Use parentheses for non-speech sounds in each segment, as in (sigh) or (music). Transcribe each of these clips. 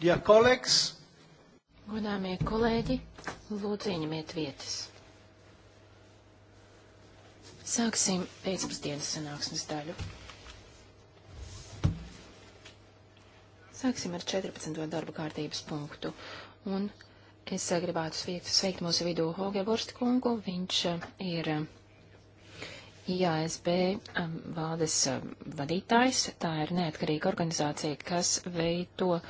Dear colleagues, Godāmie kolēģi, lūdzu ieņemiet vietas. Sāksim pēcpusdienas sanāksmes daļu. Sāksim ar 14. darba kārtības punktu. Un es gribētu sveikt, sveikt mūsu vidū Hoge Vorstkungu. Viņš eh, ir eh, IASB eh, valdes vadītājs. Tā ir neatkarīga organizācija, kas veido to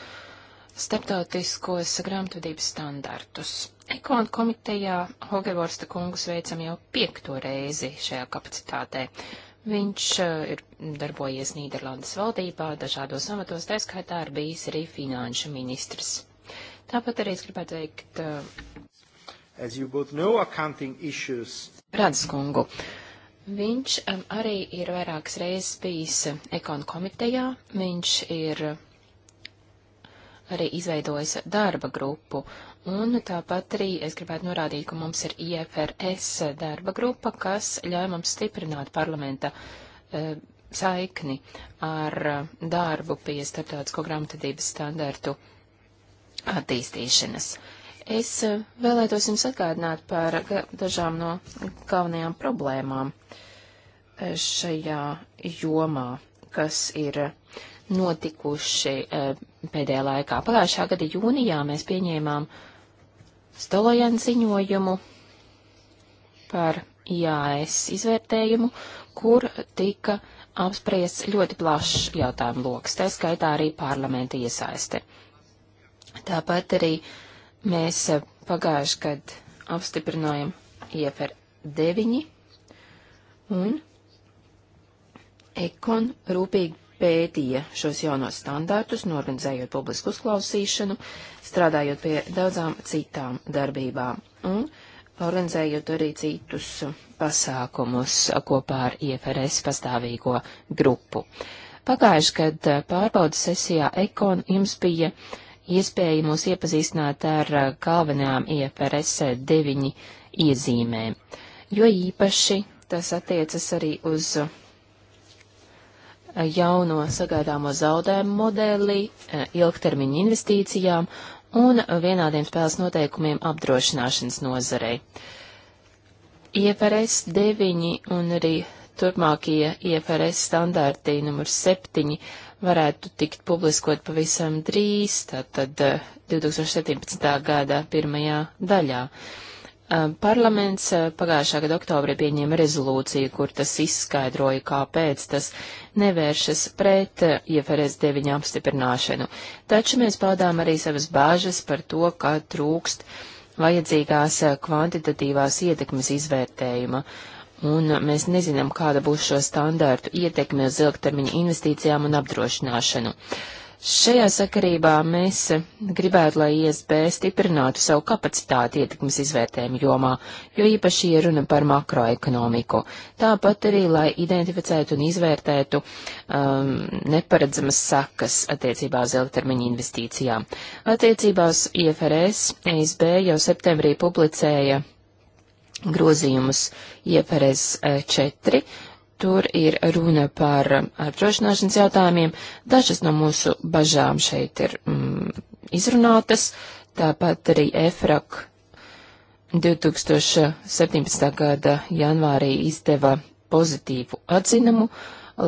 starptautiskos grāmatvedības standartus. Ekonu komitejā Hogevorsta kungus veicam jau piekto reizi šajā kapacitātē. Viņš eh, ir darbojies Nīderlandes valdībā, dažādos amatos, tā skaitā ir bijis arī finanšu ministrs. Tāpat arī es gribētu teikt. Rādas eh, kungu. Viņš um, arī ir vairākas reizes bijis ekonu komitejā. Viņš ir arī izveidojis darba grupu, un tāpat arī es gribētu norādīt, ka mums ir IFRS darba grupa, kas ļauj mums stiprināt parlamenta e, saikni ar darbu pie starptautisko grāmatvedības standartu attīstīšanas. Es e, vēlētos jums atgādināt par dažām no galvenajām problēmām e, šajā jomā, kas ir uh, notikuši eh, pēdējā laikā. Pagājušā gada jūnijā mēs pieņēmām Stolojana ziņojumu par IAS izvērtējumu, kur tika apspriests ļoti plašs jautājumu lokus, tā skaitā arī parlamenta iesaiste. Tāpat arī mēs eh, pagājuši, kad apstiprinājam IFR 9 un Ekon rūpīgi pētīja šos jaunos standartus, norganizējot publisku uzklausīšanu, strādājot pie daudzām citām darbībām un organizējot arī citus pasākumus kopā ar IFRS pastāvīgo grupu. Pagājuši, kad pārbaudas sesijā Ekon jums bija iespēja mūs iepazīstināt ar galvenajām IFRS 9 iezīmēm, jo īpaši tas attiecas arī uz jauno sagaidāmo zaudējumu modeli, eh, ilgtermiņa investīcijām un vienādiem spēles noteikumiem apdrošināšanas nozarei. IFRS 9 un arī turpmākie IFRS standārti numur 7 varētu tikt publiskot pavisam drīz, tātad 2017. Eh, gada pirmajā daļā. Uh, Um, parlaments uh, pagājušā gada oktobrī pieņēma rezolūciju, kur tas izskaidroja, kāpēc tas nevēršas pret uh, IFRS 9 apstiprināšanu. Taču mēs paudām arī savas bāžas par to, ka trūkst vajadzīgās uh, kvantitatīvās ietekmes izvērtējuma. Un mēs nezinām, kāda būs šo standārtu ietekme uz ilgtermiņa investīcijām un apdrošināšanu. Uh, Šajā sakarībā mēs gribētu, lai ISB stiprinātu savu kapacitāti ietekmes izvērtējumu jomā, jo īpaši ir runa par makroekonomiku. Tāpat arī, lai identificētu un izvērtētu um, neparedzamas sakas attiecībā uz ilgtermiņa investīcijām. Attiecībā uz IFRS ISB jau septembrī publicēja grozījumus IFRS 4 eh, Tur ir runa par apdrošināšanas jautājumiem. Dažas no mūsu bažām šeit ir mm, izrunātas, tāpat arī EFRAK 2017. gada janvārī izdeva pozitīvu atzinumu.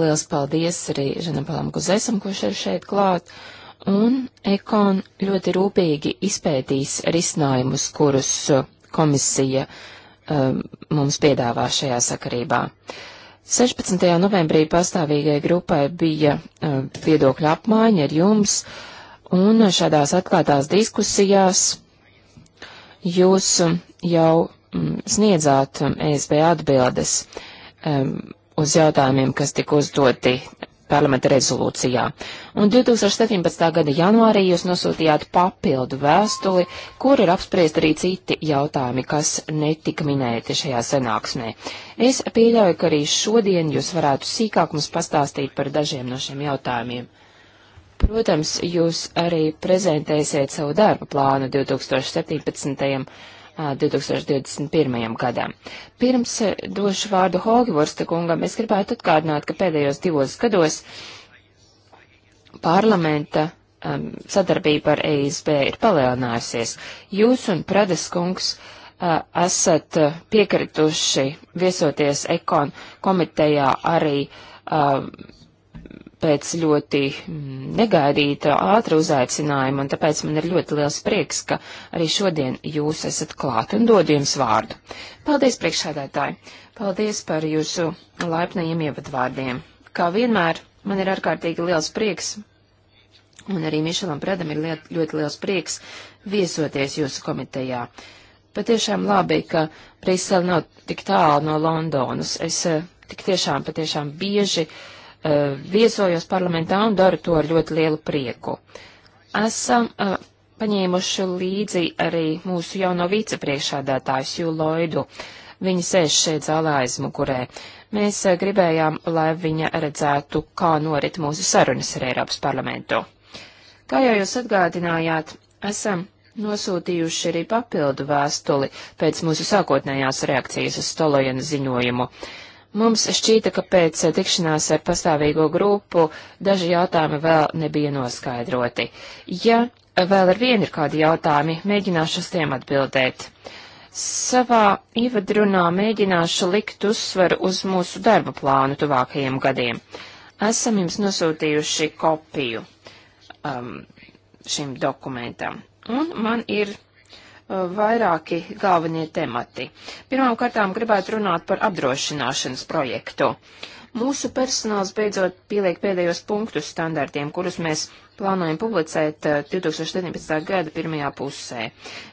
Liels paldies arī Žanapalam Guzesam, kurš ir šeit klāt. Un Ekon ļoti rūpīgi izpētīs risinājumus, kurus komisija um, mums piedāvā šajā sakarībā. Uh, 16. novembrī pastāvīgai grupai bija e, viedokļa apmaiņa ar jums, un šādās atklātās diskusijās jūs e, jau sniedzāt ESB atbildes um, uz jautājumiem, kas tika uzdoti parlamenta rezolūcijā. Un 2017. gada janvārī jūs nosūtījāt papildu vēstuli, kur ir apspriest arī citi jautājumi, kas netika minēti šajā sanāksmē. Es pieļauju, ka arī šodien jūs varētu sīkāk mums pastāstīt par dažiem no šiem jautājumiem. Protams, jūs arī prezentēsiet savu darba plānu 2017 2021. gadam. Pirms došu vārdu Holgivorsta kungam, es gribētu atkārdināt, ka pēdējos divos gados parlamenta um, sadarbība ar EISB ir palielinājusies. Jūs un Prades kungs uh, esat piekrituši viesoties ekon komitejā arī uh, pēc ļoti mm, negaidīta, ātra uzaicinājuma, un tāpēc man ir ļoti liels prieks, ka arī šodien jūs esat klāt un dod jums vārdu. Paldies, priekšsēdētāji! Paldies par jūsu laipnajiem ievadvārdiem. Kā vienmēr, man ir ārkārtīgi liels prieks, un arī Mišelam Predam ir liet, ļoti liels prieks viesoties jūsu komitejā. Patiešām labi, ka Brisele nav tik tālu no Londonas. Es eh, tik tiešām, patiešām bieži uh, uh, viesojos parlamentā un daru to ar ļoti lielu prieku. Esam uh, paņēmuši līdzi arī mūsu jauno vicepriekšādātāju Sju Loidu. Viņa sēž šeit zālē aizmugurē. Mēs uh, gribējām, lai viņa redzētu, kā norit mūsu sarunas ar Eiropas parlamentu. Kā jau jūs atgādinājāt, esam nosūtījuši arī papildu vēstuli pēc mūsu sākotnējās reakcijas uz Stolojana ziņojumu. Uh, Mums šķīta, ka pēc tikšanās ar pastāvīgo grupu daži jautājumi vēl nebija noskaidroti. Ja vēl ar vienu ir kādi jautājumi, mēģināšu uz tiem atbildēt. Savā ievadrunā mēģināšu likt uzsvaru uz mūsu darba plānu tuvākajiem gadiem. Esam jums nosūtījuši kopiju um, šim dokumentam. Un man ir vairāki galvenie temati. Pirmām kārtām gribētu runāt par apdrošināšanas projektu. Mūsu personāls beidzot pieliek pēdējos punktus standartiem, kurus mēs plānojam publicēt 2017. Eh, gada pirmajā pusē.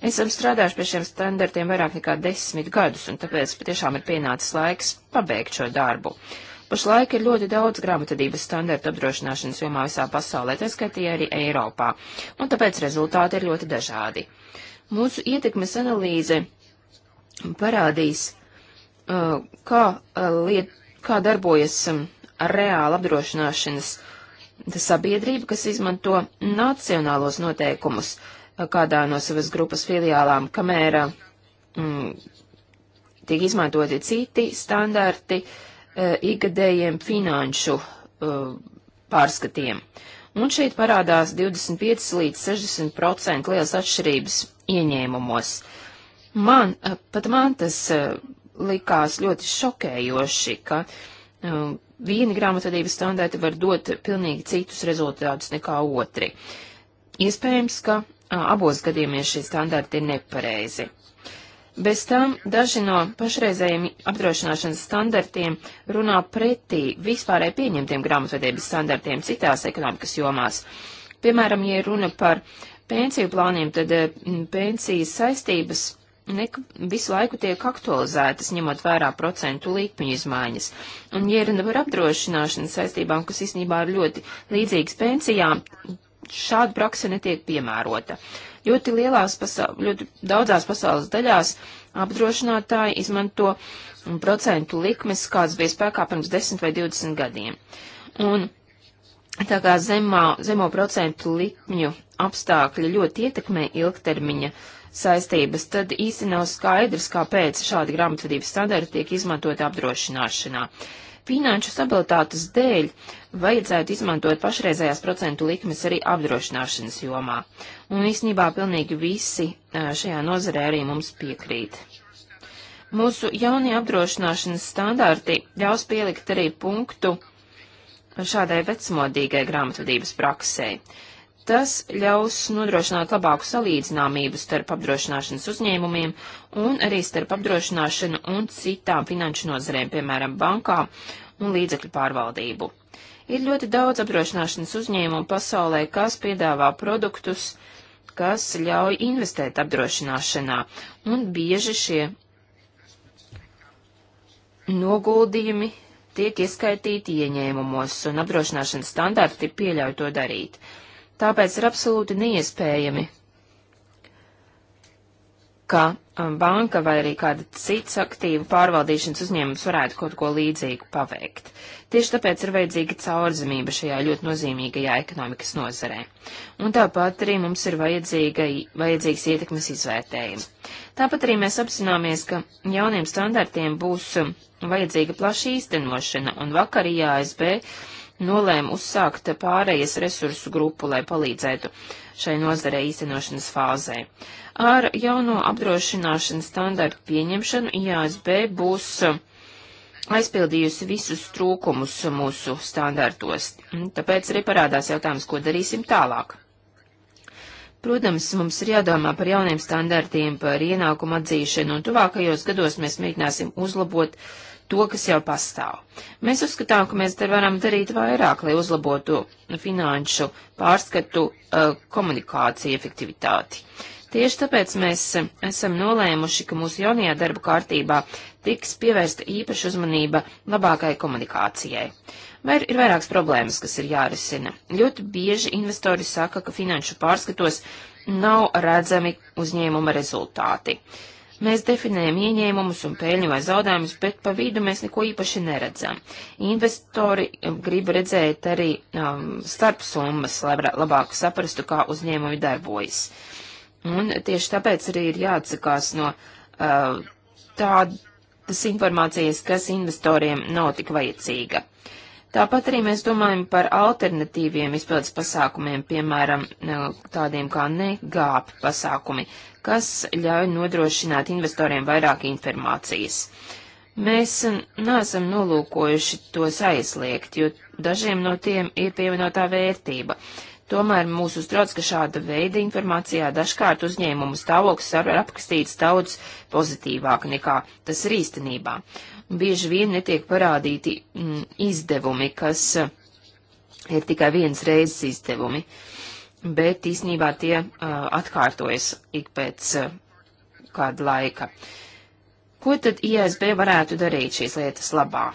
Esam strādājuši pie šiem standartiem vairāk nekā desmit gadus, un tāpēc patiešām ir pienācis laiks pabeigt šo darbu. Pašlaik ir ļoti daudz grāmatvedības standartu apdrošināšanas jomā visā pasaulē, tā skatīja arī Eiropā, un tāpēc rezultāti ir ļoti dažādi. Mūsu ietekmes analīze parādīs, uh, kā, uh, liet, kā darbojas um, reāla apdrošināšanas sabiedrība, kas izmanto nacionālos noteikumus uh, kādā no savas grupas filiālām, kamēr mm, tiek izmantoti citi standarti e, ikgadējiem finanšu e, pārskatiem un šeit parādās 25 līdz 60% liels atšķirības ieņēmumos. Man, eh, pat man tas eh, likās ļoti šokējoši, ka eh, viena grāmatvedības standarta var dot pilnīgi citus rezultātus nekā otri. Iespējams, ka abos gadījumos šie standarti ir nepareizi. Bez tam daži no pašreizējiem apdrošināšanas standartiem runā pretī vispārēji pieņemtiem grāmatvedības standartiem citās ekonomikas jomās. Piemēram, ja runa par pensiju plāniem, tad eh, pensijas saistības ne, visu laiku tiek aktualizētas, ņemot vērā procentu līkmiņu izmaiņas. Un, ja runa par apdrošināšanas saistībām, kas īstenībā ir ļoti līdzīgas pensijām, šāda praksa netiek piemērota. Uh, Ļoti lielās, ļoti daudzās pasaules daļās apdrošinātāji izmanto procentu likmes, kāds bija spēkā pirms 10 vai 20 gadiem. Un tā kā zemā, zemo procentu likmju apstākļi ļoti ietekmē ilgtermiņa saistības, tad īsti nav skaidrs, kāpēc šādi grāmatvedības standarti tiek izmantot apdrošināšanā. Uh, finanšu stabilitātes dēļ vajadzētu izmantot pašreizējās procentu likmes arī apdrošināšanas jomā. Un īsnībā pilnīgi visi šajā nozarē arī mums piekrīt. Mūsu jaunie apdrošināšanas standarti ļaus pielikt arī punktu šādai vecmodīgai grāmatvedības praksē. Tas ļaus nodrošināt labāku salīdzināmību starp apdrošināšanas uzņēmumiem un arī starp apdrošināšanu un citām finanšu nozarēm, piemēram, bankām un līdzekļu pārvaldību. Ir ļoti daudz apdrošināšanas uzņēmumu pasaulē, kas piedāvā produktus, kas ļauj investēt apdrošināšanā, un bieži šie noguldījumi tiek ieskaitīti ieņēmumos, un apdrošināšanas standarti pieļauj to darīt tāpēc ir absolūti neiespējami, ka um, banka vai arī kāda cits aktīvu pārvaldīšanas uzņēmums varētu kaut ko līdzīgu paveikt. Tieši tāpēc ir vajadzīga caurzemība šajā ļoti nozīmīgajā ekonomikas nozarē. Un tāpat arī mums ir vajadzīgs ietekmes izvērtējums. Tāpat arī mēs apzināmies, ka jauniem standartiem būs um, vajadzīga plaša īstenošana, un vakar IASB nolēma uzsākt pārējas resursu grupu, lai palīdzētu šai nozarei īstenošanas fāzē. Ar jauno apdrošināšanas standartu pieņemšanu IASB būs aizpildījusi visus trūkumus mūsu standartos, tāpēc arī parādās jautājums, ko darīsim tālāk. Protams, mums ir jādomā par jauniem standartiem, par ienākumu atzīšanu, un tuvākajos gados mēs mēģināsim uzlabot uh, to, kas jau pastāv. Mēs uzskatām, ka mēs te varam darīt vairāk, lai uzlabotu finanšu pārskatu uh, komunikāciju efektivitāti. Tieši tāpēc mēs esam nolēmuši, ka mūsu jaunajā darba kārtībā tiks pievērsta īpaša uzmanība labākai komunikācijai. Vai ir vairākas problēmas, kas ir jārisina? Ļoti bieži investori saka, ka finanšu pārskatos nav redzami uzņēmuma rezultāti. Uh, Mēs definējam ieņēmumus un peļņu vai zaudējumus, bet pa vidu mēs neko īpaši neredzam. Investori um, grib redzēt arī um, starpsummas, lai labāk saprastu, kā uzņēmumi darbojas. Un tieši tāpēc arī ir jāatsakās no uh, tādas informācijas, kas investoriem nav tik vajadzīga. Uh, Tāpat arī mēs domājam par alternatīviem izpildes pasākumiem, piemēram, e, tādiem kā negāpi pasākumi, kas ļauj nodrošināt investoriem vairāk informācijas. Mēs neesam nolūkojuši tos aizliegt, jo dažiem no tiem ir pievienotā vērtība. Tomēr mūs uztrauc, ka šāda veida informācijā dažkārt uzņēmumu stāvoklis var aprakstīts daudz pozitīvāk nekā tas ir īstenībā. Bieži vien netiek parādīti mm, izdevumi, kas eh, ir tikai viens reizes izdevumi, bet īstenībā tie uh, atkārtojas ik pēc uh, kāda laika. Ko tad ISB varētu darīt šīs lietas labā?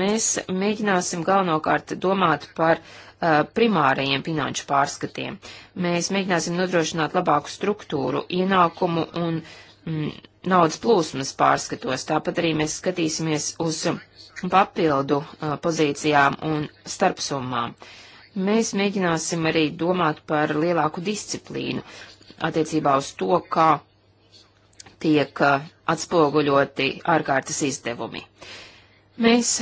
Mēs mēģināsim galvenokārt domāt par uh, Uh, primārajiem finanšu pārskatiem. Mēs mēģināsim nodrošināt labāku struktūru, ienākumu un mm, naudas plūsmas pārskatos. Tāpat arī mēs skatīsimies uz papildu uh, pozīcijām un starpsummām. Mēs mēģināsim arī domāt par lielāku disciplīnu attiecībā uz to, kā tiek uh, atspoguļoti ārkārtas izdevumi. Mēs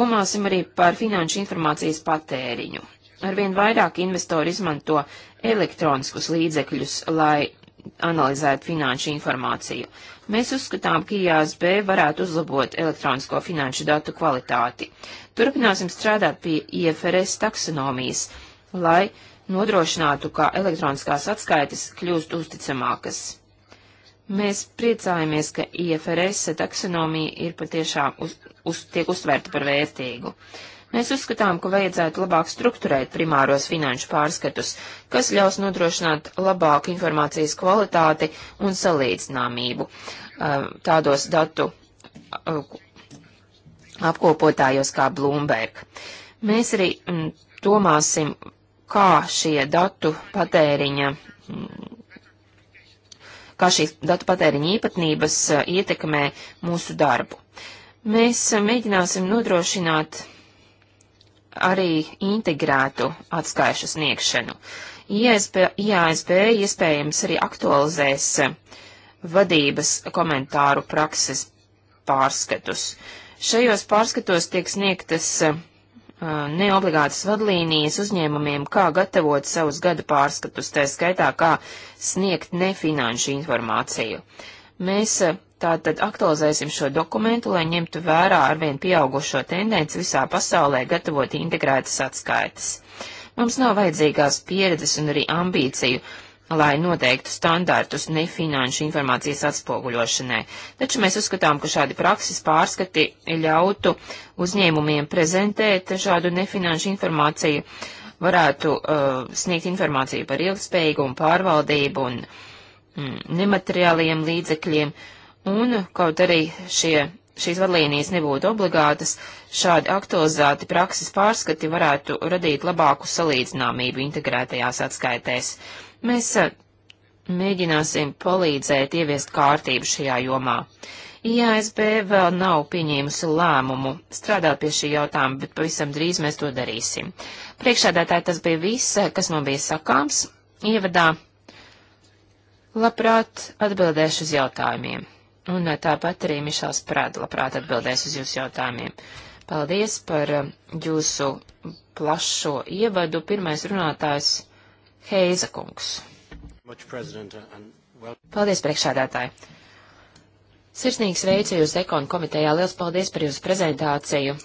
domāsim arī par finanšu informācijas patēriņu. Arvien vairāk investori izmanto elektroniskus līdzekļus, lai analizētu finanšu informāciju. Mēs uzskatām, ka IASB varētu uzlabot elektronisko finanšu datu kvalitāti. Turpināsim strādāt pie IFRS taksonomijas, lai nodrošinātu, ka elektroniskās atskaites kļūst uzticamākas. Mēs priecājamies, ka IFRS taksonomija ir patiešām uz, uz, tiek uztvērta par vērtīgu. Uh, Mēs uzskatām, ka vajadzētu labāk strukturēt primāros finanšu pārskatus, kas ļaus nodrošināt labāku informācijas kvalitāti un salīdzināmību eh, tādos datu eh, apkopotājos kā Bloomberg. Mēs arī mm, domāsim, kā šie datu patēriņa mm, kā šīs datu patēriņa īpatnības eh, ietekmē mūsu darbu. Mēs mēģināsim nodrošināt arī integrētu atskaišu sniegšanu. IASB, IASB iespējams arī aktualizēs eh, vadības komentāru prakses pārskatus. Šajos pārskatos tiek sniegtas eh, neobligātas vadlīnijas uzņēmumiem, kā gatavot savus gada pārskatus, tā skaitā, kā sniegt nefinanšu informāciju. Mēs eh, Tātad aktualizēsim šo dokumentu, lai ņemtu vērā arvien pieaugušo tendenci visā pasaulē gatavot integrētas atskaitas. Mums nav vajadzīgās pieredzes un arī ambīciju, lai noteiktu standārtus nefinanšu informācijas atspoguļošanai. Taču mēs uzskatām, ka šādi prakses pārskati ļautu uzņēmumiem prezentēt šādu nefinanšu informāciju, varētu uh, sniegt informāciju par ilgspējīgumu, pārvaldību un mm, nemateriāliem līdzekļiem. Uh, un kaut arī šie, šīs vadlīnijas nebūtu obligātas, šādi aktualizēti prakses pārskati varētu radīt labāku salīdzināmību integrētajās atskaitēs. Mēs mēģināsim palīdzēt ieviest kārtību šajā jomā. IASB vēl nav pieņēmusi lēmumu strādāt pie šī jautājuma, bet pavisam drīz mēs to darīsim. Priekšādātāji tas bija viss, kas man bija sakāms. Ievadā labprāt atbildēšu uz jautājumiem. Un eh, tāpat arī Mišels Prāda labprāt atbildēs uz jūsu jautājumiem. Paldies par eh, jūsu plašo ievadu. Pirmais runātājs Heiza kungs. Paldies, priekšādātāji. Sirsnīgs veicu jūs ekonu komitejā. Liels paldies par jūsu prezentāciju.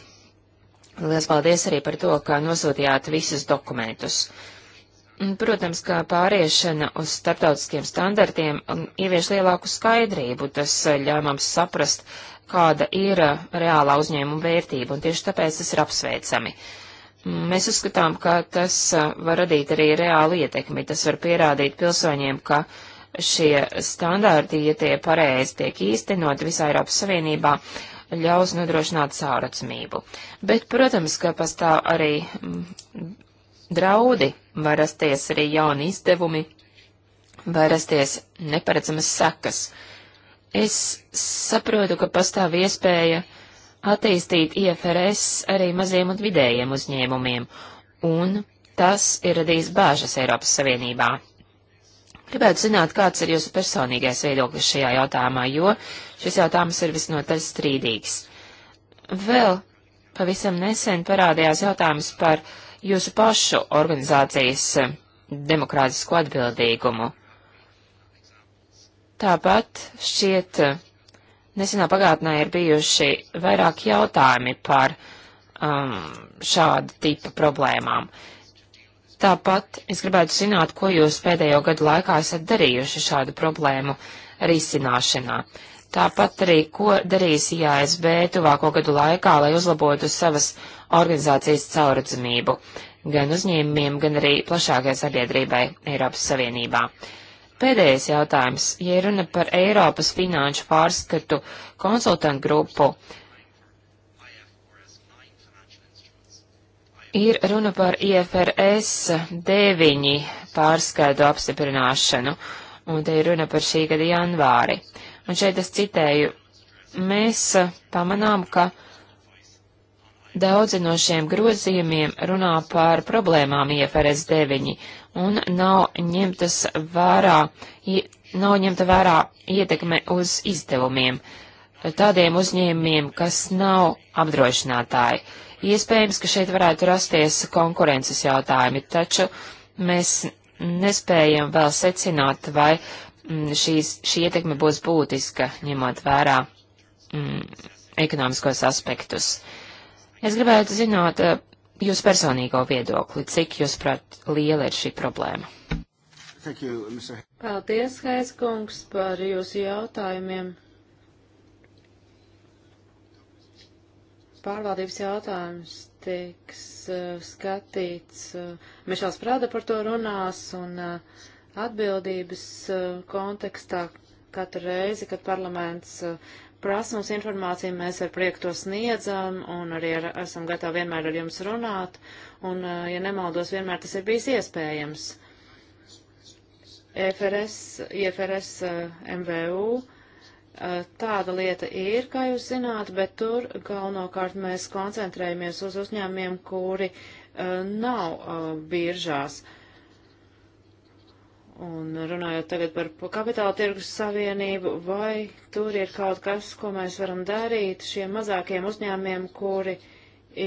Liels paldies arī par to, ka nosūtījāt visus dokumentus. Protams, ka pāriešana uz starptautiskiem standartiem um, ievieš lielāku skaidrību, tas uh, ļauj mums saprast, kāda ir uh, reālā uzņēmuma vērtība, un tieši tāpēc tas ir apsveicami. Mm, mēs uzskatām, ka tas uh, var radīt arī reālu ietekmi, tas var pierādīt pilsoņiem, ka šie standarti, ja tie pareizi tiek īstenot visā Eiropas Savienībā, ļaus nodrošināt cauracmību. Bet, protams, ka pastāv arī mm, draudi, var rasties arī jauni izdevumi, var rasties neparedzamas sekas. Es saprotu, ka pastāv iespēja attīstīt IFRS arī maziem un vidējiem uzņēmumiem, un tas ir radījis bāžas Eiropas Savienībā. Gribētu zināt, kāds ir jūsu personīgais viedoklis šajā jautājumā, jo šis jautājums ir visnotaļ strīdīgs. Vēl pavisam nesen parādījās jautājums par uh, jūsu pašu organizācijas eh, demokrātisko atbildīgumu. Tāpat šķiet, eh, nesenā pagātnē ir bijuši vairāk jautājumi par um, šādu tipu problēmām. Tāpat es gribētu zināt, ko jūs pēdējo gadu laikā esat darījuši šādu problēmu risināšanā. Uh, Tāpat arī, ko darīs IASB tuvāko gadu laikā, lai uzlabotu savas organizācijas caurredzamību gan uzņēmumiem, gan arī plašākajai sabiedrībai Eiropas Savienībā. Pēdējais jautājums, ja runa par Eiropas finanšu pārskatu konsultantu grupu, ir runa par IFRS 9 pārskatu apstiprināšanu, un te ir runa par šī gada janvāri. Uh, Un šeit es citēju, mēs pamanām, ka daudzi no šiem grozījumiem runā par problēmām IFRS 9 un nav ņemtas vērā, nav ņemta vērā ietekme uz izdevumiem tādiem uzņēmumiem, kas nav apdrošinātāji. Iespējams, ka šeit varētu rasties konkurences jautājumi, taču mēs nespējam vēl secināt, vai Mm, šīs, šī ietekme būs būtiska, ņemot vērā mm, ekonomiskos aspektus. Es gribētu zināt eh, jūs personīgo viedokli, cik, jūsuprāt, liela ir šī problēma. You, Paldies, Heiskungs, par jūsu jautājumiem. Pārvaldības jautājums tiks uh, skatīts. Uh, Mišels Prāda par to runās un uh, atbildības eh, kontekstā katru reizi, kad parlaments eh, prasa mums informāciju, mēs ar prieku to sniedzam un arī ar, esam gatavi vienmēr ar jums runāt. Un, eh, ja nemaldos, vienmēr tas ir bijis iespējams. EFRS, IFRS, MVU. Tāda lieta ir, kā jūs zināt, bet tur galvenokārt mēs koncentrējamies uz uzņēmumiem, kuri uh, nav uh, biržās. Uh, Un runājot tagad par kapitāla tirgus savienību, vai tur ir kaut kas, ko mēs varam darīt šiem mazākiem uzņēmiem, kuri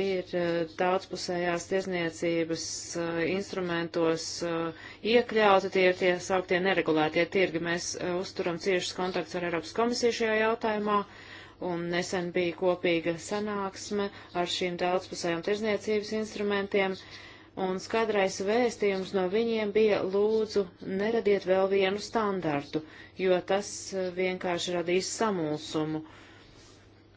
ir eh, daudzpusējās tiesniecības eh, instrumentos eh, iekļauti, tie ir tie sauktie neregulētie tirgi. Mēs uzturam ciešas kontakts ar Eiropas komisiju šajā jautājumā, un nesen bija kopīga sanāksme ar šīm daudzpusējām tiesniecības instrumentiem. Uh, un skadrais vēstījums no viņiem bija lūdzu neradiet vēl vienu standartu, jo tas eh, vienkārši radīs samulsumu. Uh,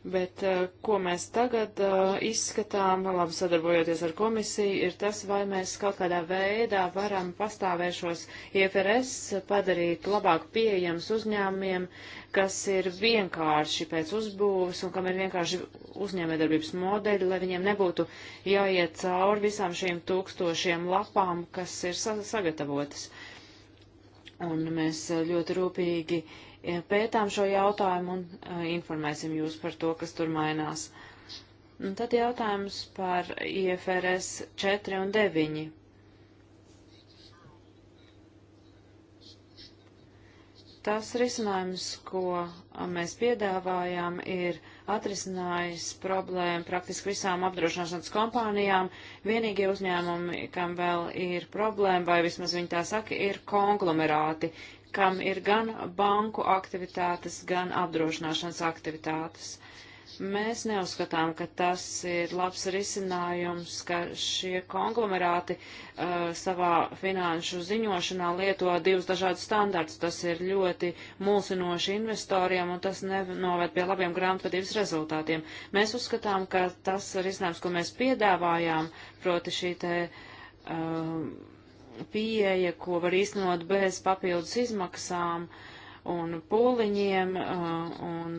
Bet eh, ko mēs tagad uh, izskatām, labi sadarbojoties ar komisiju, ir tas, vai mēs kaut kādā veidā varam pastāvēšos IFRS padarīt labāk pieejams uzņēmumiem, kas ir vienkārši pēc uzbūves un kam ir vienkārši uzņēmējdarbības modeļi, lai viņiem nebūtu jāiet cauri visām šīm tūkstošiem lapām, kas ir sa sagatavotas. Un mēs eh, ļoti rūpīgi uh, pētām šo jautājumu un informēsim jūs par to, kas tur mainās. Un tad jautājums par IFRS 4 un 9. Tas risinājums, ko mēs piedāvājām, ir atrisinājis problēmu praktiski visām apdrošināšanas kompānijām. Vienīgie uzņēmumi, kam vēl ir problēma, vai vismaz viņi tā saka, ir konglomerāti, kam ir gan banku aktivitātes, gan apdrošināšanas aktivitātes. Mēs neuzskatām, ka tas ir labs risinājums, ka šie konglomerāti uh, savā finanšu ziņošanā lieto divus dažādus standartus. Tas ir ļoti mulsinoši investoriem un tas nenoved pie labiem grāmatvedības rezultātiem. Mēs uzskatām, ka tas risinājums, ko mēs piedāvājām, proti šī te. Uh, pieeja, ko var īstenot bez papildus izmaksām un pūliņiem, uh, un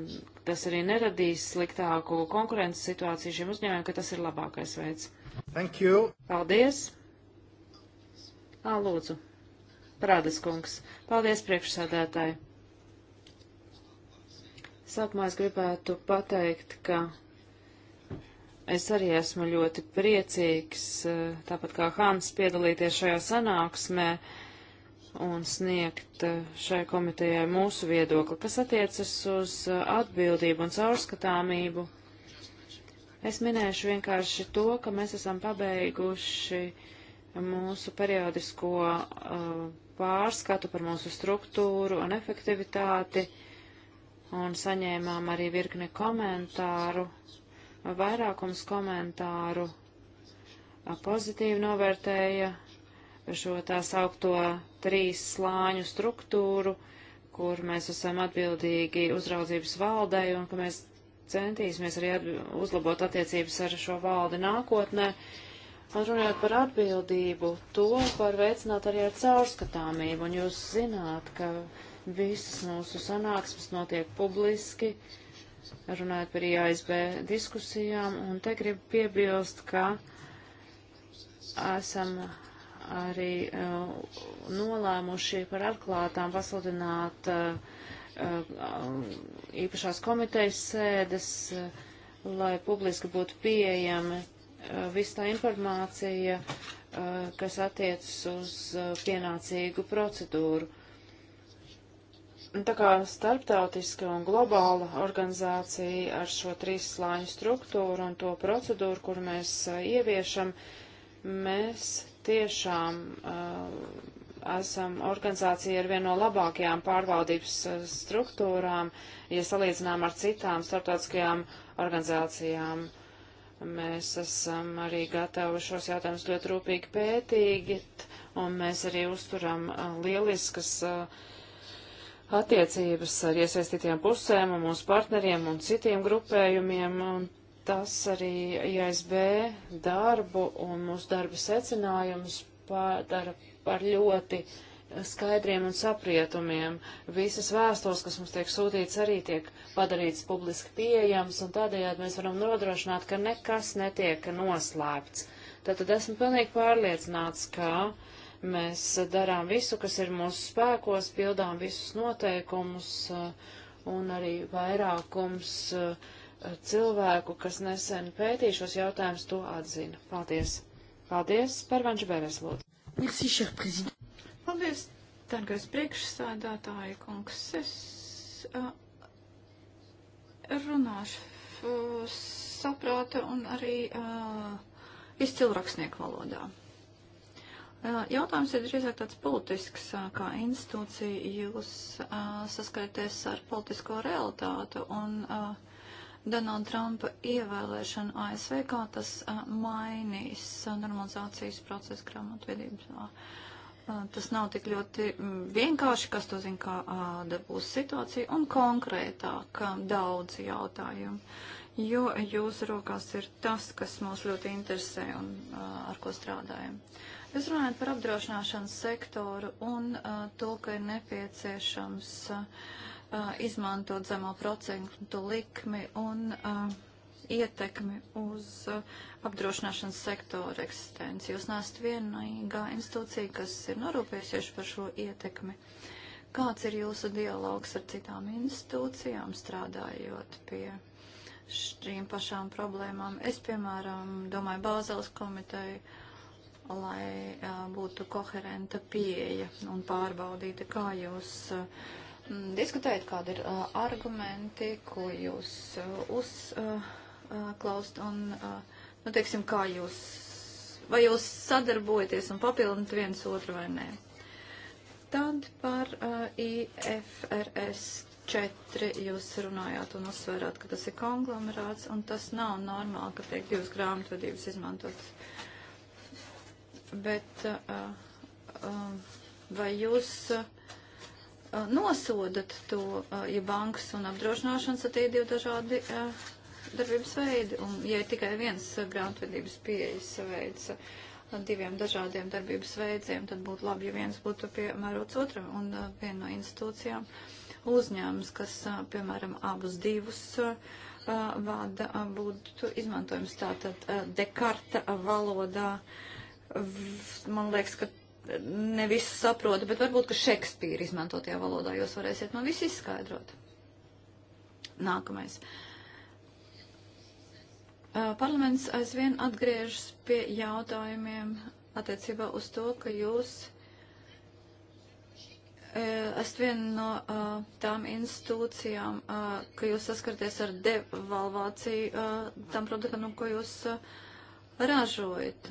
tas arī neradīs sliktāku konkurences situāciju šiem uzņēmumiem, ka tas ir labākais veids. Thank you. Paldies. Ā, lūdzu. Prādes kungs. Paldies priekšsādētāji. Sākumā es gribētu pateikt, ka Es arī esmu ļoti priecīgs, eh, tāpat kā Hans, piedalīties šajā sanāksmē un sniegt eh, šai komitejai mūsu viedokli, kas attiecas uz eh, atbildību un caurskatāmību. Es minēšu vienkārši to, ka mēs esam pabeiguši mūsu periodisko uh, pārskatu par mūsu struktūru un efektivitāti un saņēmām arī virkni komentāru Vairākums komentāru pozitīvi novērtēja šo tā saukto trīs slāņu struktūru, kur mēs esam atbildīgi uzraudzības valdei un ka mēs centīsimies arī uzlabot attiecības ar šo valdi nākotnē. Un runājot par atbildību, to var veicināt arī ar caurskatāmību, un jūs zināt, ka visas mūsu sanāksmes notiek publiski, uh, runājot par IASB diskusijām, un te gribu piebilst, ka esam arī uh, nolēmuši par atklātām pasludināt uh, uh īpašās komitejas sēdes, uh, lai publiski būtu pieejama uh, viss tā informācija, uh, kas attiecas uz pienācīgu procedūru. Nu, tā kā starptautiska un globāla organizācija ar šo trīs slāņu struktūru un to procedūru, kur mēs uh, ieviešam, mēs tiešām uh, esam organizācija ar vienu no labākajām pārvaldības uh, struktūrām, ja salīdzinām ar citām starptautiskajām organizācijām. Mēs esam arī gatavi šos jautājumus ļoti rūpīgi pētīt, un mēs arī uzturam uh, lieliskas uh, attiecības ar iesaistītajām pusēm un mūsu partneriem un citiem grupējumiem. Un tas arī ISB darbu un mūsu darba secinājumus padara par ļoti skaidriem un saprietumiem. Visas vēstules, kas mums tiek sūtīts, arī tiek padarīts publiski pieejams, un tādējādi mēs varam nodrošināt, ka nekas netiek noslēpts. Tātad esmu pilnīgi pārliecināts, ka uh, Mēs darām visu, kas ir mūsu spēkos, pildām visus noteikumus eh, un arī vairākums eh, cilvēku, kas nesen pētīja šos jautājumus, to atzina. Paldies! Paldies, Pervanš Beres, lūdzu! Merci, cher prezident! Paldies, dargais priekšsēdētāji, kungs! Es uh, runāšu saprāta un arī uh, izcilrakstnieku valodā. Jautājums ir drīzāk tāds politisks, kā institūcija jūs saskaities ar politisko realitātu un Donalda Trumpa ievēlēšanu ASV, kā tas mainīs normalizācijas procesu grāmatvedībā. Tas nav tik ļoti vienkārši, kas to zina, kāda būs situācija, un konkrētāk daudzi jautājumi jo jūsu rokās ir tas, kas mūs ļoti interesē un uh, ar ko strādājam. Jūs runājat par apdrošināšanas sektoru un uh, to, ka ir nepieciešams uh, uh, izmantot zemo procentu likmi un uh, ietekmi uz uh, apdrošināšanas sektoru eksistenci. Jūs nesat vienīgā institūcija, kas ir norūpējusies par šo ietekmi. Kāds ir jūsu dialogs ar citām institūcijām strādājot pie šīm pašām problēmām? Es, piemēram, domāju Bāzeles komiteju lai būtu koherenta pieeja un pārbaudīta, kā jūs diskutējat, kādi ir argumenti, ko jūs uzklaust un, nu, teiksim, kā jūs, vai jūs sadarbojaties un papildinat viens otru vai nē. Tad par uh, IFRS 4 jūs runājāt un uzsvērāt, ka tas ir konglomerāts, un tas nav normāli, ka tiek divas grāmatvedības izmantotas bet uh, uh, um, vai jūs uh, nosodat to, ja bankas un apdrošināšanas tie divi dažādi darbības veidi, un ja ir tikai viens grāmatvedības pieejas veids diviem dažādiem darbības veidiem, tad būtu labi, ja viens būtu piemērots otram un viena no institūcijām uzņēmums, kas, piemēram, abus divus vada, būtu izmantojums tātad Dekarta valodā. Uh, man liekas, ka ne visu saprotu, bet varbūt, ka Šekspīra izmantotajā valodā jūs varēsiet man visu izskaidrot. Nākamais. Parlaments aizvien atgriežas pie jautājumiem attiecībā uz to, ka jūs esat viena no uh, tām institūcijām, uh, ka jūs saskarties ar devalvāciju uh, tam produktam, nu, ko jūs ražojat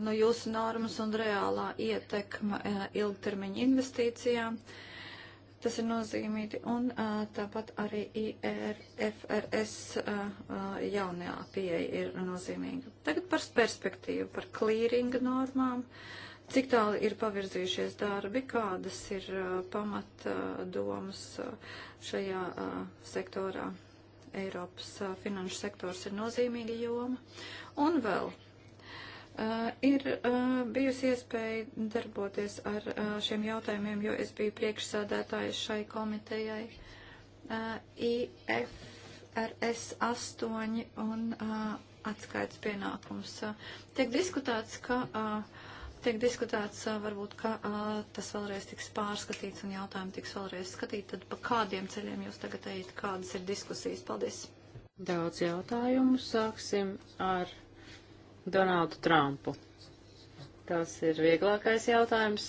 no nu, jūsu normas un reālā ietekma e, ilgtermiņa investīcijām. Tas ir nozīmīgi un e, tāpat arī IRFRS e, jaunajā pieeja ir nozīmīga. Tagad par perspektīvu, par klīringa normām. Cik tālu ir pavirzījušies darbi, kādas ir uh, pamat uh, domas uh, šajā sektorā? Eiropas finanšu sektors ir nozīmīga joma. Un vēl Eh, ir eh, bijusi iespēja darboties ar eh, šiem jautājumiem, jo es biju priekšsādētājs šai komitejai IFRS 8 un atskaits pienākums. Tiek diskutēts, ka. Tiek diskutēts, varbūt, ka tas vēlreiz tiks pārskatīts un jautājumi tiks vēlreiz skatīti. Tad pa kādiem ceļiem jūs tagad ejat, kādas ir diskusijas? Paldies! Daudz jautājumu. Sāksim ar Donaldu Trumpu. Tas ir vieglākais jautājums.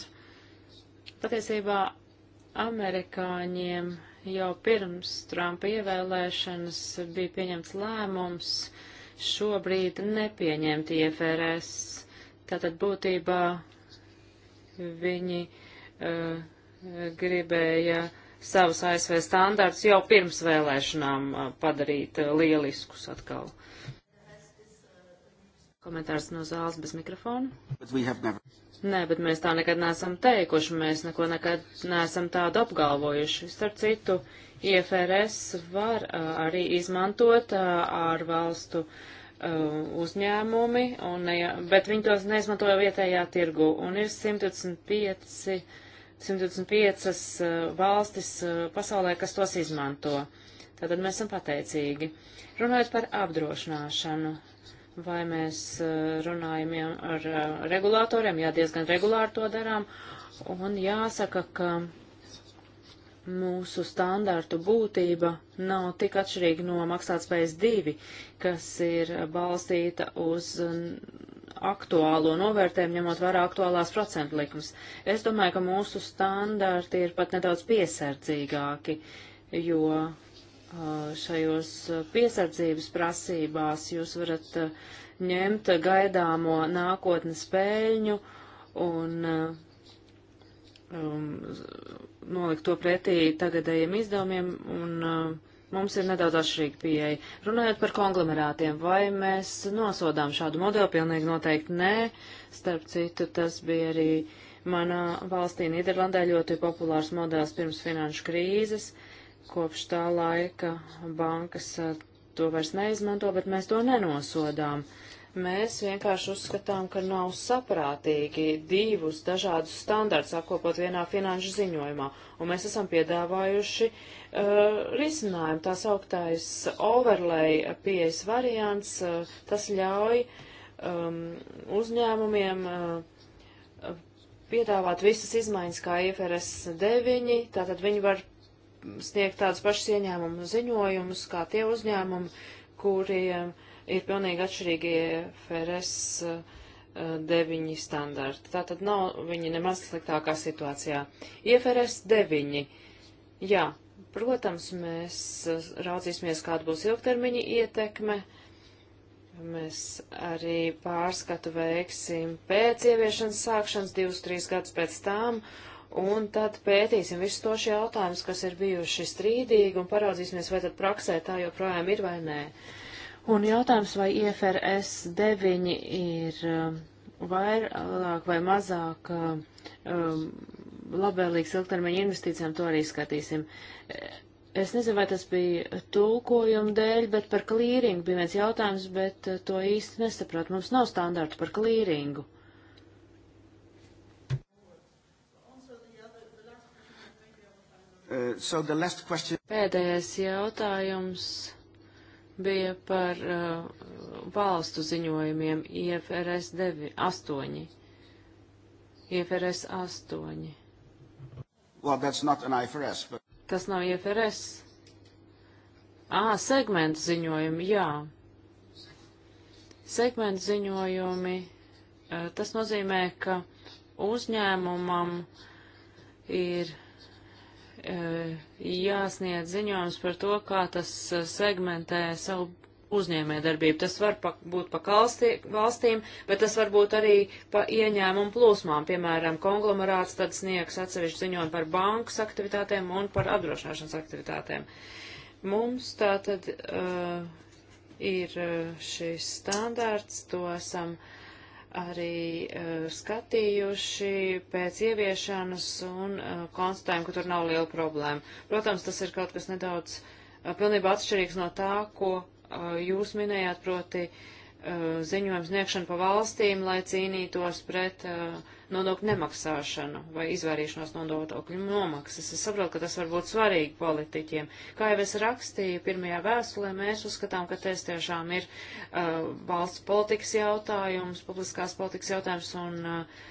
Patiesībā amerikāņiem jau pirms Trumpa ievēlēšanas bija pieņemts lēmums šobrīd nepieņemt IFRS. Tātad būtībā viņi uh, gribēja savus ASV standārts jau pirms vēlēšanām uh, padarīt uh, lieliskus atkal. Komentārs no zāles bez mikrofona. Never... Nē, bet mēs tā nekad neesam teikuši, mēs neko nekad neesam tādu apgalvojuši. Starp citu, IFRS var uh, arī izmantot uh, ārvalstu uh, uzņēmumi, un, ne, bet viņi tos neizmantoja vietējā tirgu. Un ir 125, 125 uh, valstis uh, pasaulē, kas tos izmanto. Tātad mēs esam pateicīgi. Runājot par apdrošināšanu, vai mēs eh, runājam ar eh, regulātoriem, jā, diezgan regulāri to darām, un jāsaka, ka mūsu standārtu būtība nav tik atšķirīga no maksātspējas divi, kas ir balstīta uz aktuālo novērtējumu, ņemot vērā aktuālās procentu likmes. Es domāju, ka mūsu standārti ir pat nedaudz piesardzīgāki, jo šajos piesardzības prasībās jūs varat ņemt gaidāmo nākotnes pēļņu un um, nolikt to pretī tagadējiem izdevumiem, un um, mums ir nedaudz atšķirīga pieeja. Runājot par konglomerātiem, vai mēs nosodām šādu modeli? Pilnīgi noteikti nē. Starp citu, tas bija arī manā valstī Nīderlandē ļoti populārs modelis pirms finanšu krīzes. Uh, Kopš tā laika bankas eh, to vairs neizmanto, bet mēs to nenosodām. Mēs vienkārši uzskatām, ka nav saprātīgi divus dažādus standartus apkopot vienā finanšu ziņojumā, un mēs esam piedāvājuši uh, risinājumu. Tās augtais overlay pieejas variants, uh, tas ļauj um, uzņēmumiem uh, piedāvāt visas izmaiņas kā IFRS 9, tātad viņi var sniegt tādus pašus ieņēmumu ziņojumus, kā tie uzņēmumi, kuriem ir pilnīgi atšķirīgie FRS 9 eh, standarti. Tātad nav viņi nemaz sliktākā situācijā. IFRS 9. Jā, protams, mēs eh, raudzīsimies, kāda būs ilgtermiņa ietekme. Mēs arī pārskatu veiksim pēc ieviešanas sākšanas, divus, trīs gadus pēc tām, Un tad pētīsim visus tos jautājumus, kas ir bijuši strīdīgi, un paraudzīsimies, vai tad praksē tā joprojām ir vai nē. Un jautājums, vai IFRS 9 ir um, vairāk vai mazāk um, labvēlīgs ilgtermiņa investīcijām, to arī skatīsim. Es nezinu, vai tas bija tulkojuma dēļ, bet par klīringu bija viens jautājums, bet uh, to īsti nesaprot. Mums nav standārtu par klīringu. Uh, Uh, so the last question... Pēdējais jautājums bija par uh, valstu ziņojumiem IFRS 9, 8. IFRS 8. Well, that's not an IFRS, but... Tas nav IFRS. Ā, segmentu ziņojumi, jā. Segmentu ziņojumi, uh, tas nozīmē, ka uzņēmumam ir E, jāsniedz ziņojums par to, kā tas e, segmentē savu uzņēmējdarbību. Tas var pa, būt pa kalstī, valstīm, bet tas var būt arī pa ieņēmumu plūsmām. Piemēram, konglomerāts tad sniegs atsevišķu ziņojumu par bankas aktivitātēm un par apdrošināšanas aktivitātēm. Mums tā tad uh, e, ir šis standārts, to esam. Uh, arī uh, skatījuši pēc ieviešanas un uh, konstatējam, ka tur nav liela problēma. Protams, tas ir kaut kas nedaudz uh, pilnībā atšķirīgs no tā, ko uh, jūs minējāt, proti uh, ziņojums sniegšana pa valstīm, lai cīnītos pret uh, nodokļu nemaksāšanu vai izvairīšanos no nodokļu nomaksas. Es saprotu, ka tas var būt svarīgi politiķiem. Kā jau es rakstīju pirmajā vēstulē, mēs uzskatām, ka tas tiešām ir uh, valsts politikas jautājums, publiskās politikas jautājums un uh,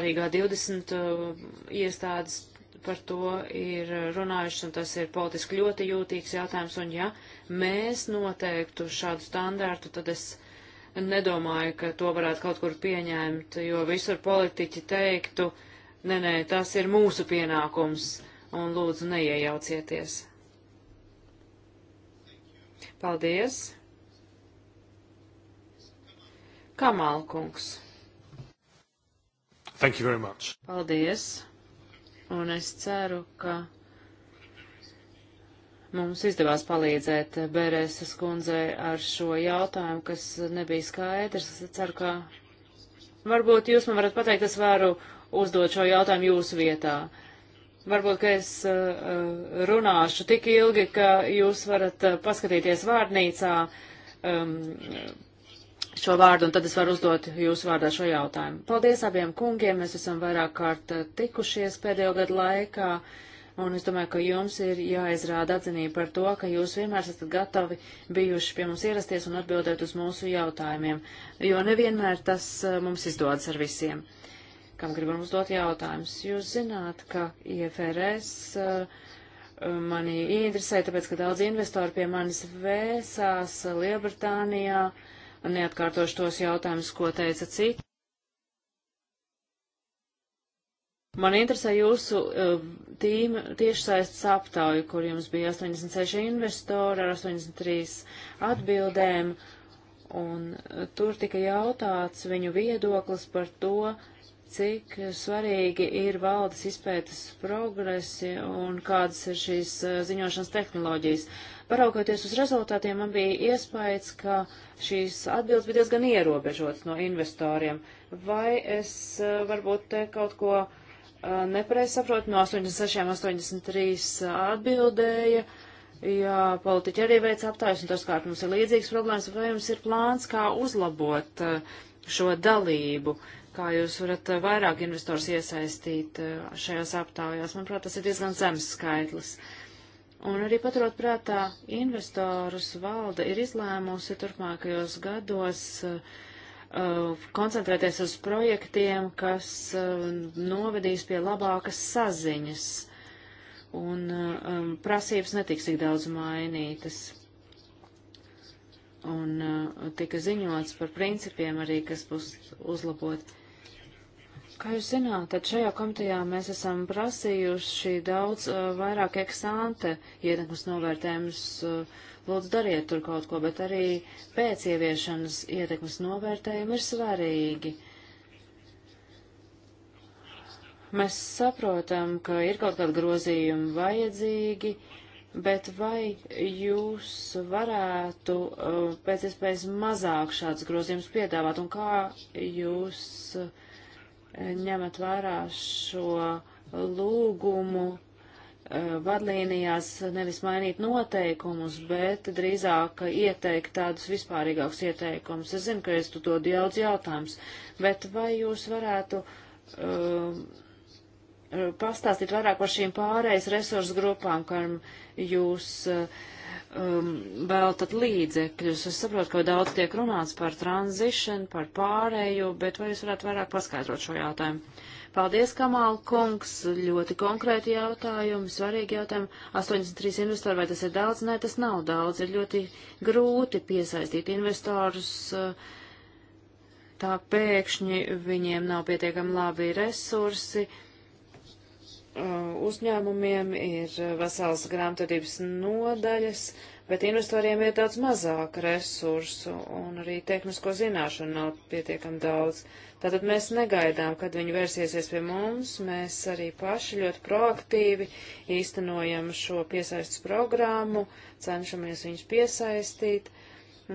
arī G20 uh, iestādes par to ir runājuši, un tas ir politiski ļoti jūtīgs jautājums, un ja mēs noteiktu šādu standārtu, tad es nedomāju, ka to varētu kaut kur pieņemt, jo visur politiķi teiktu, nē, nē, tas ir mūsu pienākums, un lūdzu neiejaucieties. Paldies. Kamalkungs. Thank you very much. Paldies. Un es ceru, ka Mums izdevās palīdzēt Bērēsas kundzei ar šo jautājumu, kas nebija skaidrs. Es ceru, ka varbūt jūs man varat pateikt, es varu uzdot šo jautājumu jūsu vietā. Varbūt, ka es uh, uh, runāšu tik ilgi, ka jūs varat uh, paskatīties vārnīcā um, šo vārdu, un tad es varu uzdot jūsu vārdā šo jautājumu. Paldies abiem kungiem, mēs esam vairāk kārt tikušies pēdējo gadu laikā. Uh, un es domāju, ka jums ir jāizrāda atzinība par to, ka jūs vienmēr esat gatavi bijuši pie mums ierasties un atbildēt uz mūsu jautājumiem, jo nevienmēr tas eh, mums izdodas ar visiem, kam gribam uzdot jautājumus. Jūs zināt, ka IFRS eh, mani interesē, tāpēc, ka daudz investori pie manis vēsās Lielbritānijā, neatkārtošu tos jautājumus, ko teica citi. Man interesē jūsu uh, tīma tiešsaistes aptauja, kur jums bija 86 investori ar 83 atbildēm, un uh, tur tika jautāts viņu viedoklis par to, cik svarīgi ir valdes izpētes progresi un kādas ir šīs uh, ziņošanas tehnoloģijas. Paraugoties uz rezultātiem, man bija iespējas, ka šīs atbildes bija diezgan ierobežotas no investoriem. Vai es varbūt te kaut ko nepareizi saprotu, no 86 83 atbildēja. Jā, politiķi arī veic aptājas, un tas, kā mums ir līdzīgs problēmas, vai jums ir plāns, kā uzlabot šo dalību, kā jūs varat vairāk investors iesaistīt šajās aptājās. Manuprāt, tas ir diezgan zems skaitlis. Un arī paturot prātā, investorus valde ir izlēmusi turpmākajos gados uh, Uh, koncentrēties uz projektiem, kas uh, novedīs pie labākas saziņas, un uh, um, prasības netiks tik daudz mainītas. Un tika ziņots par principiem arī, kas būs uzlabot. Kā jūs zināt, tad šajā komitejā mēs esam prasījuši daudz vairāk eksante ietekmes novērtējumus lūdzu dariet tur kaut ko, bet arī pēc ieviešanas ietekmes novērtējumi ir svarīgi. Mēs saprotam, ka ir kaut kādi grozījumi vajadzīgi, bet vai jūs varētu uh, pēc iespējas mazāk šāds grozījums piedāvāt un kā jūs uh, ņemat vērā šo lūgumu Eh, vadlīnijās nevis mainīt noteikumus, bet drīzāk ieteikt tādus vispārīgākus ieteikumus. Es zinu, ka es tu dodu daudz jautājumus, bet vai jūs varētu uh, pastāstīt vairāk par šīm pārējais resursu grupām, kam jūs uh, um, veltat līdzekļus? Es saprotu, ka daudz tiek runāts par transition, par pārējo, bet vai jūs varētu vairāk paskaidrot šo jautājumu? Paldies, Kamāla kungs, ļoti konkrēti jautājumi, svarīgi jautājumi. 83 investori, vai tas ir daudz? Nē, tas nav daudz, ir ļoti grūti piesaistīt investorus, eh, tā pēkšņi viņiem nav pietiekami labi resursi. Eh, uzņēmumiem ir eh, vesels grāmatvedības nodaļas, bet investoriem ir daudz mazāk resursu un arī tehnisko zināšanu nav pietiekam daudz. Tātad mēs negaidām, kad viņi vērsiesies pie mums, mēs arī paši ļoti proaktīvi īstenojam šo piesaistas programmu, cenšamies viņus piesaistīt.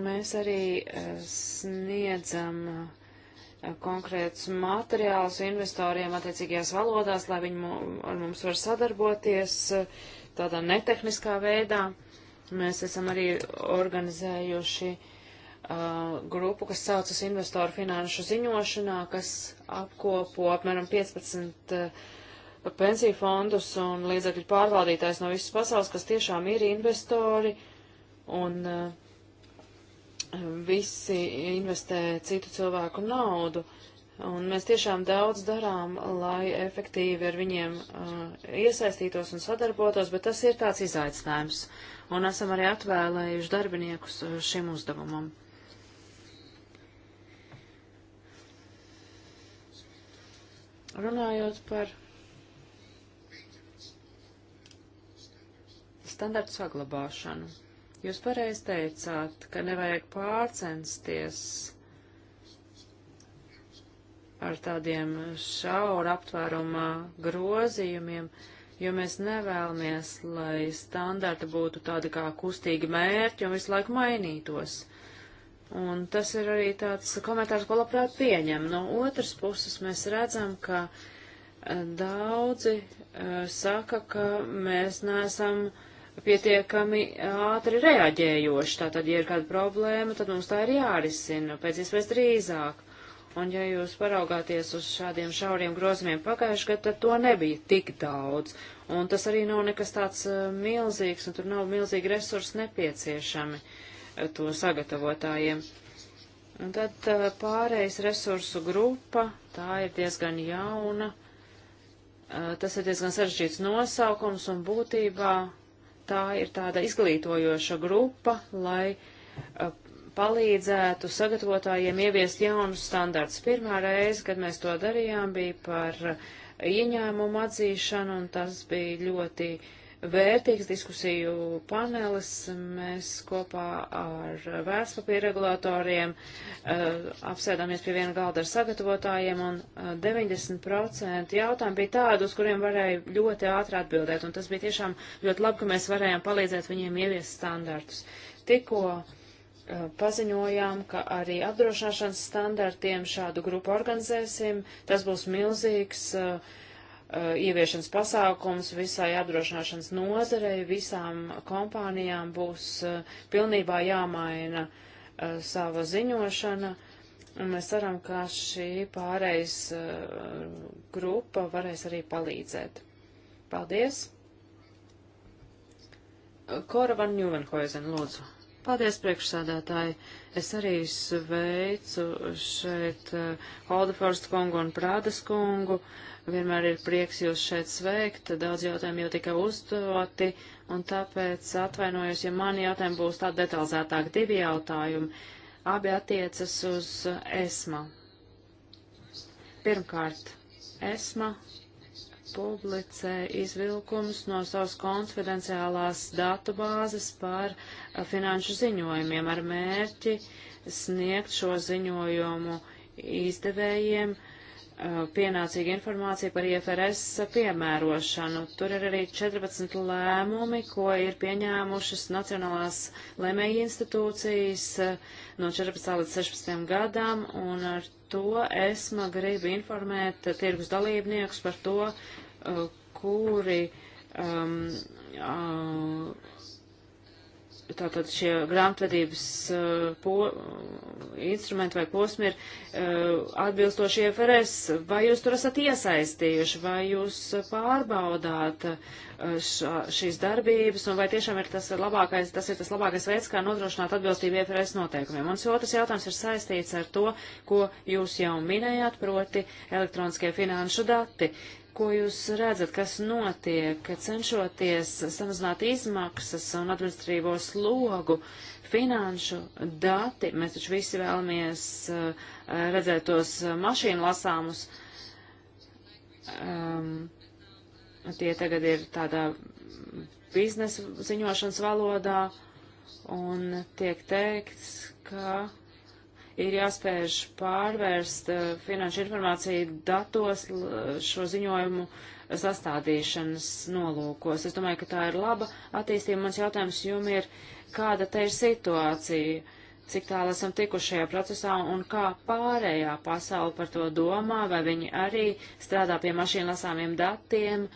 Mēs arī eh, sniedzam eh, konkrētus materiālus investoriem attiecīgajās valodās, lai viņi ar mums var sadarboties eh, tādā netehniskā veidā. Mēs esam arī organizējuši uh, grupu, kas saucas investoru finanšu ziņošanā, kas apkopo apmēram 15 uh, pensiju fondus un līdzekļu pārvaldītājs no visas pasaules, kas tiešām ir investori un uh, visi investē citu cilvēku naudu. Uh, Un mēs tiešām daudz darām, lai efektīvi ar viņiem uh, iesaistītos un sadarbotos, bet tas ir tāds izaicinājums. Un esam arī atvēlējuši darbiniekus uh, šim uzdevumam. Runājot par standartu saglabāšanu, jūs pareizi teicāt, ka nevajag pārcensties ar tādiem šaura aptvērumā grozījumiem, jo mēs nevēlamies, lai standarti būtu tādi kā kustīgi mērķi un visu laiku mainītos. Un tas ir arī tāds komentārs, ko labprāt pieņem. No otras puses mēs redzam, ka eh, daudzi uh, saka, ka mēs neesam pietiekami ātri reaģējoši. Tātad, ja ir kāda problēma, tad mums tā ir jārisina pēc iespējas drīzāk. Un ja jūs paraugāties uz šādiem šauriem grozījumiem pagājušajā gadā, tad to nebija tik daudz. Un tas arī nav nekas tāds eh, milzīgs, un tur nav milzīgi resursi nepieciešami eh, to sagatavotājiem. Un tad eh, pārējais resursu grupa, tā ir diezgan jauna. Tas ir diezgan sarežģīts nosaukums, un būtībā tā ir tāda izglītojoša grupa, lai palīdzētu sagatavotājiem ieviest jaunus standartus. Pirmā reize, kad mēs to darījām, bija par ieņēmumu atzīšanu, un tas bija ļoti vērtīgs diskusiju panelis. Mēs kopā ar vērtspapīra regulatoriem eh, apsēdāmies pie viena galda ar sagatavotājiem, un 90% eh, jautājumu bija tādi, uz kuriem varēja ļoti ātri atbildēt, un tas bija tiešām ļoti labi, ka mēs varējām palīdzēt viņiem ieviest standartus. Tikko paziņojām, ka arī apdrošināšanas standartiem šādu grupu organizēsim. Tas būs milzīgs uh, ieviešanas pasākums visai apdrošināšanas nozarei, visām kompānijām būs uh, pilnībā jāmaina uh, sava ziņošana. Un mēs ceram, ka šī pārējais grupa varēs arī palīdzēt. Paldies! Kora van Ņuvenhoizen, lūdzu. Paldies, priekšsādātāji. Es arī sveicu šeit eh, Holdeforstu kungu un Prādas kungu. Vienmēr ir prieks jūs šeit sveikt. Daudz jautājumu jau tika uzdoti, un tāpēc atvainojos, ja mani jautājumi būs tādi detalizētāki. Divi jautājumi. Abi attiecas uz eh, ESMA. Pirmkārt, ESMA publicē izvilkums no savas konfidenciālās datubāzes par a, finanšu ziņojumiem ar mērķi sniegt šo ziņojumu izdevējiem a, pienācīgu informāciju par IFRS piemērošanu. Tur ir arī 14 lēmumi, ko ir pieņēmušas Nacionālās lēmēja institūcijas a, no 14 līdz 16 gadām, un ar to ESMA grib informēt tirgus dalībniekus par to, uh, kuri um, uh, tātad šie grāmatvedības uh, po, instrumenti vai posmi ir uh, atbilstoši IFRS. Vai jūs tur esat iesaistījuši, vai jūs pārbaudāt uh, eh, šā, šīs darbības, un vai tiešām ir tas labākais, tas ir tas labākais veids, kā nodrošināt atbilstību IFRS noteikumiem? Mans otrs jautājums ir saistīts ar to, ko jūs jau minējāt, proti elektroniskie finanšu dati. Uh, Ko jūs redzat, kas notiek, cenšoties samazināt izmaksas un administrīvo slogu, finanšu dati, mēs taču visi vēlamies uh, redzēt tos eh, mašīnu lasāmus, um, tie tagad ir tādā biznesa ziņošanas valodā, un tiek teikts, ka ir jāspēj pārvērst uh, finanšu informāciju datos šo ziņojumu sastādīšanas nolūkos. Es domāju, ka tā ir laba attīstība. Mans jautājums jums ir, kāda te ir situācija, cik tālu esam tikuši šajā procesā un kā pārējā pasaule par to domā, vai viņi arī strādā pie mašīnu lasāmiem datiem,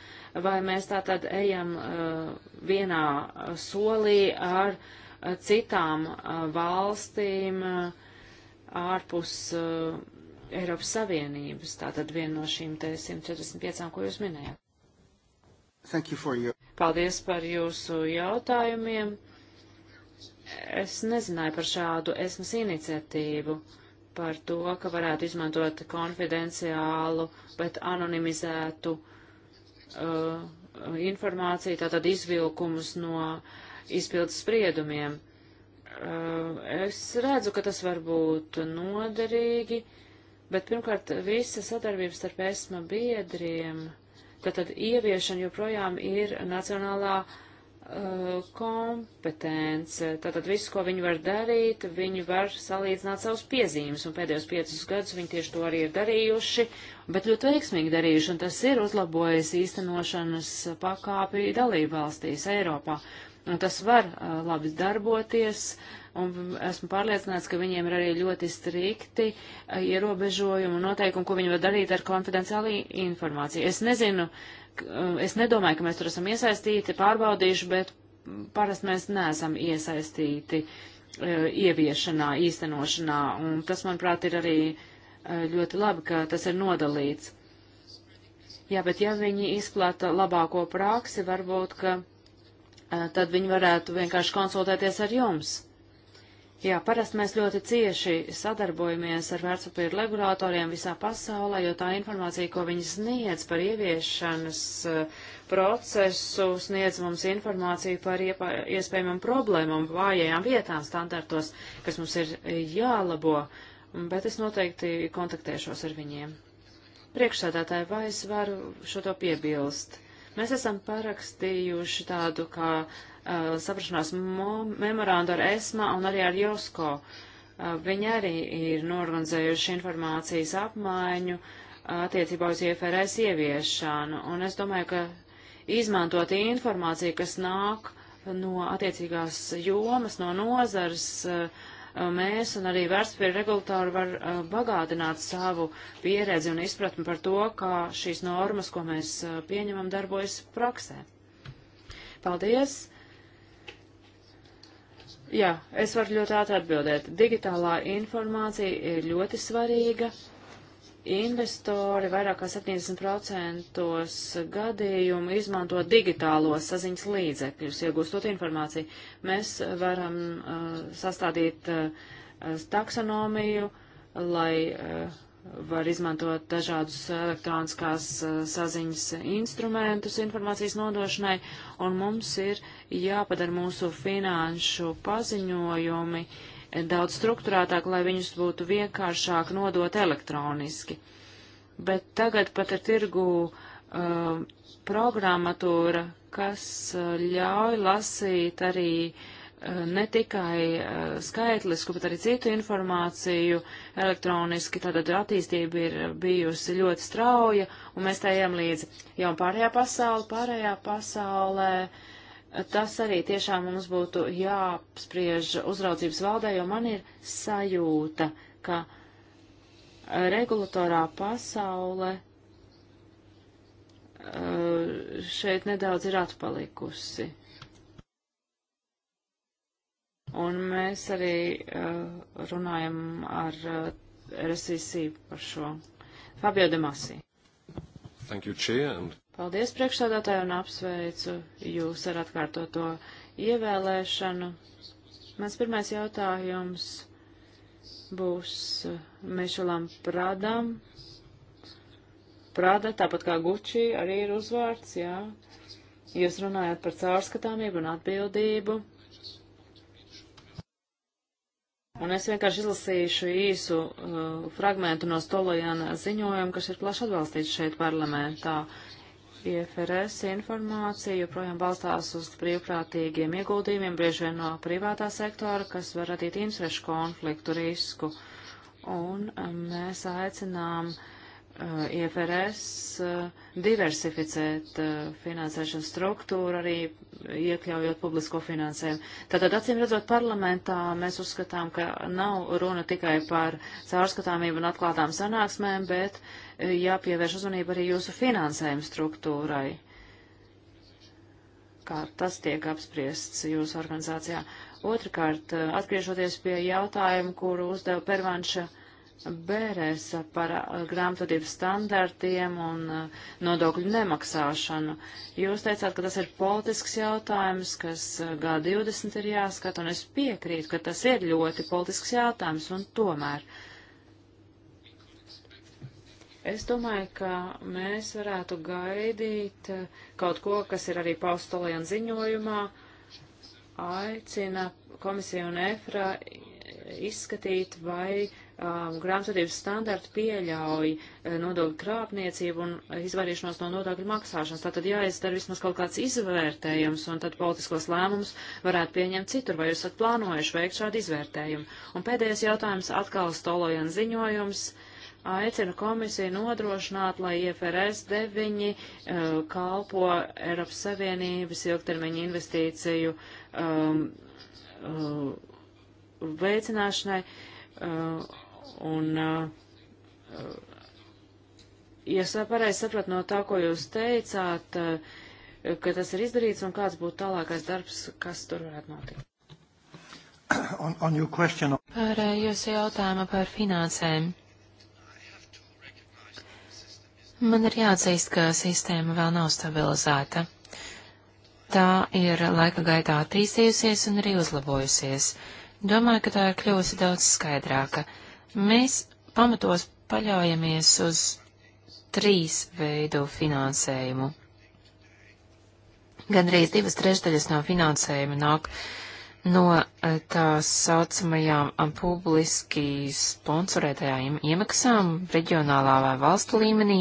vai mēs tā tad ejam uh, vienā solī ar uh, citām valstīm. Uh, ārpus uh, Eiropas Savienības, tātad viena no šīm te 145, ko jūs minējāt. You your... Paldies par jūsu jautājumiem. Es nezināju par šādu esmas iniciatīvu, par to, ka varētu izmantot konfidenciālu, bet anonimizētu uh, informāciju, tātad izvilkumus no izpildes spriedumiem. Uh, Eh, es redzu, ka tas var būt noderīgi, bet pirmkārt visa sadarbības starp ESMA biedriem, tātad ieviešana joprojām ir nacionālā uh, kompetence. Tātad viss, ko viņi var darīt, viņi var salīdzināt savus piezīmes, un pēdējos piecus gadus viņi tieši to arī ir darījuši, bet ļoti veiksmīgi darījuši, un tas ir uzlabojis īstenošanas pakāpi dalību valstīs Eiropā. Uh, Un tas var uh, labi darboties, un esmu pārliecināts, ka viņiem ir arī ļoti strikti uh, ierobežojumi un noteikumi, ko viņi var darīt ar konfidenciālu informāciju. Es nezinu, es nedomāju, ka mēs tur esam iesaistīti, pārbaudīšu, bet parasti mēs neesam iesaistīti uh, ieviešanā, īstenošanā, un tas, manuprāt, ir arī ļoti labi, ka tas ir nodalīts. Jā, bet ja viņi izplata labāko praksi, varbūt, ka Eh, tad viņi varētu vienkārši konsultēties ar jums. Jā, parasti mēs ļoti cieši sadarbojamies ar vērtspapīru regulātoriem visā pasaulē, jo tā informācija, ko viņi sniedz par ieviešanas eh, procesu, sniedz mums informāciju par iespējamām problēmām, vājajām vietām standartos, kas mums ir jālabo, bet es noteikti kontaktēšos ar viņiem. Priekšsādātāji, vai es varu šo to piebilst? Mēs esam parakstījuši tādu kā uh, saprašanās memorandu ar ESMA un arī ar JOSKO. Uh, viņi arī ir norganizējuši informācijas apmaiņu uh, attiecībā uz IFRS ieviešanu, un es domāju, ka izmantot informāciju, kas nāk no attiecīgās jomas, no nozars, uh, mēs un arī vērtspapīra regulatori var bagātināt savu pieredzi un izpratni par to, kā šīs normas, ko mēs pieņemam, darbojas praksē. Paldies! Jā, es varu ļoti ātri atbildēt. Digitālā informācija ir ļoti svarīga. Uh, Investori vairāk kā 70% gadījumu izmanto digitālos saziņas līdzekļus, iegūstot informāciju. Mēs varam uh, sastādīt uh, taksonomiju, lai uh, var izmantot dažādus elektroniskās uh, saziņas instrumentus informācijas nodošanai, un mums ir jāpadara mūsu finanšu paziņojumi uh, daudz struktūrētāk, lai viņus būtu vienkāršāk nodot elektroniski. Bet tagad pat ir tirgu uh, programmatūra, kas uh, ļauj lasīt arī uh, ne tikai uh, skaitlisku, bet arī citu informāciju elektroniski. Tātad attīstība ir bijusi ļoti strauja, un mēs tā ejam līdzi. Jau pārējā pasaulē, pārējā pasaulē uh, tas arī tiešām mums būtu jāapspriež uzraudzības valdē, jo man ir sajūta, ka regulatorā pasaule eh, šeit nedaudz ir atpalikusi. Un mēs arī eh, runājam ar eh, RSC par šo. Fabio De Masi. Thank you, Chair. And... Paldies priekšsādātāju un apsveicu jūs ar atkārtoto ievēlēšanu. Mans pirmais jautājums būs eh, Mišelam Pradam. Prada, tāpat kā Gucci, arī ir uzvārds, jā. Jūs runājat par caurskatāmību un atbildību. Un es vienkārši izlasīšu īsu uh, fragmentu no Stolojana ziņojuma, kas ir plaši atbalstīts šeit parlamentā. Uh, IFRS informācija joprojām balstās uz brīvprātīgiem ieguldījumiem, bieži vien no privātā sektora, kas var radīt interešu konfliktu risku. Un eh, mēs aicinām uh, eh, IFRS uh, eh, diversificēt uh, finansēšanas struktūru, arī iekļaujot publisko finansējumu. Tātad, acīm redzot, parlamentā mēs uzskatām, ka nav runa tikai par caurskatāmību un atklātām sanāksmēm, bet uh, E, jāpievērš uzmanība arī jūsu finansējuma struktūrai, kā tas tiek apspriests jūsu organizācijā. Otrakārt, e, atgriežoties pie jautājuma, kuru uzdeva Pervanša Bērēs par e, grāmatvedības standartiem un nodokļu nemaksāšanu. Jūs teicāt, ka tas ir politisks jautājums, kas G20 ir jāskat, un es piekrītu, ka tas ir ļoti politisks jautājums, un tomēr. Uh, Es domāju, ka mēs varētu gaidīt eh, kaut ko, kas ir arī paustolienu ziņojumā, aicina komisiju un EFRA izskatīt, vai um, grāmatvedības standarti pieļauj eh, nodokļu krāpniecību un izvairīšanos no nodokļu maksāšanas. Tātad jāizdara vismaz kaut kāds izvērtējums, un tad politiskos lēmumus varētu pieņemt citur, vai jūs esat plānojuši veikt šādu izvērtējumu. Un pēdējais jautājums atkal Stolojan ziņojums. Uh, aicina komisiju nodrošināt, lai IFRS 9 uh, eh, kalpo Eiropas Savienības ilgtermiņa investīciju um, uh, veicināšanai uh, un uh, Ja pareizi sapratu no tā, ko jūs teicāt, uh, ka tas ir izdarīts un kāds būtu tālākais darbs, kas tur varētu notikt? (coughs) On, on Par jūsu jautājumu par finansēm. Man ir jāatzīst, ka sistēma vēl nav stabilizēta. Tā ir laika gaitā attīstījusies un arī uzlabojusies. Domāju, ka tā ir kļuvusi daudz skaidrāka. Mēs pamatos paļaujamies uz trīs veidu finansējumu. Gan arī divas trešdaļas no finansējuma nāk no no eh, tās saucamajām eh, publiski sponsorētajām iemaksām reģionālā vai valstu līmenī,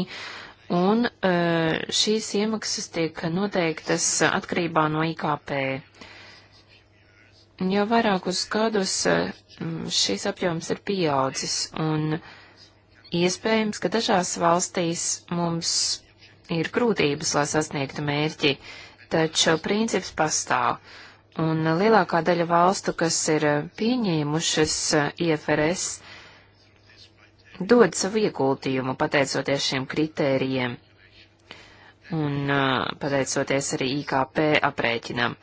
un eh, šīs iemaksas tiek noteiktas atkarībā no IKP. Jau vairākus gadus šīs apjoms ir pieaudzis, un iespējams, ka dažās valstīs mums ir grūtības, lai sasniegtu mērķi, taču princips pastāv. Uh, Un lielākā daļa valstu, kas ir pieņēmušas IFRS, dod savu ieguldījumu pateicoties šiem kritērijiem un pateicoties arī IKP aprēķinam.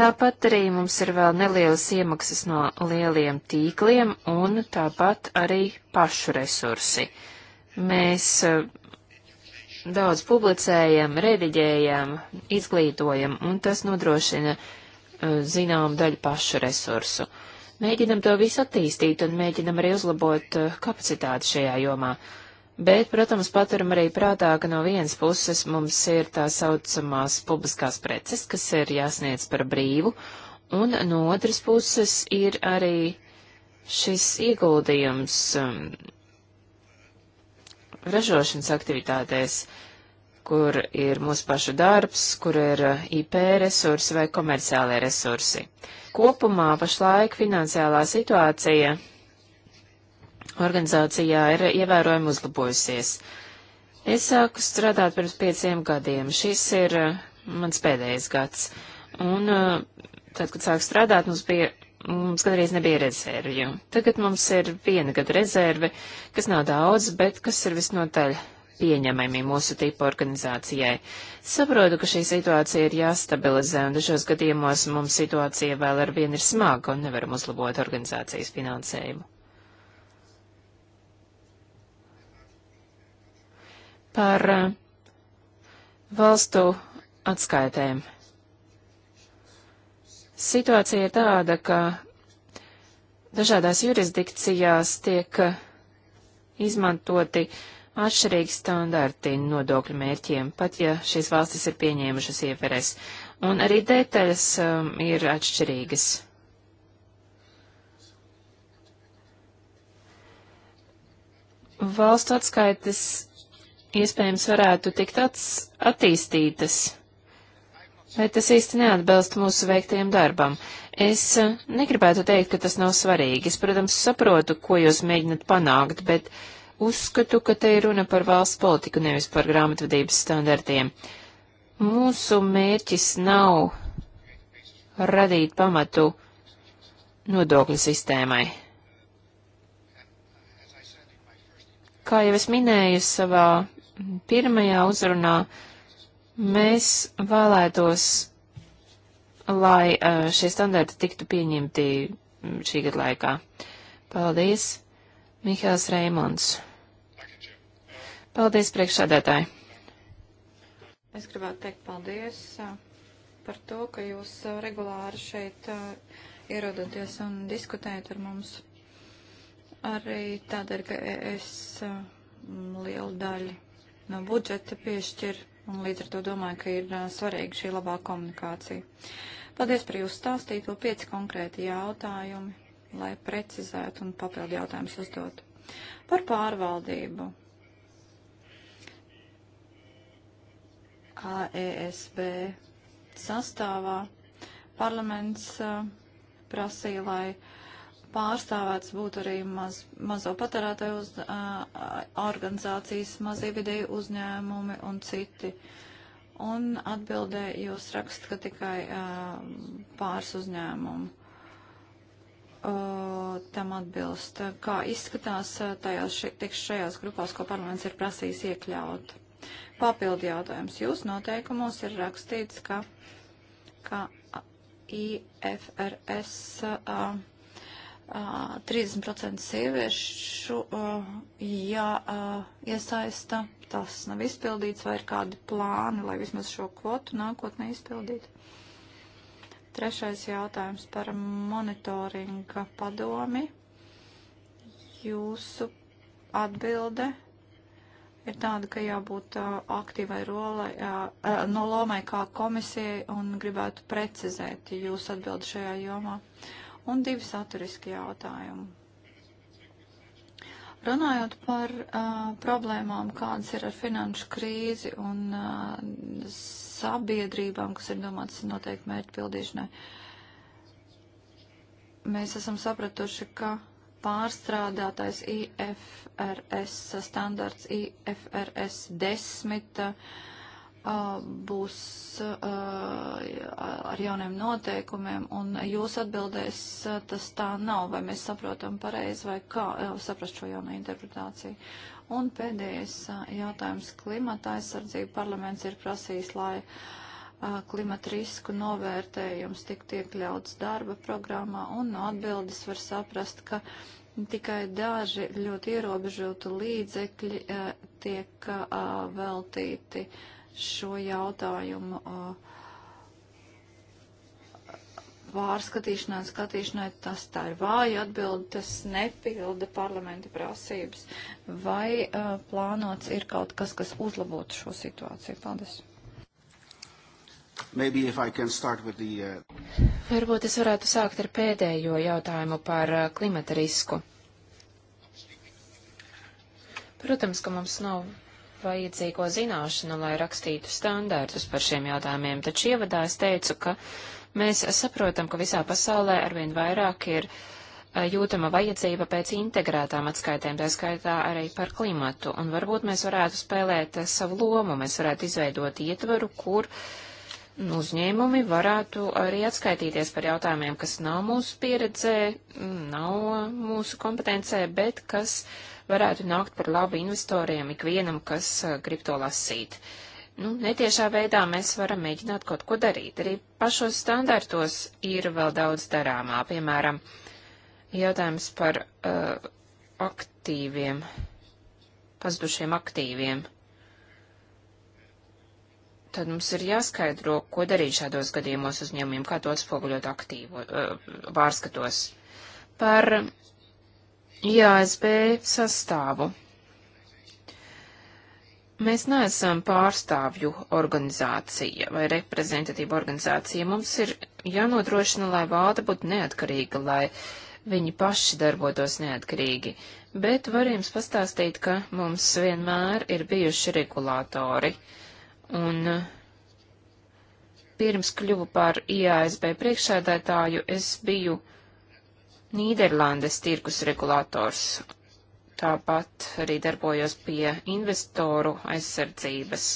Tāpat arī mums ir vēl nelielas iemaksas no lieliem tīkliem un tāpat arī pašu resursi. Mēs daudz publicējam, rediģējam, izglītojam, un tas nodrošina uh, Eh, zinām daļu pašu resursu. Mēģinam to visu attīstīt un mēģinam arī uzlabot eh, kapacitāti šajā jomā. Bet, protams, paturam arī prātā, ka no vienas puses mums ir tā saucamās publiskās preces, kas ir jāsniedz par brīvu, un no otras puses ir arī šis ieguldījums um, ražošanas aktivitātēs. Uh, kur ir mūsu pašu darbs, kur ir uh, IP resursi vai komerciālie resursi. Kopumā pašlaik finansiālā situācija organizācijā ir ievērojami uzlabojusies. Es sāku strādāt pirms pieciem gadiem. Šis ir uh, mans pēdējais gads. Un uh, tad, kad sāku strādāt, mums bija mums gadreiz nebija rezervju. Tagad mums ir viena gada rezerve, kas nav daudz, bet kas ir visnotaļ pieņemami mūsu tipu organizācijai. Saprotu, ka šī situācija ir jāstabilizē, un dažos gadījumos mums situācija vēl ar vienu ir smaga un nevaram uzlabot organizācijas finansējumu. Par eh, valstu atskaitēm. Situācija ir tāda, ka dažādās jurisdikcijās tiek eh, izmantoti uh, atšķirīgi standarti nodokļu mērķiem, pat ja šīs valstis ir pieņēmušas ieferes, un arī detaļas um, ir atšķirīgas. Valstu atskaites iespējams varētu tikt attīstītas, bet tas īsti neatbilst mūsu veiktajam darbam. Es uh, negribētu teikt, ka tas nav svarīgi. Es, protams, saprotu, ko jūs mēģinat panākt, bet uh, Uzskatu, ka te ir runa par valsts politiku, nevis par grāmatvedības standartiem. Mūsu mērķis nav radīt pamatu nodokļu sistēmai. Kā jau es minēju savā pirmajā uzrunā, mēs vēlētos, lai eh, šie standarti tiktu pieņemti šī gada laikā. Paldies, Mihāls Reimons. Paldies, priekšsēdētāji. Es gribētu teikt paldies par to, ka jūs regulāri šeit ierodaties un diskutējat ar mums. Arī tādēļ, ka e, es lielu daļu no budžeta piešķir, un līdz ar to domāju, ka ir svarīga šī labā komunikācija. Paldies par jūsu stāstīto pieci konkrēti jautājumi, lai precizētu un papildu jautājumus uzdot. Par pārvaldību ESB sastāvā parlaments prasīja, lai pārstāvēts būtu arī maz, mazo patērētāju uz, uh, organizācijas, mazie vidēji uzņēmumi un citi. Un atbildē jūs rakstat, ka tikai uh, pāris uzņēmumu uh, tam atbilst. Kā izskatās tajās, ši, tiks šajās grupās, ko parlaments ir prasījis iekļaut? Papildi jautājums. Jūs noteikumos ir rakstīts, ka, ka IFRS. Uh, 30% sieviešu jā, iesaista. Tas nav izpildīts, vai ir kādi plāni, lai vismaz šo kvotu nākotnē izpildītu? Trešais jautājums par monitoringa padomi. Jūsu atbilde ir tāda, ka jābūt uh, aktīvai rolai, uh, no lomai kā komisijai un gribētu precizēt jūs atbildi šajā jomā. Un divi saturiski jautājumi. Runājot par uh, problēmām, kādas ir ar finanšu krīzi un uh, sabiedrībām, kas ir domāts noteikti mērķu pildīšanai, mēs esam sapratuši, ka uh, pārstrādātais IFRS standarts IFRS 10 uh, būs uh, ar jauniem noteikumiem, un jūs atbildēs, uh, tas tā nav, vai mēs saprotam pareizi, vai kā saprast šo jauno interpretāciju. Un pēdējais jautājums - klimata aizsardzība. Parlaments ir prasījis, lai uh, klimata risku novērtējums tiktu iekļauts darba programmā, un no atbildes var saprast, ka tikai daži ļoti ierobežotu līdzekļi e, tiek veltīti šo jautājumu pārskatīšanai un skatīšanai, tas tā ir vāja atbilde, tas nepilda parlamenta prasības. Vai uh, plānots ir kaut kas, kas uzlabotu šo situāciju? Paldies! The, uh... Varbūt es varētu sākt ar pēdējo jautājumu par uh, klimata risku. Protams, ka mums nav vajadzīgo zināšanu, lai rakstītu standārtus par šiem jautājumiem, taču ievadā es teicu, ka mēs saprotam, ka visā pasaulē arvien vairāk ir uh, jūtama vajadzība pēc integrētām atskaitēm, tā skaitā arī par klimatu, un varbūt mēs varētu spēlēt uh, savu lomu, mēs varētu izveidot ietvaru, kur uh, uzņēmumi varētu arī atskaitīties par jautājumiem, kas nav mūsu pieredzē, nav mūsu kompetencē, bet kas varētu nākt par labu investoriem ikvienam, kas eh, grib to lasīt. Nu, netiešā veidā mēs varam mēģināt kaut ko darīt. Arī pašos standartos ir vēl daudz darāmā, piemēram, jautājums par uh, aktīviem, pazudušiem aktīviem. Uh, Tad mums ir jāskaidro, ko darīt šādos gadījumos uzņēmumiem, kā to atspoguļot aktīvu eh, pārskatos. Par IASB sastāvu. Mēs neesam pārstāvju organizācija vai reprezentatīva organizācija. Mums ir jānodrošina, lai valde būtu neatkarīga, lai viņi paši darbotos neatkarīgi. Bet var jums pastāstīt, ka mums vienmēr ir bijuši regulātori. Uh, Un uh, pirms kļuvu par IASB priekšsēdētāju, es biju Nīderlandes tirkus regulators. Tāpat arī darbojos pie investoru aizsardzības.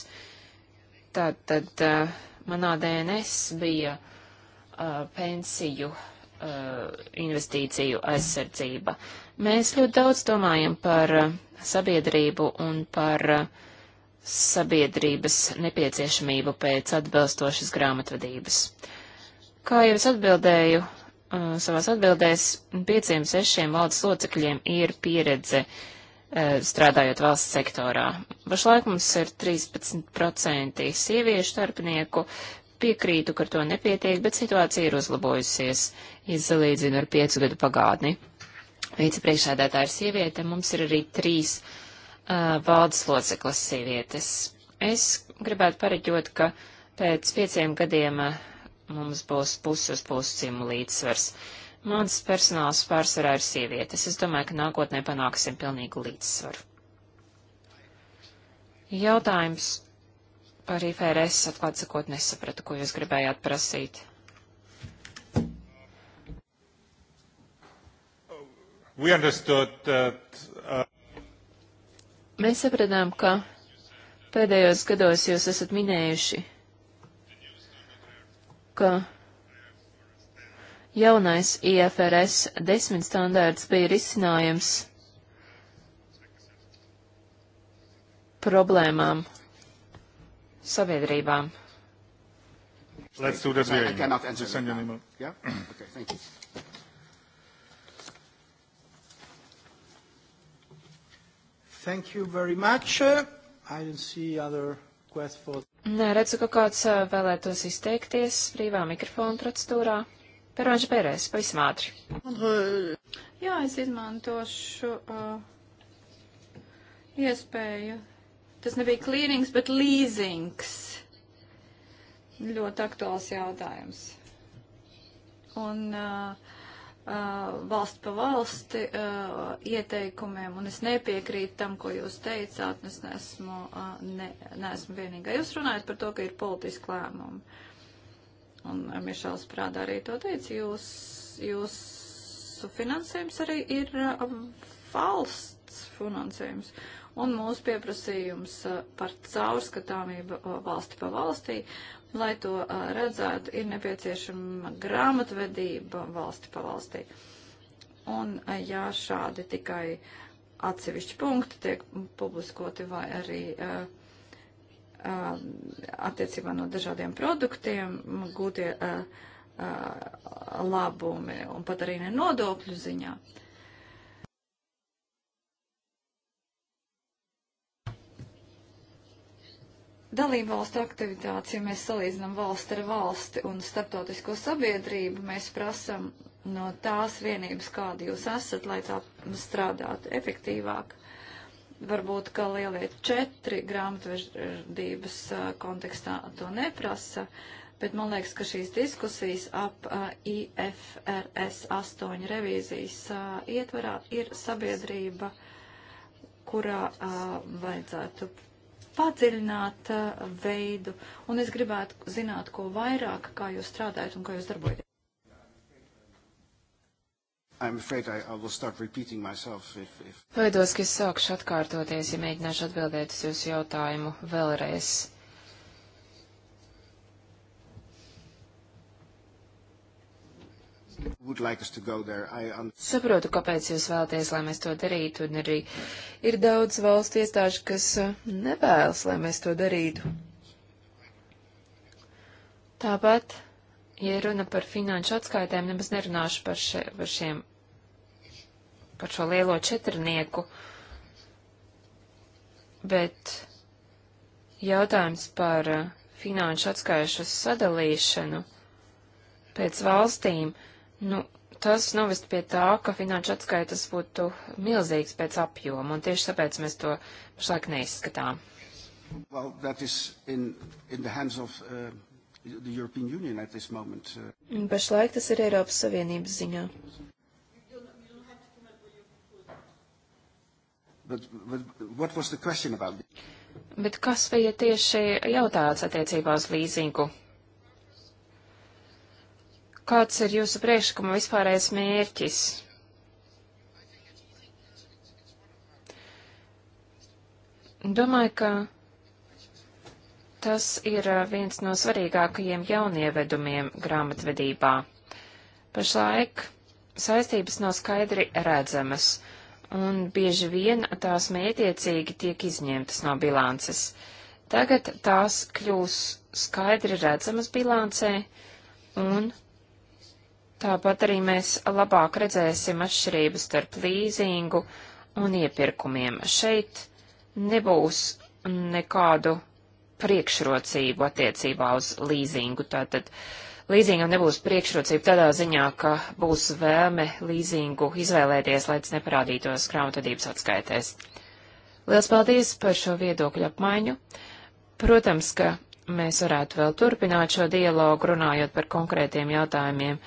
Tātad uh, manā DNS bija uh, pensiju uh, investīciju aizsardzība. Mēs ļoti daudz domājam par sabiedrību un par uh, sabiedrības nepieciešamību pēc atbilstošas grāmatvedības. Kā jau es atbildēju, uh, savās atbildēs pieciem, sešiem valdes locekļiem ir pieredze uh, strādājot valsts sektorā. Pašlaik mums ir 13% sieviešu starpnieku. Piekrītu, ka ar to nepietiek, bet situācija ir uzlabojusies, izsalīdzinu ar piecu gadu pagātni. Vicepriekšsēdētāja ir sieviete, mums ir arī trīs uh, Uh, valdes loceklas sievietes. Es gribētu pareģot, ka pēc pieciem gadiem uh, mums būs pusi uz pusi dzimumu līdzsvars. Mans personāls pārsvarā ir sievietes. Es domāju, ka nākotnē panāksim pilnīgu līdzsvaru. Jautājums par IFRS atklāt sakot nesapratu, ko jūs gribējāt prasīt. We understood that uh, Mēs sapratām, ka pēdējos gados jūs esat minējuši, ka jaunais IFRS 10 standārts bija risinājums problēmām sabiedrībām. Let's do this again. I cannot answer that. Yeah? Okay, thank you. Thank you very much. I don't see other requests for... Nē, redzu, ka kāds vēlētos izteikties brīvā mikrofona procedūrā. Pervanš Berēs, pavisam ātri. Jā, es izmantošu uh, iespēju. Tas nebija klīrings, bet līzings. Ļoti aktuāls jautājums. Un uh, Uh, valsts pa valsti uh, ieteikumiem, un es nepiekrītu tam, ko jūs teicāt, un es neesmu, uh, ne, neesmu vienīgā. Jūs runājat par to, ka ir politiski lēmumi. Un uh, Mišels Prādā arī to teica, jūs, jūs finansējums arī ir uh, valsts finansējums. Un mūsu pieprasījums uh, par caurskatāmību uh, valsti pa valstī Lai to uh, redzētu, ir nepieciešama grāmatvedība valsti pa valstī. Un uh, jā, šādi tikai atsevišķi punkti tiek publiskoti vai arī uh, uh, attiecībā no dažādiem produktiem gūtie uh, uh, labumi un pat arī nenodokļu ziņā. Uh, dalību valstu aktivitātes, ja mēs salīdzinām valsti ar valsti un starptautisko sabiedrību, mēs prasam no tās vienības, kāda jūs esat, lai tā strādātu efektīvāk. Varbūt, ka lielie četri grāmatveždības kontekstā to neprasa, bet man liekas, ka šīs diskusijas ap uh, IFRS 8 revīzijas uh, ietvarā ir sabiedrība, kurā uh, vajadzētu padziļināt uh, veidu, un es gribētu zināt, ko vairāk, kā jūs strādājat un kā jūs darbojaties. If, if... Vaidos, ka es sākšu atkārtoties, ja mēģināšu atbildēt uz jūsu jautājumu vēlreiz. Like I... Um, Saprotu, kāpēc jūs vēlaties, lai mēs to darītu, un arī ir daudz valstu iestāžu, kas uh, nevēlas, lai mēs to darītu. Tāpat, ja runa par finanšu atskaitēm, nemaz nerunāšu par, še, par šiem, par šo lielo četrnieku, bet jautājums par uh, finanšu atskaišu sadalīšanu pēc valstīm Nu, tas novest pie tā, ka finanšu atskaitas būtu milzīgs pēc apjoma, un tieši tāpēc mēs to pašlaik neizskatām. Well, in, in of, uh, moment, uh... Pašlaik tas ir Eiropas Savienības ziņā. But, but Bet kas bija tieši jautājums attiecībā uz līzingu? Kāds ir jūsu priekšlikuma vispārējais mērķis? Domāju, ka tas ir uh, viens no svarīgākajiem jaunievedumiem grāmatvedībā. Pašlaik saistības nav skaidri redzamas, un bieži vien tās mētiecīgi tiek izņemtas no bilances. Tagad tās kļūs skaidri redzamas bilancē, un Tāpat arī mēs labāk redzēsim atšķirības starp līzingu un iepirkumiem. Šeit nebūs nekādu priekšrocību attiecībā uz līzingu. Tātad līzingam nebūs priekšrocība tādā ziņā, ka būs vēme līzingu izvēlēties, lai tas neparādītos grāmatvedības atskaitēs. Lielas paldies par šo viedokļu apmaiņu. Protams, ka mēs varētu vēl turpināt šo dialogu, runājot par konkrētiem jautājumiem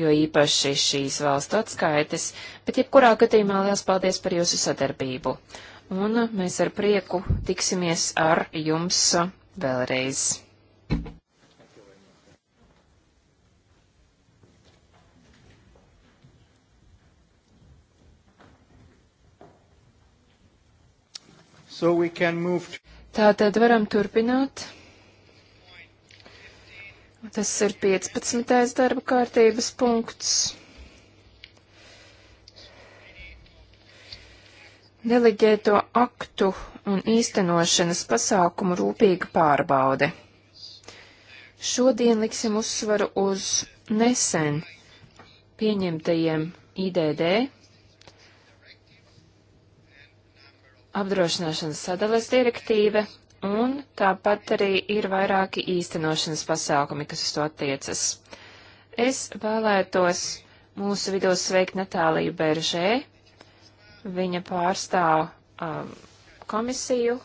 jo īpaši šīs valstu atskaites, bet jebkurā gadījumā liels paldies par jūsu sadarbību. Un mēs ar prieku tiksimies ar jums vēlreiz. So we can move to... Tātad varam turpināt. Tas ir 15. darba kārtības punkts. Deleģēto aktu un īstenošanas pasākumu rūpīga pārbaude. Šodien liksim uzsvaru uz nesen pieņemtajiem IDD apdrošināšanas sadales direktīve Un tāpat arī ir vairāki īstenošanas pasākumi, kas uz to attiecas. Es vēlētos mūsu vidū sveikt Natāliju Beržē. Viņa pārstāv um, komisiju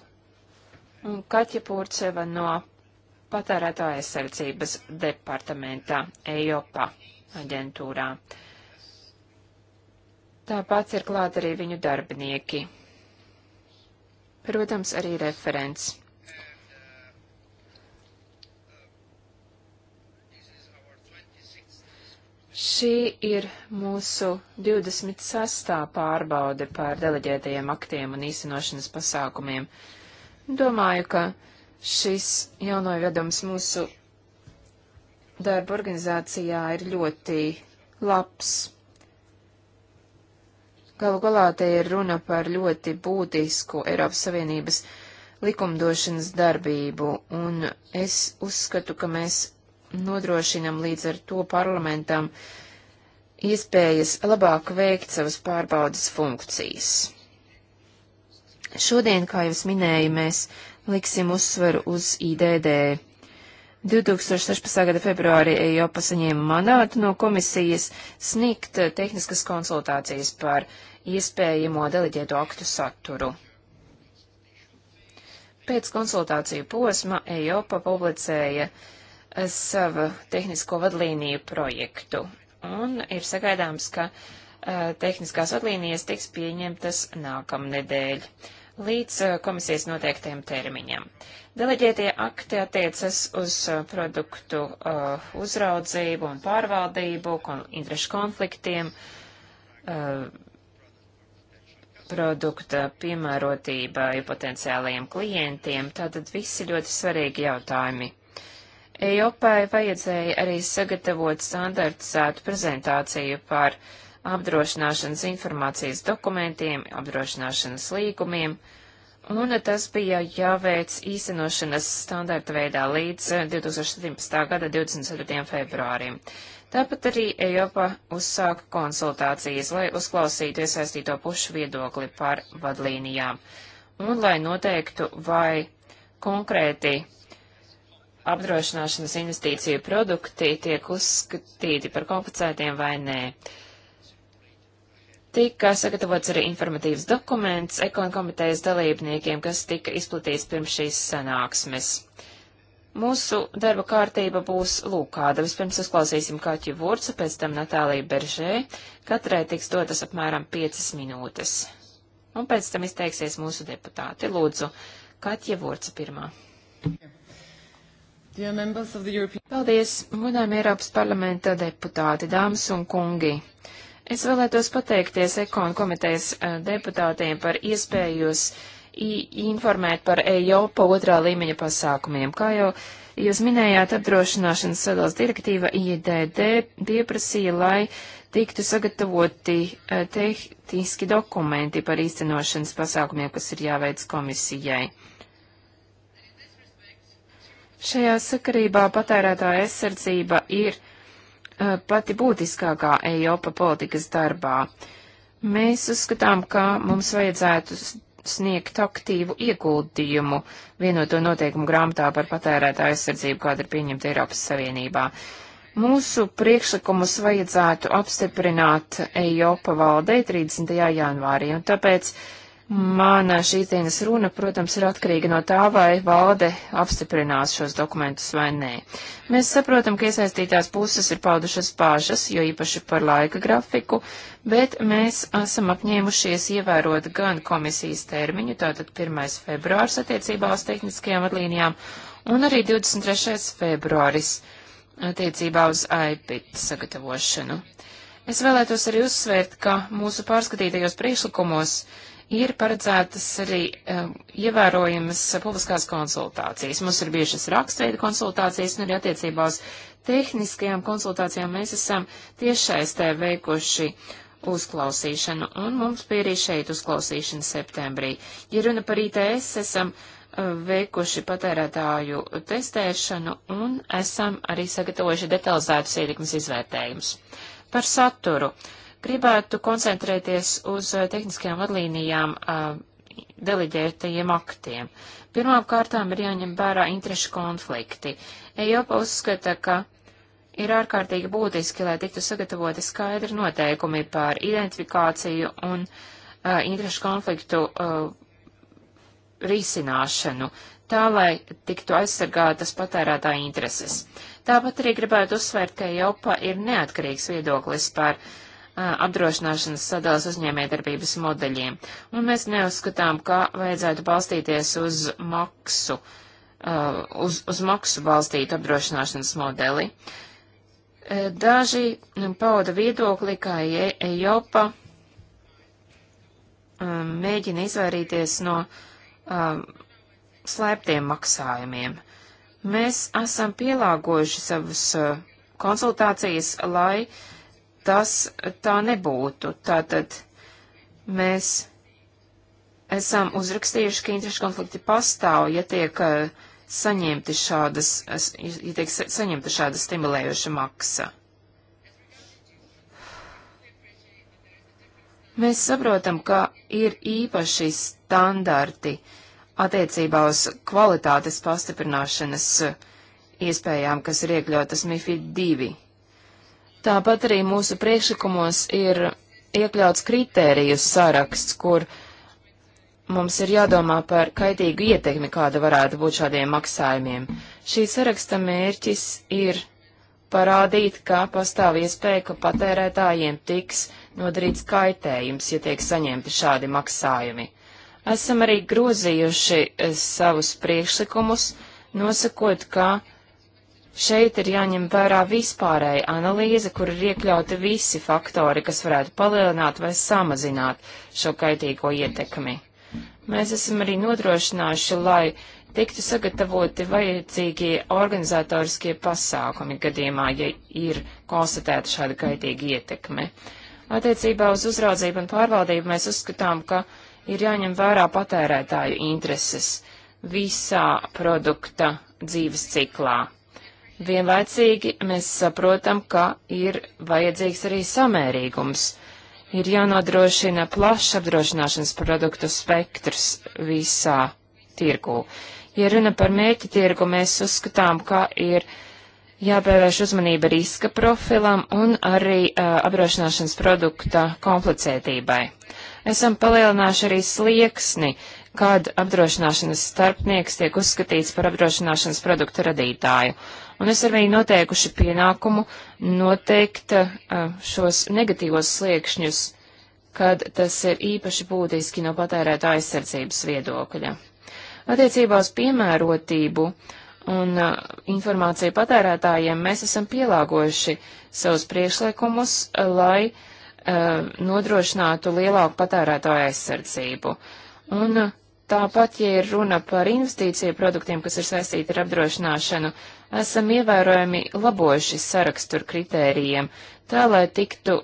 un Kaķa Pūrceva no patērēto aizsardzības departamentā EIOPA aģentūrā. Tāpat ir klāt arī viņu darbinieki. Protams, arī referents. Šī ir mūsu 26. pārbaude pār deleģētajiem aktiem un īstenošanas pasākumiem. Domāju, ka šis jaunovedums mūsu darba organizācijā ir ļoti labs. Galu galā te ir runa par ļoti būtisku Eiropas Savienības likumdošanas darbību, un es uzskatu, ka mēs nodrošinam līdz ar to parlamentam iespējas labāk veikt savas pārbaudas funkcijas. Šodien, kā jau es minēju, mēs liksim uzsveru uz IDD. 2016. gada februārī EIOPA saņēma mandātu no komisijas sniegt tehniskas konsultācijas par iespējamo deleģēto aktu saturu. Pēc konsultāciju posma EIOPA publicēja uh, savu tehnisko vadlīniju projektu. Un ir sagaidāms, ka uh, tehniskās vadlīnijas tiks pieņemtas nākamnedēļ līdz uh, komisijas noteiktajam termiņam. Deleģētie akti attiecas uz uh, produktu uzraudzību un pārvaldību, kon interešu konfliktiem, produkta piemērotībai potenciālajiem klientiem. Tātad visi ļoti svarīgi jautājumi. Eiropai vajadzēja arī sagatavot standartizētu prezentāciju par apdrošināšanas informācijas dokumentiem, apdrošināšanas līgumiem, un tas bija jāveic īstenošanas standarta veidā līdz 2017. Eh, gada 24. februārim. Tāpat arī EIOPA uzsāka konsultācijas, lai uzklausītu iesaistīto pušu viedokli par vadlīnijām un lai noteiktu, vai konkrēti apdrošināšanas investīciju produkti tiek uzskatīti par komplicētiem vai nē. Tika sagatavots arī informatīvs dokuments ekonkomitejas dalībniekiem, kas tika izplatīts pirms šīs sanāksmes. Mūsu darba kārtība būs lūk kāda. Vispirms uzklausīsim Kaķu Vurcu, pēc tam Natāliju Beržē. Katrai tiks dotas apmēram 5 minūtes. Un pēc tam izteiksies mūsu deputāti. Lūdzu, Kaķa Vurca pirmā. Yeah. Paldies, godājumi Eiropas parlamenta deputāti, dāmas un kungi. Es vēlētos pateikties ekonu komitejas eh, deputātiem par iespējos informēt par EIOPA otrā līmeņa pasākumiem. Kā jau jūs minējāt, apdrošināšanas sadalas direktīva IDD e pieprasīja, lai tiktu sagatavoti eh, tehniski dokumenti par īstenošanas pasākumiem, kas ir jāveic komisijai. Šajā sakarībā patērētāja aizsardzība ir uh, pati būtiskākā Eiropa politikas darbā. Mēs uzskatām, ka mums vajadzētu sniegt aktīvu ieguldījumu vienoto noteikumu grāmatā par patērētāju aizsardzību, kāda ir pieņemta Eiropas Savienībā. Mūsu priekšlikumus vajadzētu apstiprināt Eiropa valdei 30. janvārī, un tāpēc Mana šīs dienas runa, protams, ir atkarīga no tā, vai valde apstiprinās šos dokumentus vai nē. Mēs saprotam, ka iesaistītās puses ir paudušas pāžas, jo īpaši par laika grafiku, bet mēs esam apņēmušies ievērot gan komisijas termiņu, tātad 1. februārs attiecībā uz tehniskajām atlīnijām, un arī 23. februāris attiecībā uz AIPIT sagatavošanu. Es vēlētos arī uzsvērt, ka mūsu pārskatītajos priekšlikumos ir paredzētas arī um, ievērojamas publiskās konsultācijas. Mums ir bijušas rakstveida konsultācijas, un arī attiecībā uz tehniskajām konsultācijām mēs esam tiešsaistē veikuši uzklausīšanu, un mums bija arī šeit uzklausīšana septembrī. Ja runa par ITS, esam uh, veikuši patērētāju testēšanu un esam arī sagatavojuši detalizētus ietekmes izvērtējumus. Par saturu. Uh, Gribētu koncentrēties uz eh, tehniskajām vadlīnijām eh, deleģētajiem aktiem. Pirmām kārtām ir jāņem vērā interešu konflikti. Eiropa uzskata, ka ir ārkārtīgi būtiski, lai tiktu sagatavoti skaidri noteikumi par identifikāciju un uh, interešu konfliktu uh, risināšanu, tā lai tiktu aizsargātas patērētāja intereses. Tāpat arī gribētu uzsvērt, ka Eiropa ir neatkarīgs viedoklis par uh, apdrošināšanas sadalas uzņēmējdarbības modeļiem. Un mēs neuzskatām, ka vajadzētu balstīties uz maksu, uz, uz maksu balstītu apdrošināšanas modeli. Daži pauda viedokli, ka e, Eiropa mēģina izvairīties no slēptiem maksājumiem. Mēs esam pielāgojuši savas konsultācijas, lai uh, tas tā nebūtu. Tātad mēs esam uzrakstījuši, ka interešu konflikti pastāv, ja tiek eh, saņemti šādas, ja tiek saņemta šāda stimulējoša maksa. Mēs saprotam, ka ir īpaši standarti attiecībā uz kvalitātes pastiprināšanas eh, iespējām, kas ir iekļautas MIFID 2. Tāpat arī mūsu priekšlikumos ir iekļauts kritēriju saraksts, kur mums ir jādomā par kaitīgu ietekmi, kāda varētu būt šādiem maksājumiem. Šī saraksta mērķis ir parādīt, ka pastāv iespēja, ka patērētājiem tiks nodarīts kaitējums, ja tiek saņemti šādi maksājumi. Esam arī grozījuši eh, savus priekšlikumus, nosakot, ka Šeit ir jāņem vērā vispārēja analīze, kur ir iekļauti visi faktori, kas varētu palielināt vai samazināt šo kaitīgo ietekmi. Mēs esam arī nodrošinājuši, lai tiktu sagatavoti vajadzīgie organizatoriskie pasākumi gadījumā, ja ir konstatēta šāda kaitīga ietekme. Attiecībā uz uzraudzību un pārvaldību mēs uzskatām, ka ir jāņem vērā patērētāju intereses visā produkta dzīves ciklā. Vienlaicīgi mēs saprotam, ka ir vajadzīgs arī samērīgums. Ir jānodrošina plašs apdrošināšanas produktu spektrs visā tirgū. Ja runa par mērķi tirgu, mēs uzskatām, ka ir jāpievērš uzmanība riska profilam un arī uh, apdrošināšanas produkta komplicētībai. Esam palielinājuši arī slieksni, kad apdrošināšanas starpnieks tiek uzskatīts par apdrošināšanas produkta radītāju, un es arī noteikuši pienākumu noteikt eh, šos negatīvos sliekšņus, kad tas ir īpaši būtiski no patērēta aizsardzības viedokļa. Attiecībā uz piemērotību un eh, informāciju patērētājiem mēs esam pielāgojuši savus priekšlikumus, eh, lai nodrošinātu lielāku patērētāju aizsardzību. Un tāpat, ja ir runa par investīciju produktiem, kas ir saistīti ar apdrošināšanu, esam ievērojami labojuši sarakstu ar kritērijiem, tā lai tiktu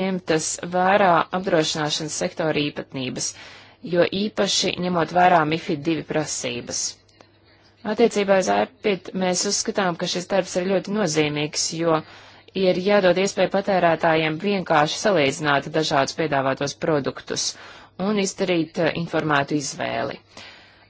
ņemtas vērā apdrošināšanas sektora īpatnības, jo īpaši ņemot vērā MIFID 2 prasības. Attiecībā uz AIPIT mēs uzskatām, ka šis darbs ir ļoti nozīmīgs, jo ir jādod iespēju patērētājiem vienkārši salīdzināt dažādus piedāvātos produktus un izdarīt eh, informētu izvēli. Uh,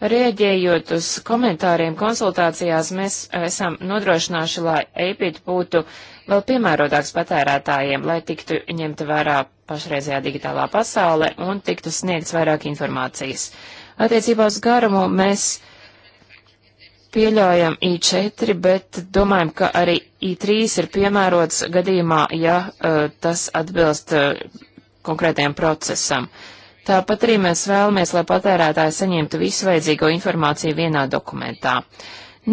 Rieģējot uz komentāriem konsultācijās, mēs esam nodrošinājuši, lai EIPIT būtu vēl piemērotāks patērētājiem, lai tiktu ņemta vērā pašreizējā digitālā pasaule un tiktu sniegts vairāk informācijas. Attiecībā uz garumu mēs pieļaujam I4, bet domājam, ka arī I3 ir piemērots gadījumā, ja uh, tas atbilst uh, konkrētajam procesam. Uh, Tāpat arī mēs vēlamies, lai patērētāji saņemtu visu vajadzīgo informāciju vienā dokumentā.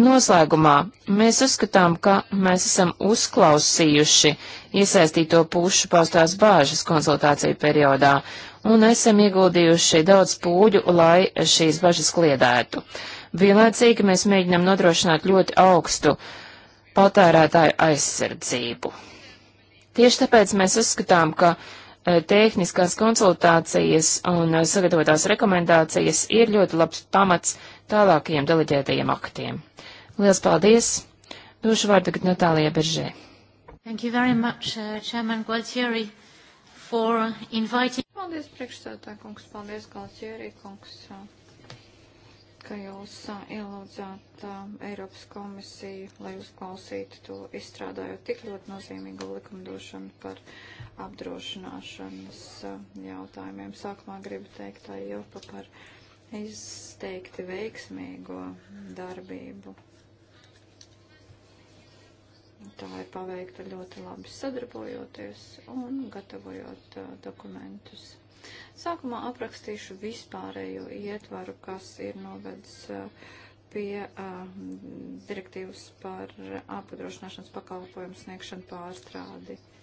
Noslēgumā mēs uzskatām, ka mēs esam uzklausījuši iesaistīto pušu paustās bāžas konsultāciju periodā un esam ieguldījuši daudz pūļu, lai šīs bažas kliedētu. Vienlaicīgi mēs mēģinam nodrošināt ļoti augstu patērētāju aizsardzību. Tieši tāpēc mēs uzskatām, ka Eh, tehniskās konsultācijas un eh, sagatavotās rekomendācijas ir ļoti labs pamats tālākajiem deleģētajiem aktiem. Lielas paldies! Došu vārdu tagad Natālijai Beržē. Thank you very much, uh, Chairman Gualtieri, for inviting. Paldies, priekšstādā kungs, paldies, Gualtieri kungs, uh, ka jūs uh, ielūdzāt uh, Eiropas komisiju, lai uzklausītu to, izstrādājot tik ļoti nozīmīgu likumdošanu par uh, apdrošināšanas eh, jautājumiem. Sākumā gribu teikt Ajopa par izteikti veiksmīgo darbību. Tā ir paveikta ļoti labi sadarbojoties un gatavojot eh, dokumentus. Sākumā aprakstīšu vispārējo ietvaru, kas ir novedis eh, pie uh, direktīvas par apdrošināšanas pakalpojumu sniegšanu pārstrādi. Uh,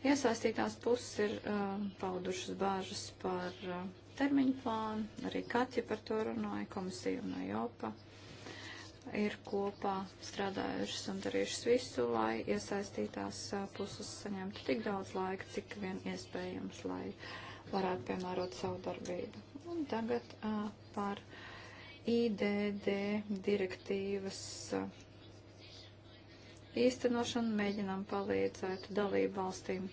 Iesaistītās puses ir uh, paudušas bāžas par uh, termiņu plānu, arī Katja par to runāja, komisija un Jopa ir kopā strādājušas un darījušas visu, lai iesaistītās uh, puses saņemtu tik daudz laika, cik vien iespējams, lai varētu piemērot savu darbību. Un tagad uh, par IDD direktīvas. Uh, īstenošanu, mēģinām palīdzēt dalību valstīm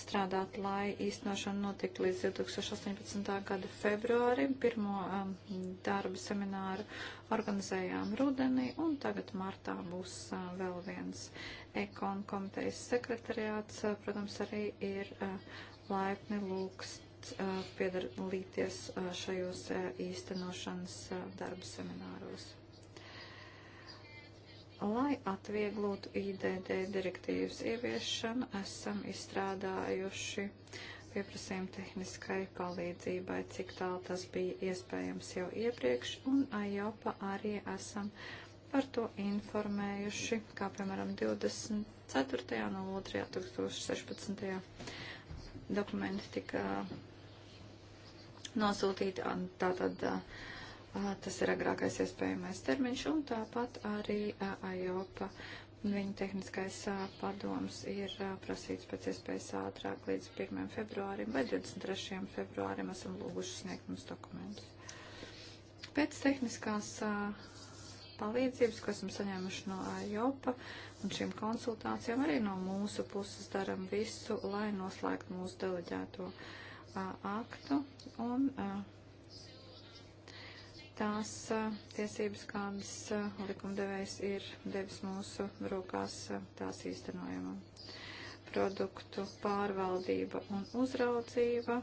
strādāt, lai īstenošana notiktu līdz 2018. gada februārim. Pirmo um, darba semināru organizējām rudenī, un tagad martā būs uh, vēl viens ekon komitejas sekretariāts. Uh, protams, arī ir uh, laipni lūgsts uh, piedalīties uh, šajos uh, īstenošanas darba semināros. Lai atvieglotu IDD direktīvas ieviešanu, esam izstrādājuši pieprasījumu tehniskai palīdzībai, cik tālu tas bija iespējams jau iepriekš, un AJOPA arī esam par to informējuši, kā piemēram 24.02.2016. dokumenti tika nosūtīti, tātad. Tā, Tas ir agrākais iespējamais termiņš, un tāpat arī AIOPA viņa tehniskais padoms ir prasīts pēc iespējas ātrāk līdz 1. februārim vai 23. februārim esam lūguši sniegt mums dokumentus. Pēc tehniskās palīdzības, ko esam saņēmuši no AIOPA un šīm konsultācijām, arī no mūsu puses daram visu, lai noslēgtu mūsu deleģēto aktu un uh, tās tiesības, kādas likumdevējs ir devis mūsu rokās tās īstenojumam. Produktu pārvaldība un uzraudzība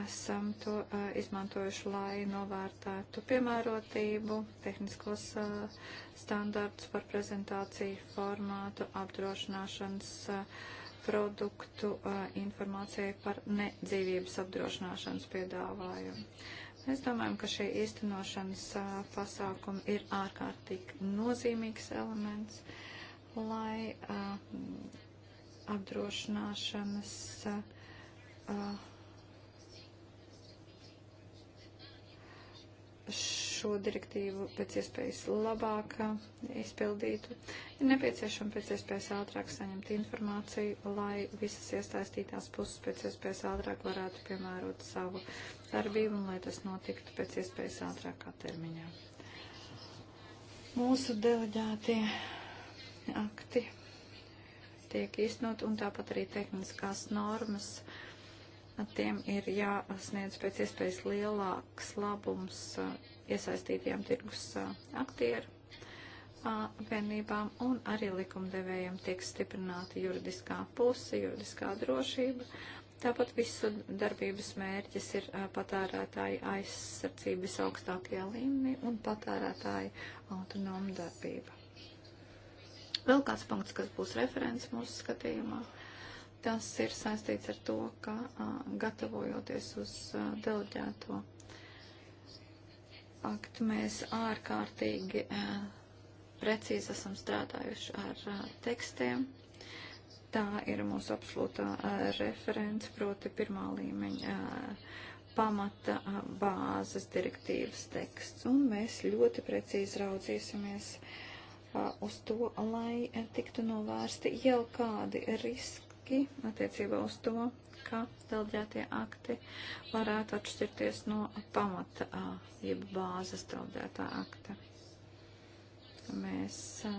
esam to uh, izmantojuši, lai novērtētu piemērotību, tehniskos uh, standartus par prezentāciju, formātu, apdrošināšanas uh, produktu, informāciju par nedzīvības apdrošināšanas piedāvājumu. Mēs domājam, ka šie īstenošanas pasākumi ir ārkārtīgi nozīmīgs elements, lai a, apdrošināšanas a, š, šo direktīvu pēc iespējas labāk izpildītu. Ir nepieciešama pēc iespējas ātrāk saņemt informāciju, lai visas iesaistītās puses pēc iespējas ātrāk varētu piemērot savu darbību un lai tas notiktu pēc iespējas ātrākā termiņā. Mūsu deleģētie akti tiek īstenot un tāpat arī tehniskās normas tiem ir jāsniedz pēc iespējas lielāks labums iesaistītajām tirgus aktieru apvienībām un arī likumdevējiem tiek stiprināta juridiskā puse, juridiskā drošība. Tāpat visu darbības mērķis ir patērētāja aizsardzība visaugstākajā līmenī un patērētāja autonoma darbība. Vēl kāds punkts, kas būs referents mūsu skatījumā, tas ir saistīts ar to, ka a, gatavojoties uz a, deleģēto aktu mēs ārkārtīgi eh, precīzi esam strādājuši ar eh, tekstiem. Tā ir mūsu absolūtā eh, referents, proti pirmā līmeņa pamata bāzes direktīvas teksts. Un mēs ļoti precīzi raudzīsimies uz to, lai tiktu novērsti jau kādi riski attiecībā uz to, ka delģētie akti varētu atšķirties no pamata, jeb bāzes delģētā akta. Mēs a,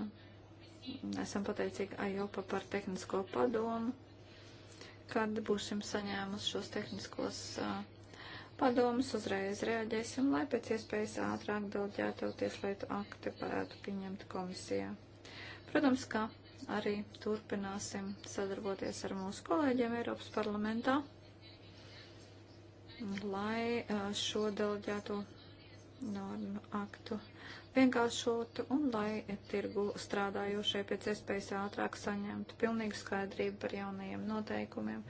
esam pateicīgi AJOPA par tehnisko padomu, kad būsim saņēmusi šos tehniskos a, padomus, uzreiz reaģēsim, lai pēc iespējas ātrāk delģēto tieslietu akti varētu pieņemt komisijā. Protams, ka arī turpināsim sadarboties ar mūsu kolēģiem Eiropas parlamentā, lai šo deleģēto normu aktu vienkāršotu un lai tirgu strādājošie pēc iespējas ātrāk saņemtu pilnīgu skaidrību par jaunajiem noteikumiem,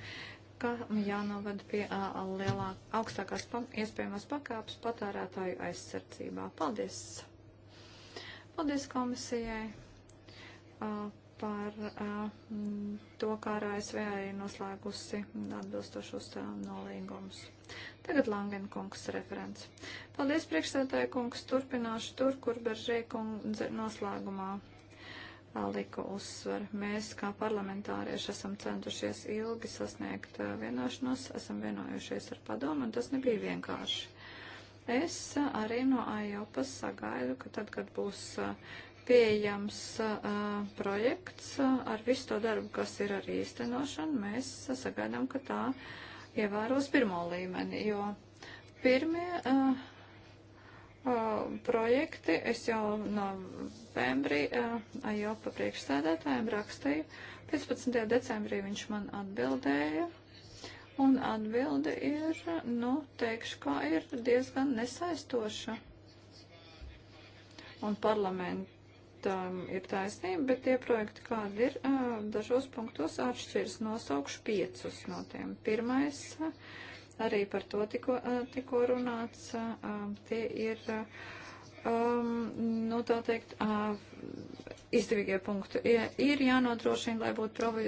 ka jānovad pie lielāk, augstākās pa, iespējamās pakāpes patērētāju aizsardzībā. Paldies! Paldies komisijai! par mm, to, kā ar ASV arī noslēgusi atbilstošos nolīgumus. Tagad Langen kungs referents. Paldies priekšsētāju kungs, turpināšu tur, kur Beržē kundze noslēgumā lika uzsver. Mēs kā parlamentārieši esam centušies ilgi sasniegt vienošanos, esam vienojušies ar padomu, un tas nebija vienkārši. Es arī no AJOPAS sagaidu, ka tad, kad būs uh, pieejams uh, projekts ar visu to darbu, kas ir arī īstenošana, mēs sagaidām, ka tā ievēros pirmo līmeni, jo pirmie uh, uh, projekti es jau novembrī uh, AJOPA priekšstādātājiem rakstīju, 15. decembrī viņš man atbildēja. Un atbilde ir, nu, teikšu, kā ir diezgan nesaistoša. Un parlament, tam ir taisnība, bet tie projekti, kādi ir, dažos punktos atšķiras. Nosaukšu piecus no tiem. Pirmais, arī par to tikko, tikko runāts, tie ir, um, nu tā teikt, izdevīgie punkti. Ir jānodrošina, lai būtu provi,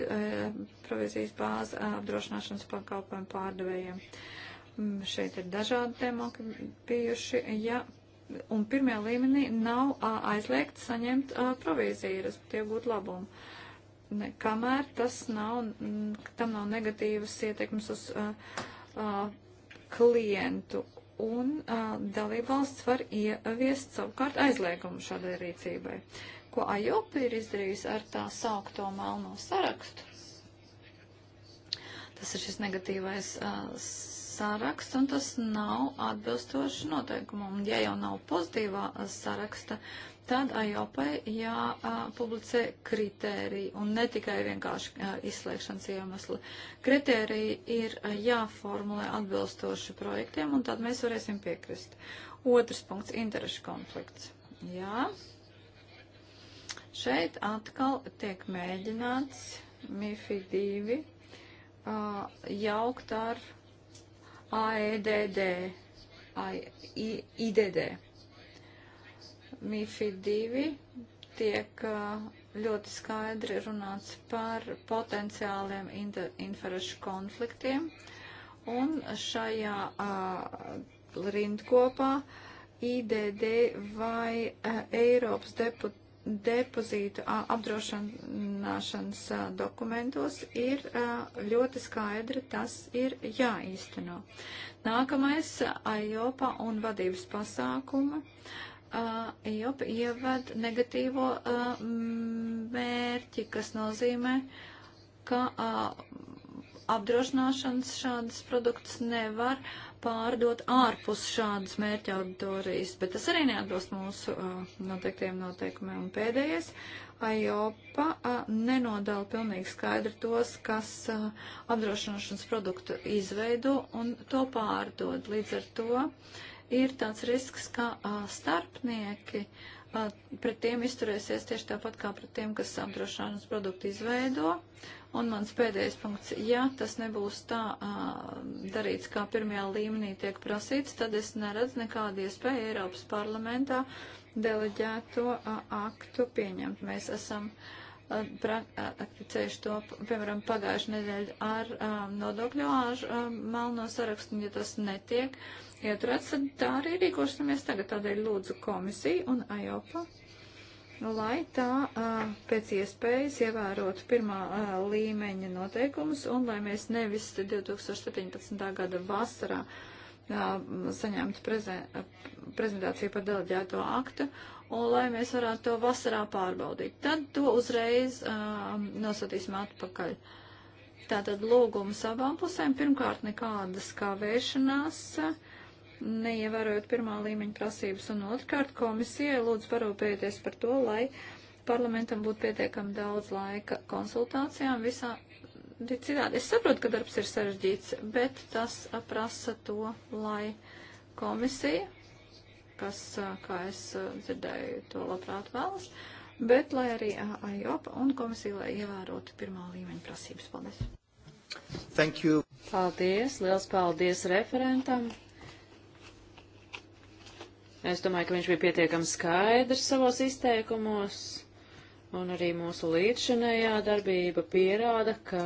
provizijas bāze apdrošināšanas pakalpojumu pārdevējiem. Mm, šeit ir dažādi temati bijuši. Ja un pirmajā līmenī nav aizliegt saņemt a, provīziju, respektīvi būt labumu. Ne, kamēr tas nav, m, tam nav negatīvas ietekmes uz a, a, klientu, un dalībvalsts var ieviest savukārt aizliegumu šādai rīcībai. Ko AJOP ir izdarījis ar tā saukto melno sarakstu? Tas ir šis negatīvais uh, saraksts, un tas nav atbilstoši noteikumam. Ja jau nav pozitīvā saraksta, tad AJOPai jāpublicē kritēriji, un ne tikai vienkārši a, izslēgšanas iemesli. Kritēriji ir jāformulē atbilstoši projektiem, un tad mēs varēsim piekrist. Otrs punkts - interešu konflikts. Jā. Šeit atkal tiek mēģināts MIFI 2 jaukt ar AEDD, IDD. MIFID 2 tiek ļoti skaidri runāts par potenciāliem interešu konfliktiem, un šajā uh, rindkopā IDD vai uh, Eiropas deputāti depozītu apdrošināšanas dokumentos ir ļoti skaidri, tas ir jāīsteno. Nākamais AIOPA un vadības pasākuma. AIOPA ieved negatīvo mērķi, kas nozīmē, ka apdrošināšanas šādas produkts nevar pārdot ārpus šādas mērķa auditorijas, bet tas arī neatbilst mūsu uh, noteiktiem noteikumiem. Un pēdējais, AIOPA uh, nenodala pilnīgi skaidri tos, kas uh, apdrošināšanas produktu izveido un to pārdod. Līdz ar to ir tāds risks, ka uh, starpnieki pret tiem izturēsies tieši tāpat kā pret tiem, kas apdrošināšanas produktu izveido Un mans pēdējais punkts, ja tas nebūs tā uh, darīts, kā pirmajā līmenī tiek prasīts, tad es neredzu nekādu iespēju Eiropas parlamentā deleģēto uh, aktu pieņemt. Mēs esam uh, prakticējuši to, piemēram, pagājušajā nedēļā ar um, nodokļu āžu um, melno sarakstu, un ja tas netiek ieturēts, tad tā arī rīkošamies tagad. Tādēļ lūdzu komisiju un AJOPA Nu, lai tā pēc iespējas ievērotu pirmā līmeņa noteikumus un lai mēs nevis 2017. gada vasarā saņemtu prezentāciju par deleģēto aktu un lai mēs varētu to vasarā pārbaudīt. Tad to uzreiz nosūtīsim atpakaļ. Tātad lūgumu savām pusēm pirmkārt nekādas kā vēršanās. Uh, neievērojot pirmā līmeņa prasības. Un otrkārt, komisijai lūdzu parūpēties par to, lai parlamentam būtu pietiekami daudz laika konsultācijām visā. Citādi. Es saprotu, ka darbs ir sarežģīts, bet tas prasa to, lai komisija, kas, kā es dzirdēju, to labprāt vēlas, bet lai arī AIOPA un komisija, lai ievērotu pirmā līmeņa prasības. Paldies! Thank you! Paldies! Liels paldies referentam! Es domāju, ka viņš bija pietiekami skaidrs savos izteikumos, un arī mūsu līdzšanējā darbība pierāda, ka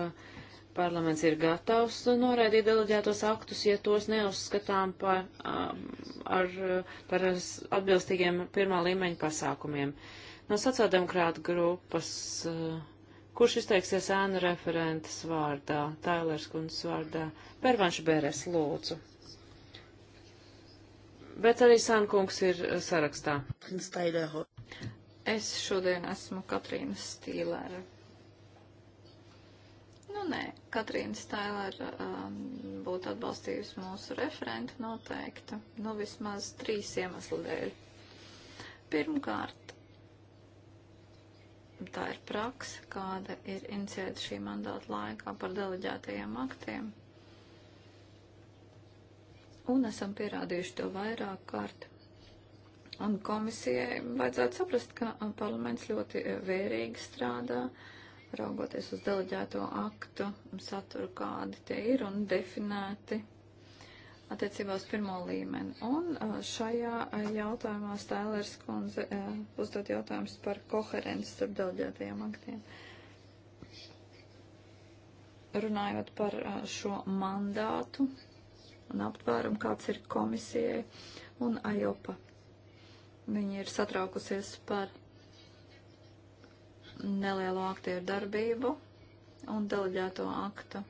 parlaments ir gatavs noraidīt deleģētos aktus, ja tos neuzskatām pa, um, ar, par atbilstīgiem pirmā līmeņa pasākumiem. No sociāldemokrāta grupas, uh, kurš izteiksies ēnu referentes vārdā, Tailers kundzes vārdā, Pervanš Beres lūdzu bet arī Sankungs ir eh, sarakstā. Es šodien esmu Katrīna Stīlēra. Nu, nē, Katrīna Stīlēra um, būtu atbalstījusi mūsu referentu noteikti, nu, vismaz trīs iemeslu dēļ. Pirmkārt, tā ir praksa, kāda ir iniciēta šī mandāta laikā par deleģētajiem aktiem Un esam pierādījuši to vairāk kārt. Un komisijai vajadzētu saprast, ka uh, parlaments ļoti uh, vērīgi strādā, raugoties uz deleģēto aktu, saturu kādi tie ir un definēti attiecībā uz pirmo līmeni. Un uh, šajā jautājumā Stēlers kundze uzdot jautājums par koherenci starp delģētajiem aktiem. Runājot par šo mandātu, un aptvērumu, kāds ir komisijai un AJOPA. Viņi ir satraukusies par nelielo aktieru darbību un deleģēto aktu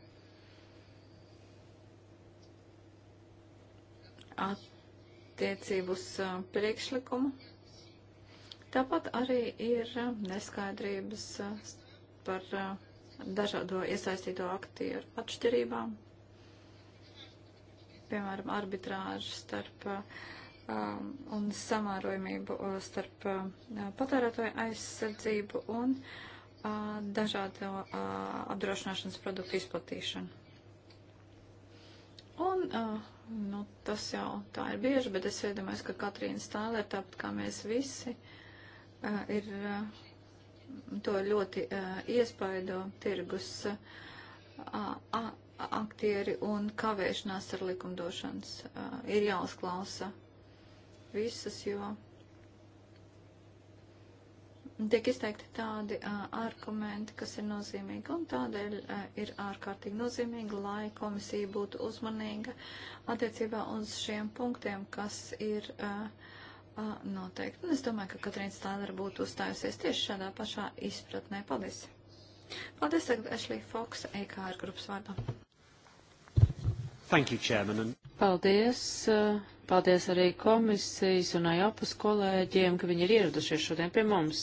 attiecību uz priekšlikumu. Tāpat arī ir neskaidrības par dažādo iesaistīto aktieru atšķirībām, piemēram, arbitrāžu starp uh, um, un samārojumību uh, starp uh, patērētāju aizsardzību un uh, dažādo uh, apdrošināšanas produktu izplatīšanu. Un, uh, nu, tas jau tā ir bieži, bet es iedomājos, ka Katrīna Stāle ir tāpat kā mēs visi, uh, ir uh, to ļoti uh, iespaido tirgus. Uh, uh, aktieri un kavēšanās ar likumdošanas uh, ir jāuzklausa visas, jo tiek izteikti tādi uh, argumenti, kas ir nozīmīgi, un tādēļ uh, ir ārkārtīgi nozīmīgi, lai komisija būtu uzmanīga attiecībā uz šiem punktiem, kas ir uh, uh, noteikti. Un es domāju, ka Katrīna Stāler būtu uzstājusies tieši šādā pašā izpratnē. Paldies! Paldies, Ešlī Foks, EKR grupas vārdā. Thank you, Chairman. And... Paldies. Eh, paldies arī komisijas un AJAPAS kolēģiem, ka viņi ir ieradušies šodien pie mums.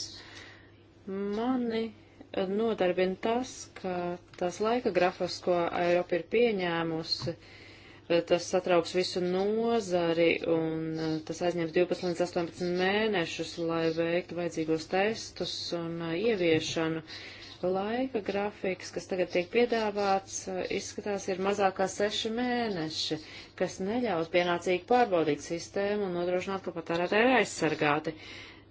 Mani eh, nodarbina tas, ka tās laika grafas, ko Eiropa ir pieņēmusi, eh, tas satrauks visu nozari un tas aizņems 12 līdz 18 mēnešus, lai veiktu vajadzīgos testus un ieviešanu. Uh, Laika grafiks, kas tagad tiek piedāvāts, eh, izskatās ir mazākā seši mēneši, kas neļaus pienācīgi pārbaudīt sistēmu un nodrošināt, ka patērētāji ir aizsargāti.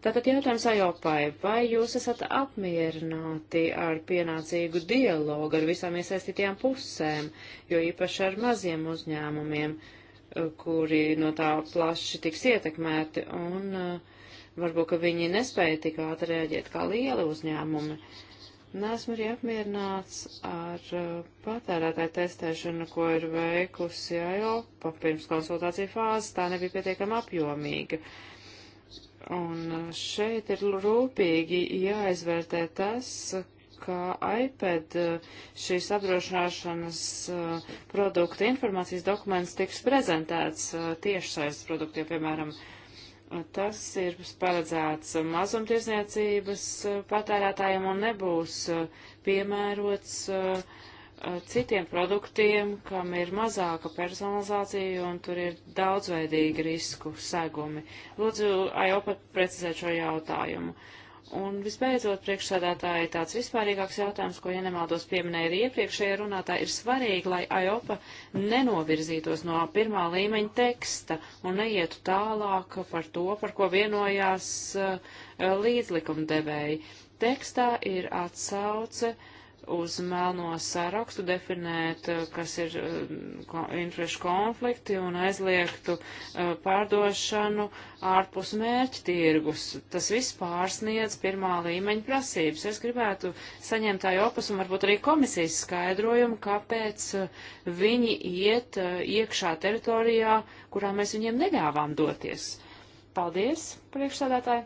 Tātad jautājums Ajopai, vai jūs esat apmierināti ar pienācīgu dialogu ar visām iesaistītajām pusēm, jo īpaši ar maziem uzņēmumiem, eh, kuri no tā plaši tiks ietekmēti, un eh, varbūt, ka viņi nespēja tik ātri rēģēt kā lieli uzņēmumi. Uh, Nesmu arī apmierināts ar uh, patērētāju testēšanu, ko ir veikusi AIOPA pirms konsultāciju fāzes. Tā nebija pietiekama apjomīga. Un uh, šeit ir rūpīgi jāizvērtē tas, ka iPad uh, šīs apdrošināšanas uh, produkta informācijas dokuments tiks prezentēts uh, tiešsaistes produktiem, piemēram, uh, Tas ir paredzēts mazumtirdzniecības patērētājiem un nebūs piemērots citiem produktiem, kam ir mazāka personalizācija un tur ir daudzveidīgi risku segumi. Lūdzu, Ajopa, precizēt šo jautājumu. Uh, Un visbeidzot, priekšsādātāji, tāds vispārīgāks jautājums, ko, ja nemaldos, pieminēja arī iepriekšējā runātā, ir svarīgi, lai AIOPA nenovirzītos no pirmā līmeņa teksta un neietu tālāk par to, par ko vienojās uh, eh, līdzlikuma devēji. Tekstā ir atsauce uh, uz melno sarakstu definēt, eh, kas ir eh, interešu konflikti un aizliegtu eh, pārdošanu ārpus mērķa tirgus. Tas viss pārsniedz pirmā līmeņa prasības. Es gribētu saņemt tā jopas un varbūt arī komisijas skaidrojumu, kāpēc viņi iet iekšā teritorijā, kurā mēs viņiem neļāvām doties. Paldies, priekšsādātāji!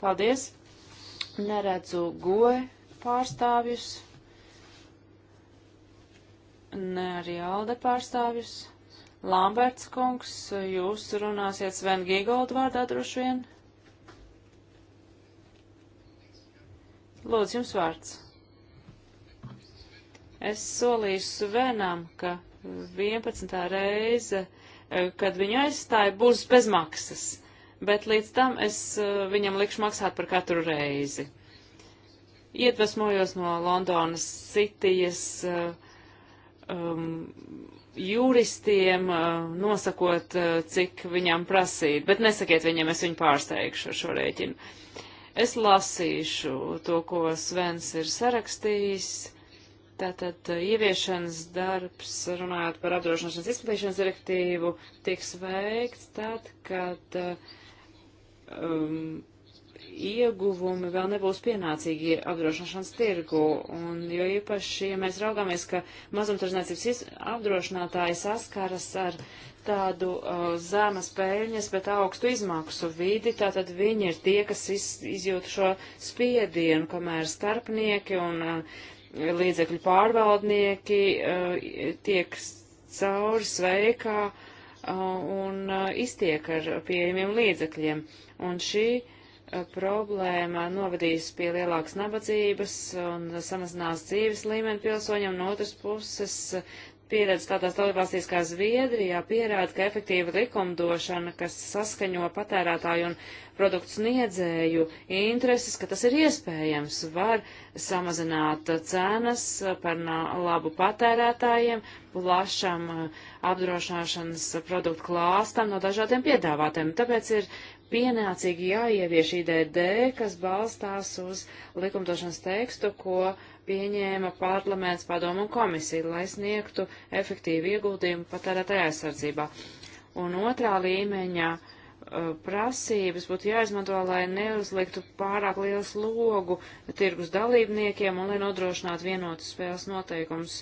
Paldies! Neredzu goju pārstāvjus, ne arī Alde pārstāvjus. Lamberts kungs, jūs runāsiet Sven Gigolda vārdā droši vien. Lūdzu, jums vārds. Es solīju Svenam, ka 11. reize, eh, kad viņu aizstāja, būs bez maksas, bet līdz tam es eh, viņam likšu maksāt par katru reizi iedvesmojos no Londonas Citijas eh, um, juristiem, uh, nosakot, uh, cik viņam prasīt, bet nesakiet viņiem, es viņu pārsteigšu ar šo rēķinu. Es lasīšu to, ko Svens ir sarakstījis. Tātad ieviešanas darbs, runājot par apdrošināšanas izplatīšanas direktīvu, tiks veikts tad, kad um, ieguvumi vēl nebūs pienācīgi apdrošināšanas tirgu, un jo īpaši, ja mēs raugāmies, ka mazumtirdzniecības apdrošinātāji saskaras ar tādu uh, zemes peļņas, bet augstu izmaksu vidi, tātad viņi ir tie, kas iz, izjūt šo spiedienu, kamēr starpnieki un uh, līdzekļu pārvaldnieki uh, tiek cauri sveikā uh, un uh, iztiek ar pieejamiem līdzekļiem. Un šī uh, Eh, problēma novadīs pie lielākas nabadzības un samazinās dzīves līmeni pilsoņiem, no otras puses pieredze tādās dalībvalstīs kā Zviedrijā pierāda, ka efektīva likumdošana, kas saskaņo patērētāju un produktu sniedzēju intereses, ka tas ir iespējams, var samazināt cenas par labu patērētājiem, plašam eh, apdrošināšanas produktu klāstam no dažādiem piedāvātājiem. Tāpēc ir pienācīgi jāievieš IDD, kas balstās uz likumdošanas tekstu, ko pieņēma parlaments padomu un komisija, lai sniegtu efektīvu ieguldījumu patērētāja aizsardzībā. Un otrā līmeņa uh, prasības būtu jāizmanto, lai neuzliktu pārāk lielu slogu tirgus dalībniekiem un lai nodrošinātu vienotus spēles noteikumus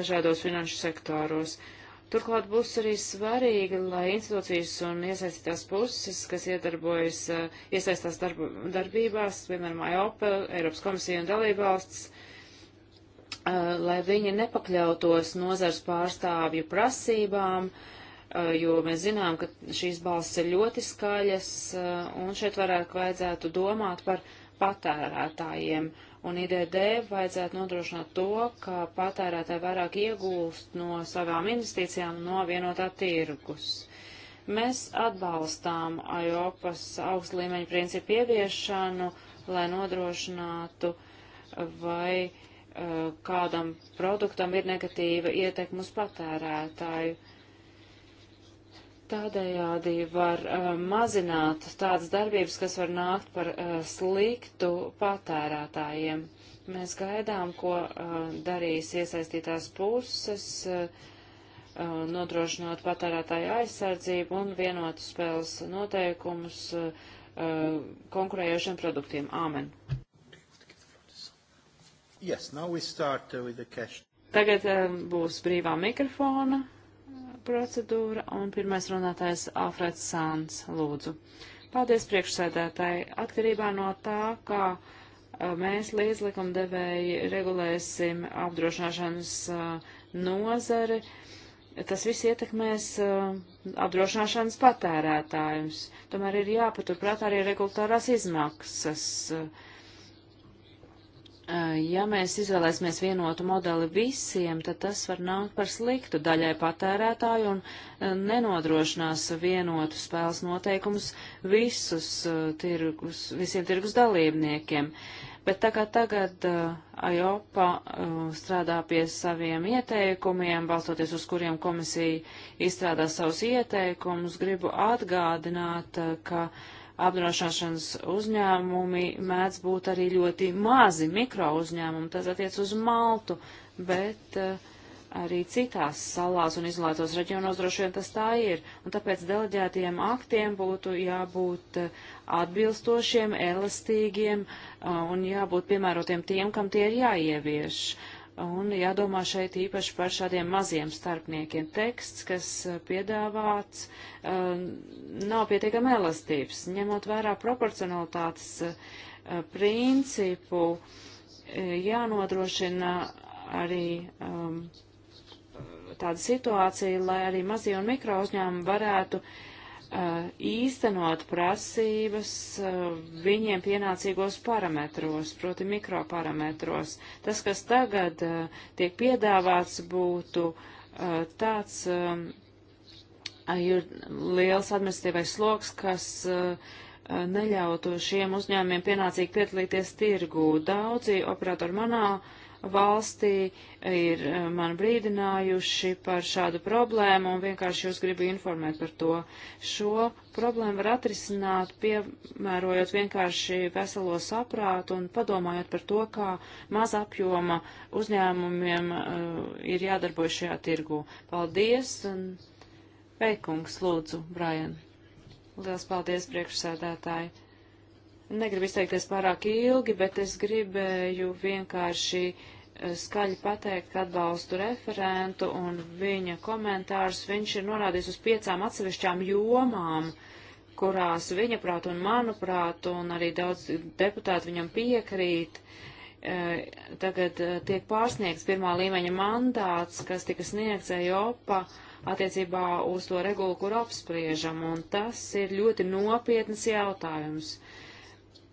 dažādos finanšu sektoros. Uh, Turklāt būs arī svarīgi, lai institūcijas un iesaistītās puses, kas iedarbojas, eh, iesaistās darbu, darbībās, piemēram, IOP, e, Eiropas komisija un dalībvalsts, eh, lai viņi nepakļautos nozars pārstāvju prasībām, eh, jo mēs zinām, ka šīs balsts ir ļoti skaļas, un šeit varētu vajadzētu domāt par patērētājiem un IDD vajadzētu nodrošināt to, ka patērētāji vairāk iegūst no savām investīcijām no vienotā tirgus. Mēs atbalstām Ajopas augstu līmeņu principu ieviešanu, lai nodrošinātu, vai uh, kādam produktam ir negatīva ietekma uz patērētāju. Uh, Tādējādi var uh, mazināt tādas darbības, kas var nākt par uh, sliktu patērētājiem. Mēs gaidām, ko uh, darīs iesaistītās puses, uh, uh, nodrošinot patērētāju aizsardzību un vienotu spēles noteikumus uh, konkurējošiem produktiem. Āmen. Yes, Tagad būs brīvā mikrofona procedūra un pirmais runātājs Alfreds Sāns, lūdzu. Paldies priekšsēdētāji. Atkarībā no tā, kā uh, mēs līdzlikumdevēji regulēsim apdrošināšanas uh, nozari, tas viss ietekmēs uh, apdrošināšanas patērētājums. Tomēr ir jāpaturprāt arī regulārās izmaksas. Uh, Eh, ja mēs izvēlēsimies vienotu modeli visiem, tad tas var nākt par sliktu daļai patērētāju un eh, nenodrošinās vienotu spēles noteikumus visus eh, tirgus, visiem tirgus dalībniekiem. Bet tā kā tagad uh, AIOPA uh, strādā pie saviem ieteikumiem, balstoties uz kuriem komisija izstrādā savus ieteikumus, gribu atgādināt, uh, ka uh, apdrošināšanas uzņēmumi mēdz būt arī ļoti mazi mikrouzņēmumi, tas attiec uz Maltu, bet uh, arī citās salās un izolētos reģionos droši vien tas tā ir. Un tāpēc deleģētiem aktiem būtu jābūt eh, atbilstošiem, elastīgiem eh, un jābūt piemērotiem tiem, kam tie ir jāievieš. Uh, Un jādomā šeit īpaši par šādiem maziem starpniekiem. Teksts, kas eh, piedāvāts, eh, nav pietiekami elastības. Ņemot vērā proporcionalitātes eh, principu, jānodrošina arī ehm, tāda situācija, lai arī mazie un mikro uzņēmumi varētu uh, Eh, īstenot prasības eh, viņiem pienācīgos parametros, proti mikroparametros. Tas, kas tagad eh, tiek piedāvāts, būtu tāds liels administratīvais sloks, kas neļautu šiem uzņēmumiem pienācīgi piedalīties tirgū. Daudzi operatori manā uh, valstī ir eh, man brīdinājuši par šādu problēmu un vienkārši jūs gribu informēt par to. Šo problēmu var atrisināt, piemērojot vienkārši veselo saprātu un padomājot par to, kā maz apjoma uzņēmumiem uh, ir jādarbojas šajā tirgu. Paldies! Un... Veikungs, lūdzu, Brian. Liels paldies, priekšsēdētāji. Negribu izteikties pārāk ilgi, bet es gribēju vienkārši uh, skaļi pateikt, ka atbalstu referentu un viņa komentārus. Viņš ir norādījis uz piecām atsevišķām jomām, kurās viņaprāt un manuprāt, un arī daudz deputāti viņam piekrīt, e, tagad e, tiek pārsniegts pirmā līmeņa mandāts, kas tika sniegts EIOPA attiecībā uz to regulu, kur apspriežam, un tas ir ļoti nopietnas jautājums.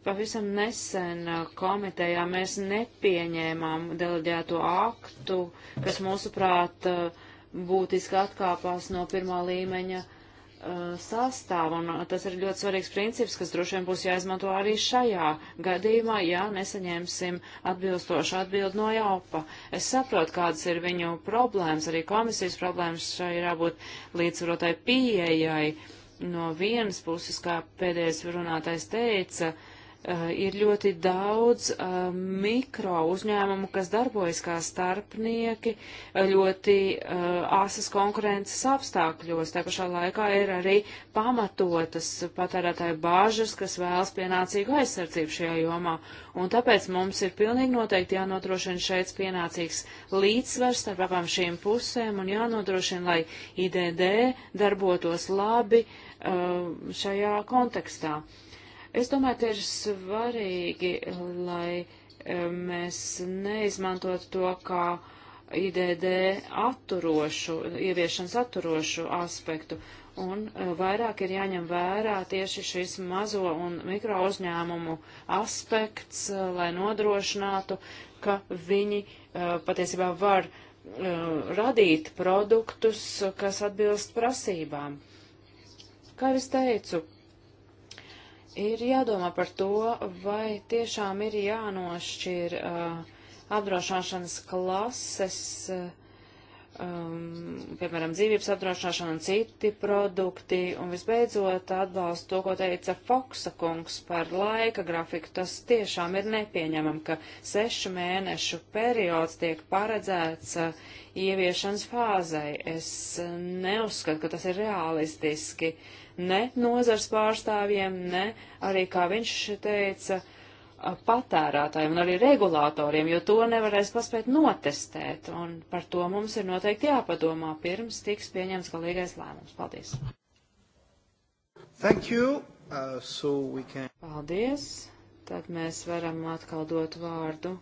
Pavisam nesen uh, komitejā mēs nepieņēmām deleģēto aktu, kas mūsuprāt uh, būtiski atkāpās no pirmā līmeņa uh, sastāva, un uh, tas ir ļoti svarīgs princips, kas droši vien būs jāizmanto arī šajā gadījumā, ja nesaņemsim atbilstošu atbildi no jaupa. Es saprotu, kādas ir viņu problēmas, arī komisijas problēmas, šai ir jābūt līdzsvarotai pieejai. No vienas puses, kā pēdējais runātais teica, uh, Eh, ir ļoti daudz uh, mikro uzņēmumu, kas darbojas kā starpnieki eh, ļoti uh, asas konkurences apstākļos. Tā pašā laikā ir arī pamatotas patērētāju bāžas, kas vēlas pienācīgu aizsardzību šajā jomā. Un tāpēc mums ir pilnīgi noteikti jānodrošina šeit pienācīgs līdzsvars starp abām šīm pusēm un jānodrošina, lai IDD darbotos labi uh, šajā kontekstā. Uh, Es domāju, ka ir svarīgi, lai eh, mēs neizmantotu to kā IDD atturošu, ieviešanas atturošu aspektu, un eh, vairāk ir jāņem vērā tieši šis mazo un mikro uzņēmumu aspekts, eh, lai nodrošinātu, ka viņi patiesībā var radīt produktus, kas atbilst prasībām. Kā jau es teicu, ir jādomā par to, vai tiešām ir jānošķir uh, apdrošināšanas klases, uh, um, piemēram, dzīvības apdrošināšana un citi produkti. Un visbeidzot, atbalstu to, ko teica Foksa kungs par laika grafiku. Tas tiešām ir nepieņemam, ka sešu mēnešu periods tiek paredzēts uh, ieviešanas fāzai. Es neuzskatu, ka tas ir realistiski. Uh, ne nozars pārstāvjiem, ne arī, kā viņš teica, patērētājiem un arī regulātoriem, jo to nevarēs paspēt notestēt, un par to mums ir noteikti jāpadomā, pirms tiks pieņemts galīgais lēmums. Paldies! Thank you. Uh, so we can... Paldies! Tad mēs varam atkal dot vārdu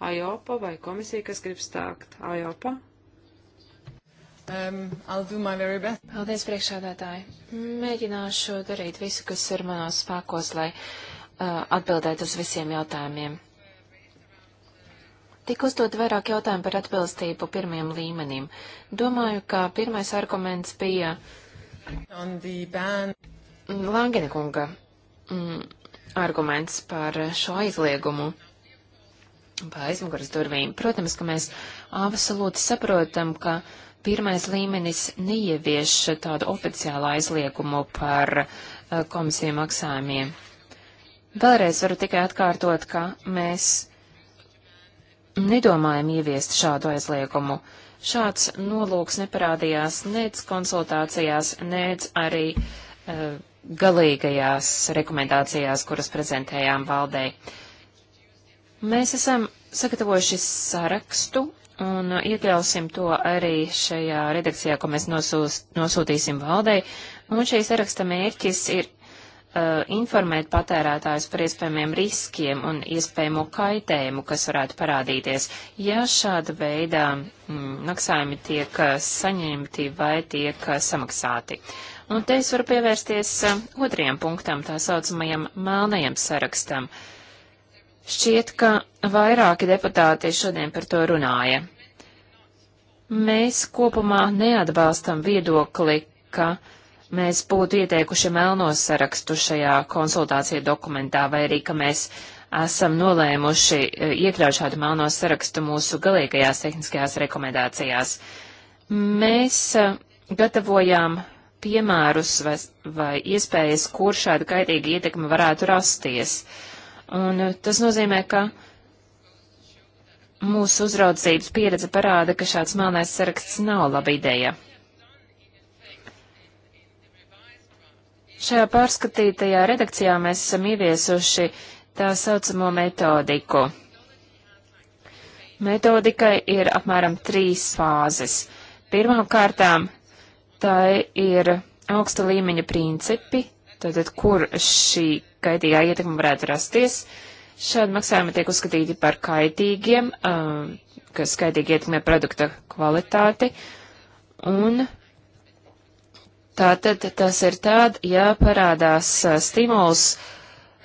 Ajopa vai komisija, kas grib stākt. Ajopa? Um, Paldies, priekšādātāji. Mēģināšu darīt visu, kas ir manos spēkos, lai uh, atbildētu uz visiem jautājumiem. Tik uzdot vairāk jautājumu par atbilstību pirmiem līmenim. Domāju, ka pirmais arguments bija Langina kunga mm, arguments par šo aizliegumu pa aizmuguras durvīm. Protams, ka mēs absolūti saprotam, ka pirmais līmenis neievieš tādu oficiālu aizliegumu par eh, komisiju maksājumiem. Vēlreiz varu tikai atkārtot, ka mēs nedomājam ieviest šādu aizliegumu. Šāds nolūks neparādījās nec konsultācijās, nec arī uh, galīgajās rekomendācijās, kuras prezentējām valdei. Mēs esam sagatavojuši sarakstu Un uh, iekļausim to arī šajā redakcijā, ko mēs nosūs, nosūtīsim valdei. Un šī saraksta mērķis ir uh, informēt patērētājus par iespējamiem riskiem un iespējamo kaitējumu, kas varētu parādīties, ja šāda veida mm, maksājumi tiek uh, saņemti vai tiek uh, samaksāti. Un te es varu pievērsties uh, otrajam punktam, tā saucamajam melnajam sarakstam. Uh, Šķiet, ka vairāki deputāti šodien par to runāja. Mēs kopumā neatbalstam viedokli, ka mēs būtu ieteikuši melno sarakstu šajā konsultācija dokumentā, vai arī, ka mēs esam nolēmuši e, iekļaut šādu melno sarakstu mūsu galīgajās tehniskajās rekomendācijās. Mēs e, gatavojām piemērus vai, vai iespējas, kur šāda kaitīga ietekme varētu rasties. Uh, Un eh, tas nozīmē, ka mūsu uzraudzības pieredze parāda, ka šāds melnais saraksts nav laba ideja. Šajā pārskatītajā redakcijā mēs esam ieviesuši tā saucamo metodiku. Metodikai ir apmēram trīs fāzes. Pirmām kārtām tā ir augsta līmeņa principi, tātad kur šī kaitīgā ietekme varētu rasties. Šādi maksājumi tiek uzskatīti par kaitīgiem, um, kas kaitīgi ietekmē produkta kvalitāti. Un tātad tas ir tād, ja parādās stimuls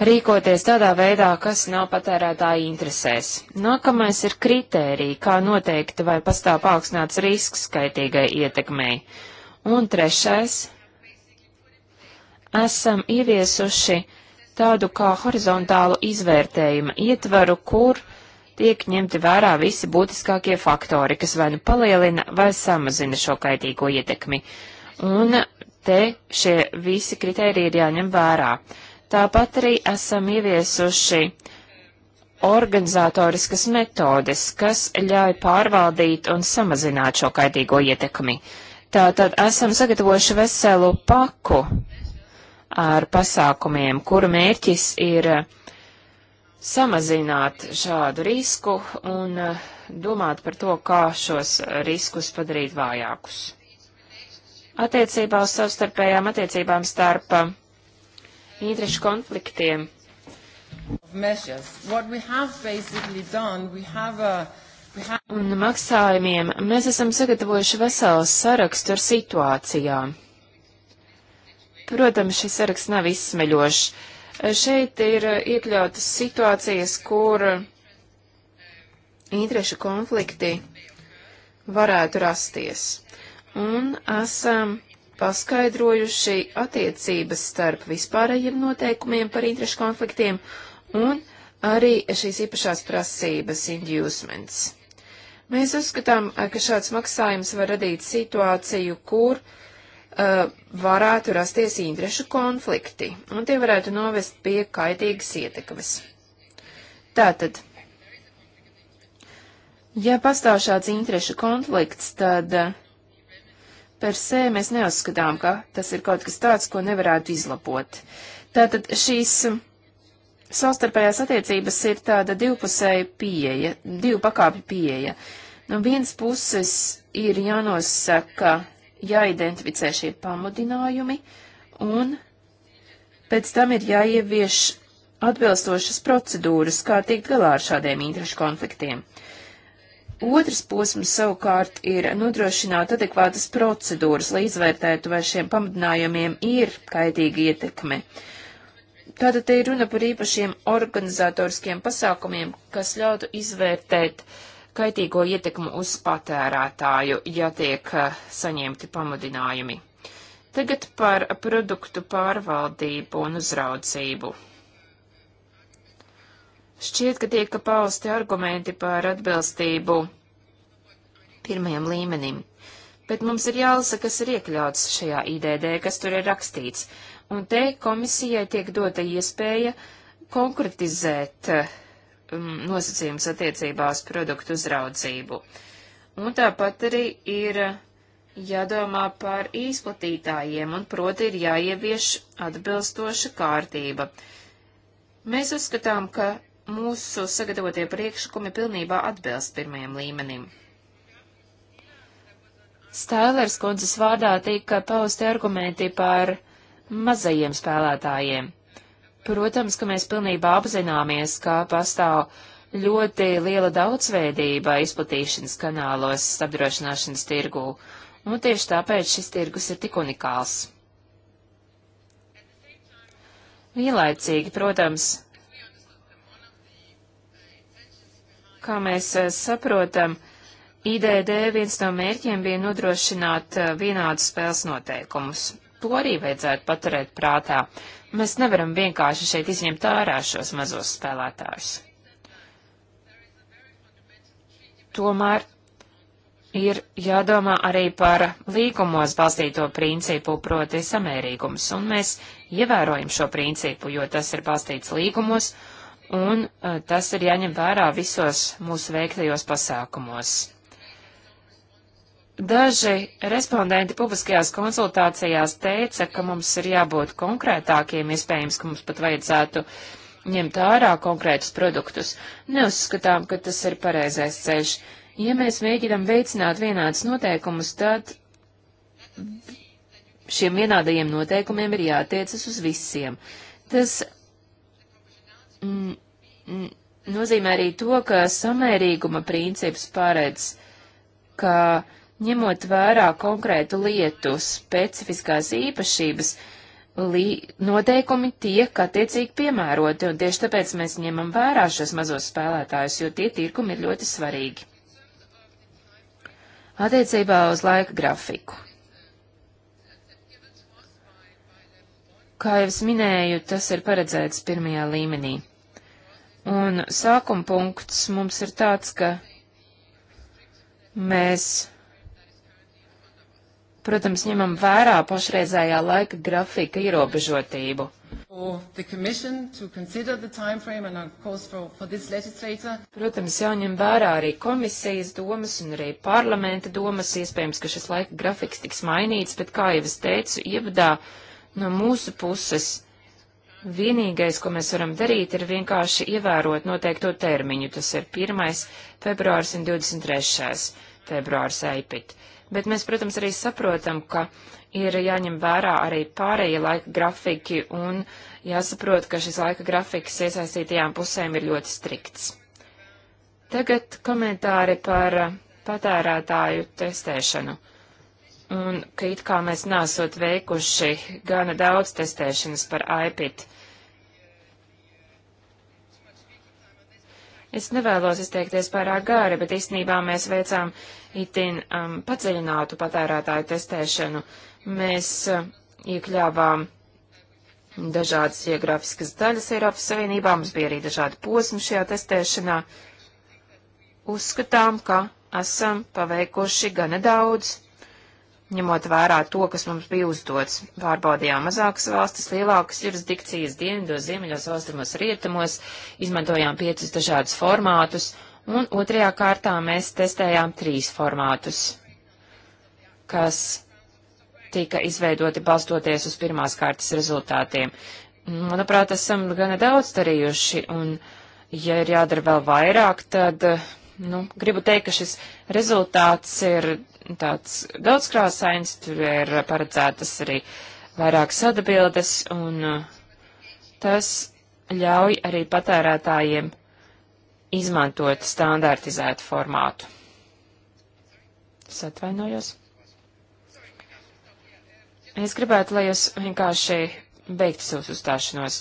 rīkoties tādā veidā, kas nav patērētāji interesēs. Nākamais ir kritērija, kā noteikti vai pastāv paaugstināts risks kaitīgai ietekmei. Un trešais esam ieviesuši tādu kā horizontālu izvērtējumu ietvaru, kur tiek ņemti vērā visi būtiskākie faktori, kas vai nu palielina vai samazina šo kaitīgo ietekmi. Un te šie visi kriteriji ir jāņem vērā. Tāpat arī esam ieviesuši organizatoriskas metodes, kas ļauj pārvaldīt un samazināt šo kaitīgo ietekmi. Tātad esam sagatavojuši veselu paku ar pasākumiem, kuru mērķis ir eh, samazināt šādu risku un eh, domāt par to, kā šos riskus padarīt vājākus. Attiecībā uz savstarpējām attiecībām starp īdrešu eh, konfliktiem. Uh, un maksājumiem mēs esam sagatavojuši veselu sarakstu ar situācijām. Protams, šis saraksts nav izsmeļošs. Šeit ir iekļautas situācijas, kur interešu konflikti varētu rasties. Un esam paskaidrojuši attiecības starp vispārējiem noteikumiem par interešu konfliktiem un arī šīs īpašās prasības inducements. Mēs uzskatām, ka šāds maksājums var radīt situāciju, kur uh, uh, varētu rasties interešu konflikti, un tie varētu novest pie kaitīgas ietekmes. Tātad, ja pastāv šāds interešu konflikts, tad uh, per se mēs neuzskatām, ka tas ir kaut kas tāds, ko nevarētu izlabot. Tātad šīs um, savstarpējās attiecības ir tāda divpusēja pieeja, divu pakāpju pieeja. No vienas puses ir jānosaka jāidentificē šie pamudinājumi un pēc tam ir jāievieš atbilstošas procedūras, kā tikt galā ar šādiem interešu konfliktiem. Otrs posms savukārt ir nodrošināt adekvātas procedūras, lai izvērtētu, vai šiem pamudinājumiem ir kaitīga ietekme. Tātad te ir runa par īpašiem organizatoriskiem pasākumiem, kas ļautu izvērtēt uh, kaitīgo ietekmu uz patērētāju, ja tiek eh, saņemti pamudinājumi. Tagad par produktu pārvaldību un uzraudzību. Šķiet, ka tiek pausti argumenti par atbilstību pirmajam līmenim, bet mums ir jālasa, kas ir iekļauts šajā IDD, kas tur ir rakstīts, un te komisijai tiek dota iespēja konkretizēt uh, Um, nosacījums attiecībā uz produktu uzraudzību. Un tāpat arī ir jādomā par izplatītājiem, un proti ir jāievieš atbilstoša kārtība. Mēs uzskatām, ka mūsu sagatavotie priekšlikumi pilnībā atbilst pirmajam līmenim. Stēlers kundzes vārdā tika pausti argumenti par mazajiem spēlētājiem. Protams, ka mēs pilnībā apzināmies, ka pastāv ļoti liela daudzveidība izplatīšanas kanālos apdrošināšanas tirgū, un tieši tāpēc šis tirgus ir tik unikāls. Vienlaicīgi, protams, kā mēs eh, saprotam, IDD viens no mērķiem bija nodrošināt eh, vienādus spēles noteikumus to arī vajadzētu paturēt prātā. Mēs nevaram vienkārši šeit izņemt ārā šos mazos spēlētājus. Tomēr ir jādomā arī par līgumos balstīto principu, proti samērīgums, un mēs ievērojam šo principu, jo tas ir balstīts līgumos, un eh, tas ir jāņem vērā visos mūsu veiktajos pasākumos. Daži respondenti publiskajās konsultācijās teica, ka mums ir jābūt konkrētākiem, iespējams, ka mums pat vajadzētu ņemt ārā konkrētus produktus. Neuzskatām, ka tas ir pareizais ceļš. Ja mēs mēģinam veicināt vienādas noteikumus, tad šiem vienādajiem noteikumiem ir jātiecas uz visiem. Tas mm, mm, nozīmē arī to, ka samērīguma princips paredz, ka uh, ņemot vērā konkrētu lietu specifiskās īpašības, noteikumi tiek attiecīgi piemēroti, un tieši tāpēc mēs ņemam vērā šos mazos spēlētājus, jo tie tirkumi ir ļoti svarīgi. Attiecībā uz laika grafiku. Kā jau es minēju, tas ir paredzēts pirmajā līmenī. Un sākuma punkts mums ir tāds, ka mēs Protams, ņemam vērā pašreizējā laika grafika ierobežotību. Protams, jāņem vērā arī komisijas domas un arī parlamenta domas. Iespējams, ka šis laika grafiks tiks mainīts, bet, kā jau es teicu, ievadā no mūsu puses Vienīgais, ko mēs varam darīt, ir vienkārši ievērot noteikto termiņu. Tas ir 1. februārs un 23. februārs eipit bet mēs, protams, arī saprotam, ka ir jāņem vērā arī pārējie laika grafiki un jāsaprot, ka šis laika grafiks iesaistītajām pusēm ir ļoti strikts. Tagad komentāri par patērētāju testēšanu. Un ka it kā mēs nesot veikuši gana daudz testēšanas par iPad. Es nevēlos izteikties pārāk gāri, bet īstenībā mēs veicām itin um, padziļinātu patērētāju testēšanu. Mēs uh, iekļāvām dažādas geogrāfiskas daļas Eiropas Savienībā, mums bija arī dažādi posmi šajā testēšanā. Uzskatām, ka esam paveikuši gana daudz ņemot vērā to, kas mums bija uzdots. Pārbaudījām mazākas valstis, lielākas jurisdikcijas dienvidos, ziemeļos, austrumos, rietumos, izmantojām piecus dažādus formātus, un otrajā kārtā mēs testējām trīs formātus, kas tika izveidoti balstoties uz pirmās kārtas rezultātiem. Manuprāt, esam gana daudz darījuši, un ja ir jādara vēl vairāk, tad nu, gribu teikt, ka šis rezultāts ir tāds daudzkrāsains, tur ir paredzētas arī vairāk sadabildes, un uh, tas ļauj arī patērētājiem izmantot standartizētu formātu. Es atvainojos. Es gribētu, lai jūs vienkārši beigtu savus uzstāšanos.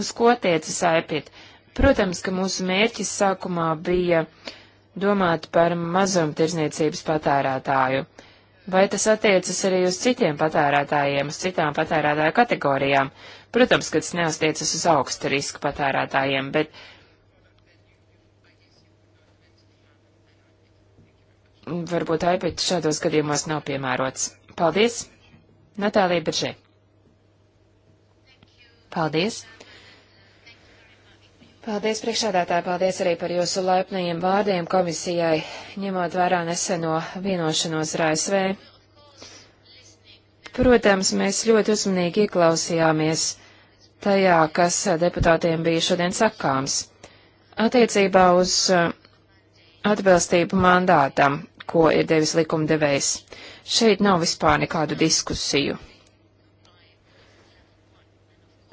Uz ko tiecas aipīt? Uh, Protams, ka mūsu mērķis sākumā bija domāt par mazumtirdzniecības patērētāju. Vai tas attiecas arī uz citiem patērētājiem, uz citām patērētāju kategorijām? Protams, ka tas neatiecas uz augsta riska patērētājiem, bet varbūt aipīt šādos gadījumos nav piemērots. Paldies! Natālija Biržē. Paldies! Paldies, priekšādātāji, paldies arī par jūsu laipnajiem vārdiem komisijai, ņemot vērā neseno vienošanos ar ASV. Protams, mēs ļoti uzmanīgi ieklausījāmies tajā, kas deputātiem bija šodien sakāms. Attiecībā uz uh, atbilstību mandātam, ko ir devis likumdevējs, šeit nav vispār nekādu diskusiju.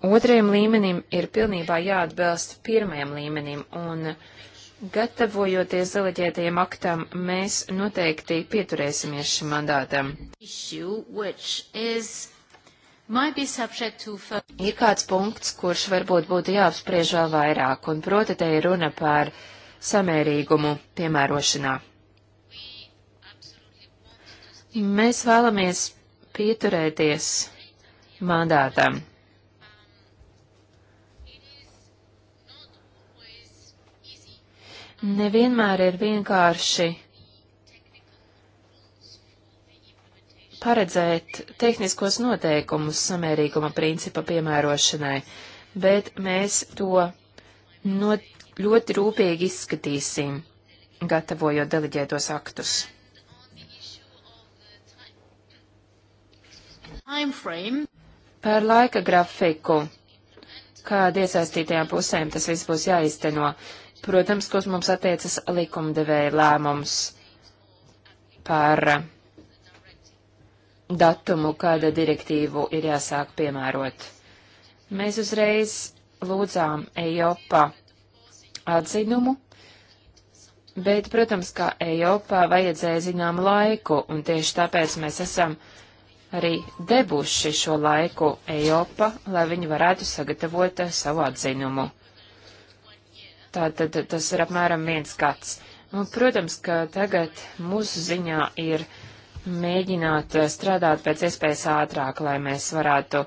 Otrajam līmenim ir pilnībā jāatbilst pirmajam līmenim, un gatavojoties deleģētajam aktam, mēs noteikti pieturēsimies šim mandātam. Ir kāds punkts, kurš varbūt būtu jāapspriež vēl vairāk, un proti te ir runa par samērīgumu piemērošanā. Mēs vēlamies pieturēties mandātam. nevienmēr ir vienkārši paredzēt tehniskos noteikumus samērīguma principa piemērošanai, bet mēs to no, ļoti rūpīgi izskatīsim, gatavojot deleģētos aktus. Par laika grafiku, kāda iesaistītajām pusēm tas viss būs jāizteno, Protams, ko mums attiecas likumdevēja lēmums par datumu, kāda direktīvu ir jāsāk piemērot. Mēs uzreiz lūdzām EIOPA atzinumu, bet, protams, kā EIOPA vajadzēja zinām laiku, un tieši tāpēc mēs esam arī debuši šo laiku EIOPA, lai viņi varētu sagatavot savu atzinumu. Tātad tas ir apmēram viens gads. Un, nu, protams, ka tagad mūsu ziņā ir mēģināt eh, strādāt pēc iespējas ātrāk, lai mēs varētu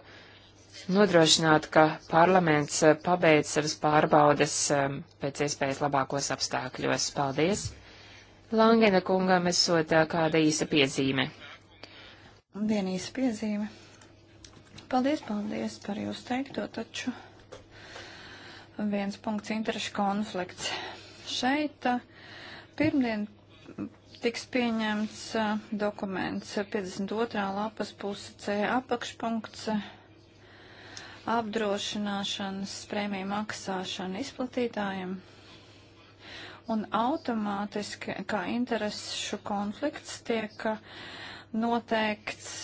nodrošināt, ka parlaments eh, pabeidz savas pārbaudes eh, pēc iespējas labākos apstākļos. Paldies! Langena kungam esot kāda īsa piezīme. Viena īsa piezīme. Paldies, paldies par jūsu teikto, taču viens punkts - interešu konflikts. Šeit uh, pirmdien tiks pieņemts uh, dokuments 52. Uh, lapas puse C apakšpunkts apdrošināšanas prēmiju maksāšana izplatītājiem. Un automātiski, kā interesu konflikts, tiek noteikts,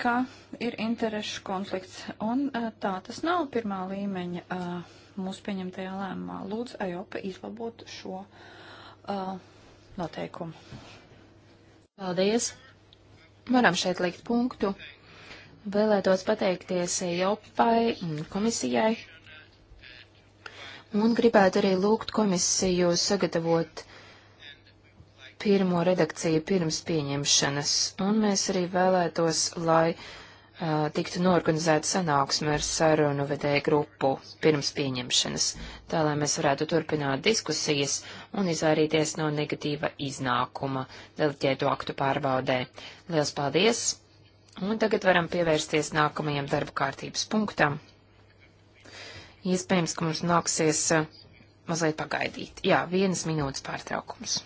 ka ir interesu konflikts. Un tā tas nav pirmā līmeņa mūsu pieņemtajā lēmumā. Lūdzu, Ajopa izlabot šo uh, noteikumu. Paldies! Varam šeit likt punktu. Vēlētos pateikties Jopai un komisijai. Un gribētu arī lūgt komisiju sagatavot pirmo redakciju pirms pieņemšanas. Un mēs arī vēlētos, lai uh, Eh, tiktu norganizēta sanāksme ar sarunu vedēju grupu pirms pieņemšanas, tā lai mēs varētu turpināt diskusijas un izvairīties no negatīva iznākuma deliģēto aktu pārbaudē. Liels paldies! Un tagad varam pievērsties nākamajam darba kārtības punktam. Iespējams, ka mums nāksies eh, mazliet pagaidīt. Jā, vienas minūtes pārtraukums.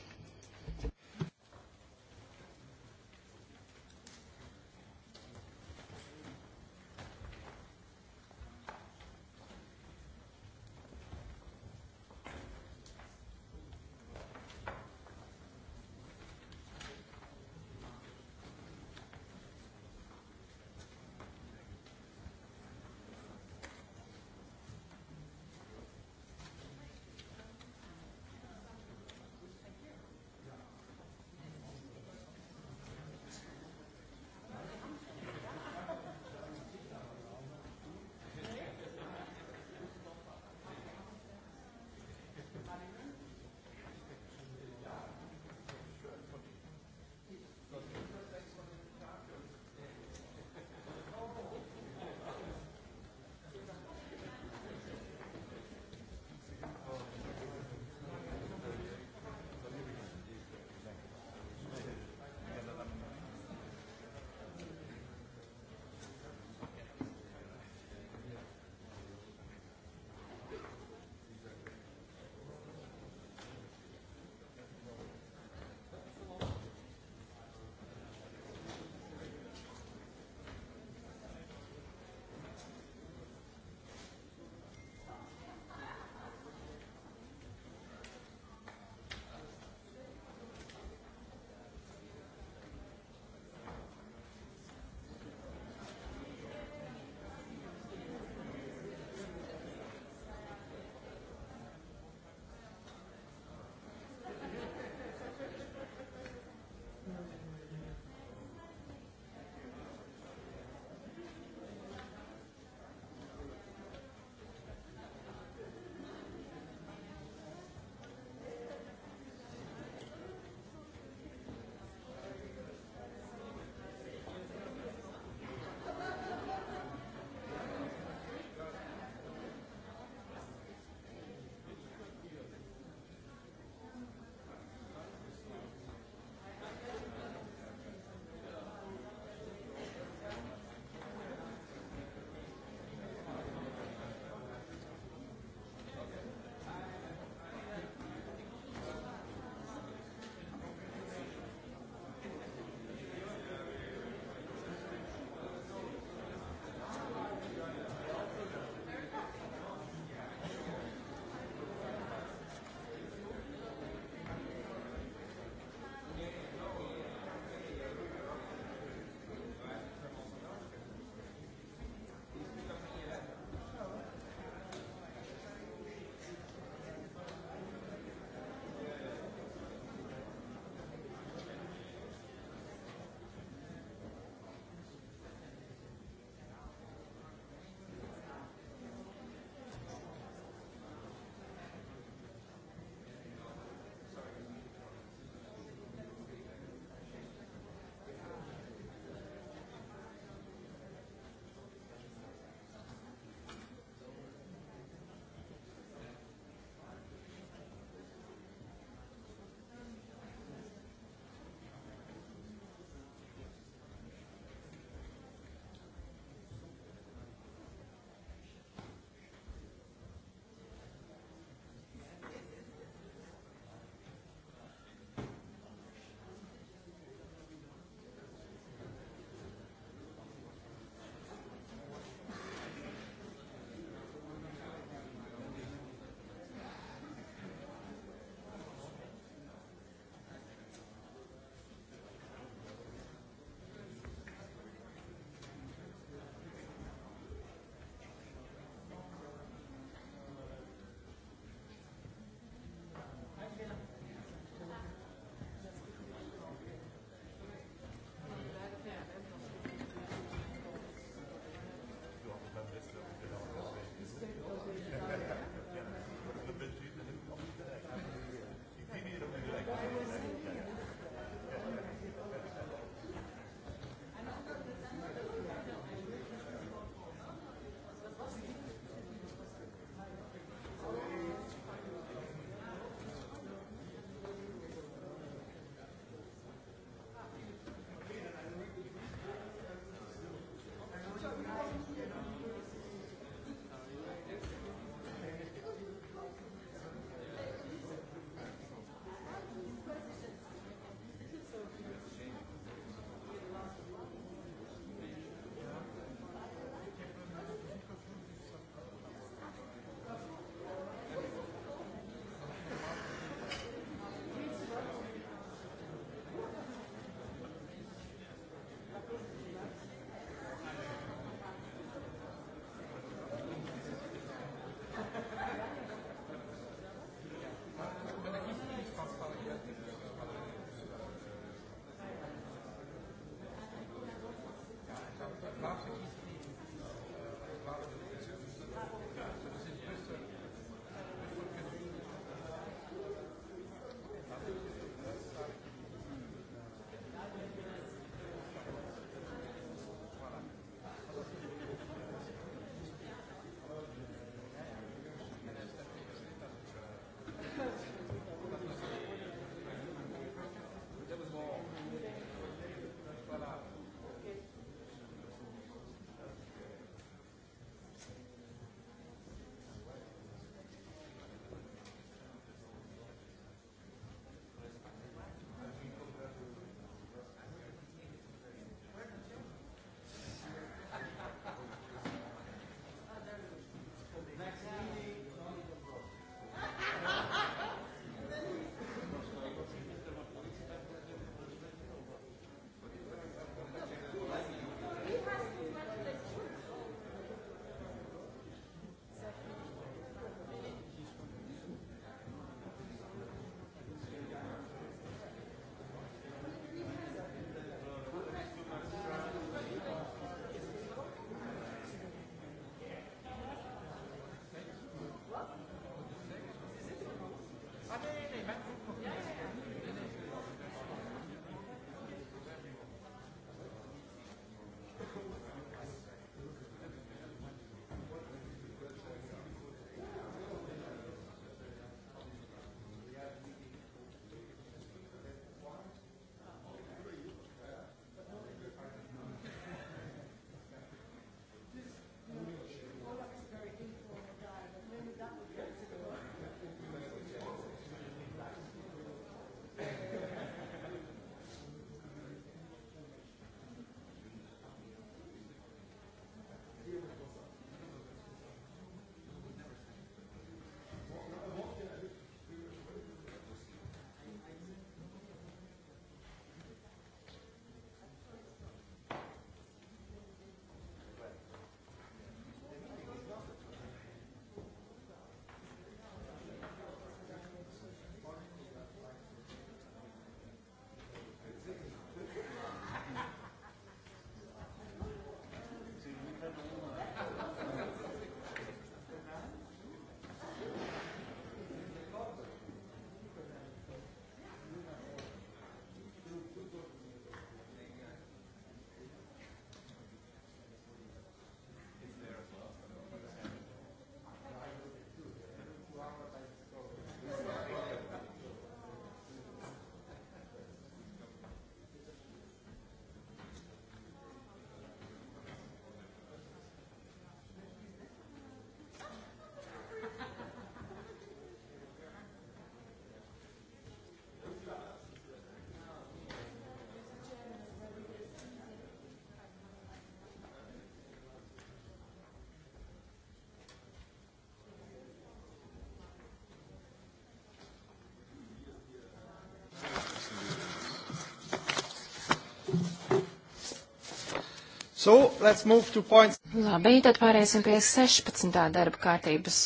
So, let's move to points. Labi, tad pāriesim pie 16. darba kārtības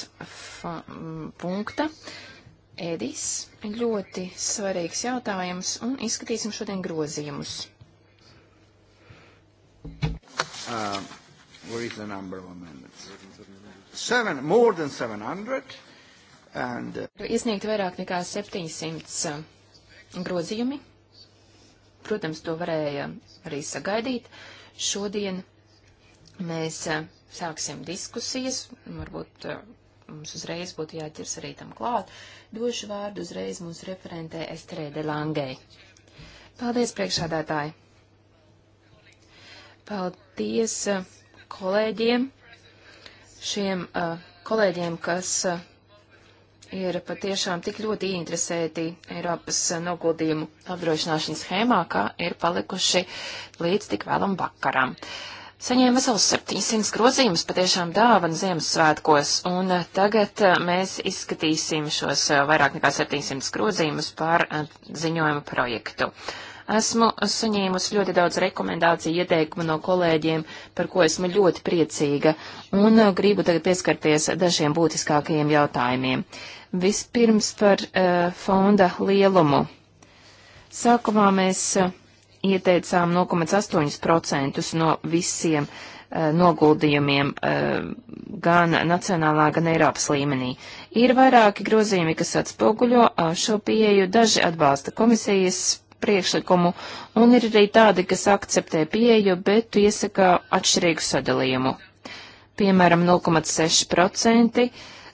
punkta. Ēdīs ļoti svarīgs jautājums un izskatīsim šodien grozījumus. Uh, where is the number of amendments? Seven, more than 700. And, uh, Iesniegt vairāk nekā 700 uh, grozījumi. Protams, to varēja arī sagaidīt. Uh, Šodien mēs sāksim diskusijas, varbūt mums uzreiz būtu jāķers arī tam klāt. Došu vārdu uzreiz mūsu referentē Estrēde Langei. Paldies, priekšādātāji! Paldies kolēģiem, šiem kolēģiem, kas ir patiešām tik ļoti ieinteresēti Eiropas noguldījumu apdrošināšanas schēmā, ka ir palikuši līdz tik vēlam vakaram. Saņēma vesels 700 grozījumus patiešām dāvana Ziemassvētkos, un tagad eh, mēs izskatīsim šos eh, vairāk nekā 700 grozījumus par eh, ziņojumu projektu. Esmu saņēmusi ļoti daudz rekomendāciju, ieteikumu no kolēģiem, par ko esmu ļoti priecīga, un gribu tagad pieskarties dažiem būtiskākajiem jautājumiem. Uh, Vispirms par uh, fonda lielumu. Sākumā mēs uh, ieteicām 0,8% no visiem uh, noguldījumiem uh, gan nacionālā, gan Eiropas līmenī. Ir vairāki grozījumi, kas atspoguļo uh, šo pieeju. Daži atbalsta komisijas priekšlikumu, un ir arī tādi, kas akceptē pieeju, bet iesaka atšķirīgu sadalījumu. Piemēram, 0,6%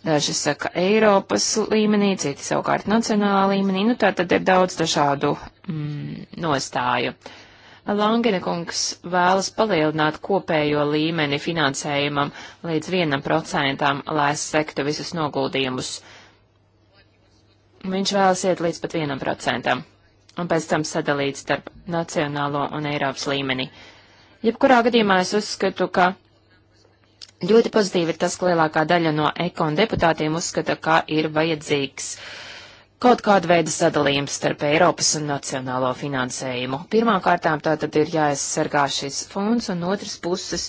Daži saka Eiropas līmenī, citi savukārt nacionālā līmenī. Nu, tā tad ir daudz dažādu mm, nostāju. Langene kungs vēlas palielināt kopējo līmeni finansējumam līdz 1%, lai sektu visus noguldījumus. Viņš vēlas iet līdz pat 1% un pēc tam sadalīt starp nacionālo un Eiropas līmeni. Jebkurā gadījumā es uzskatu, ka Ļoti pozitīvi ir tas, ka lielākā daļa no ekon deputātiem uzskata, ka ir vajadzīgs kaut kāda veida sadalījums starp Eiropas un nacionālo finansējumu. Pirmkārtām tā tad ir jāaizsargā šis fonds, un otras puses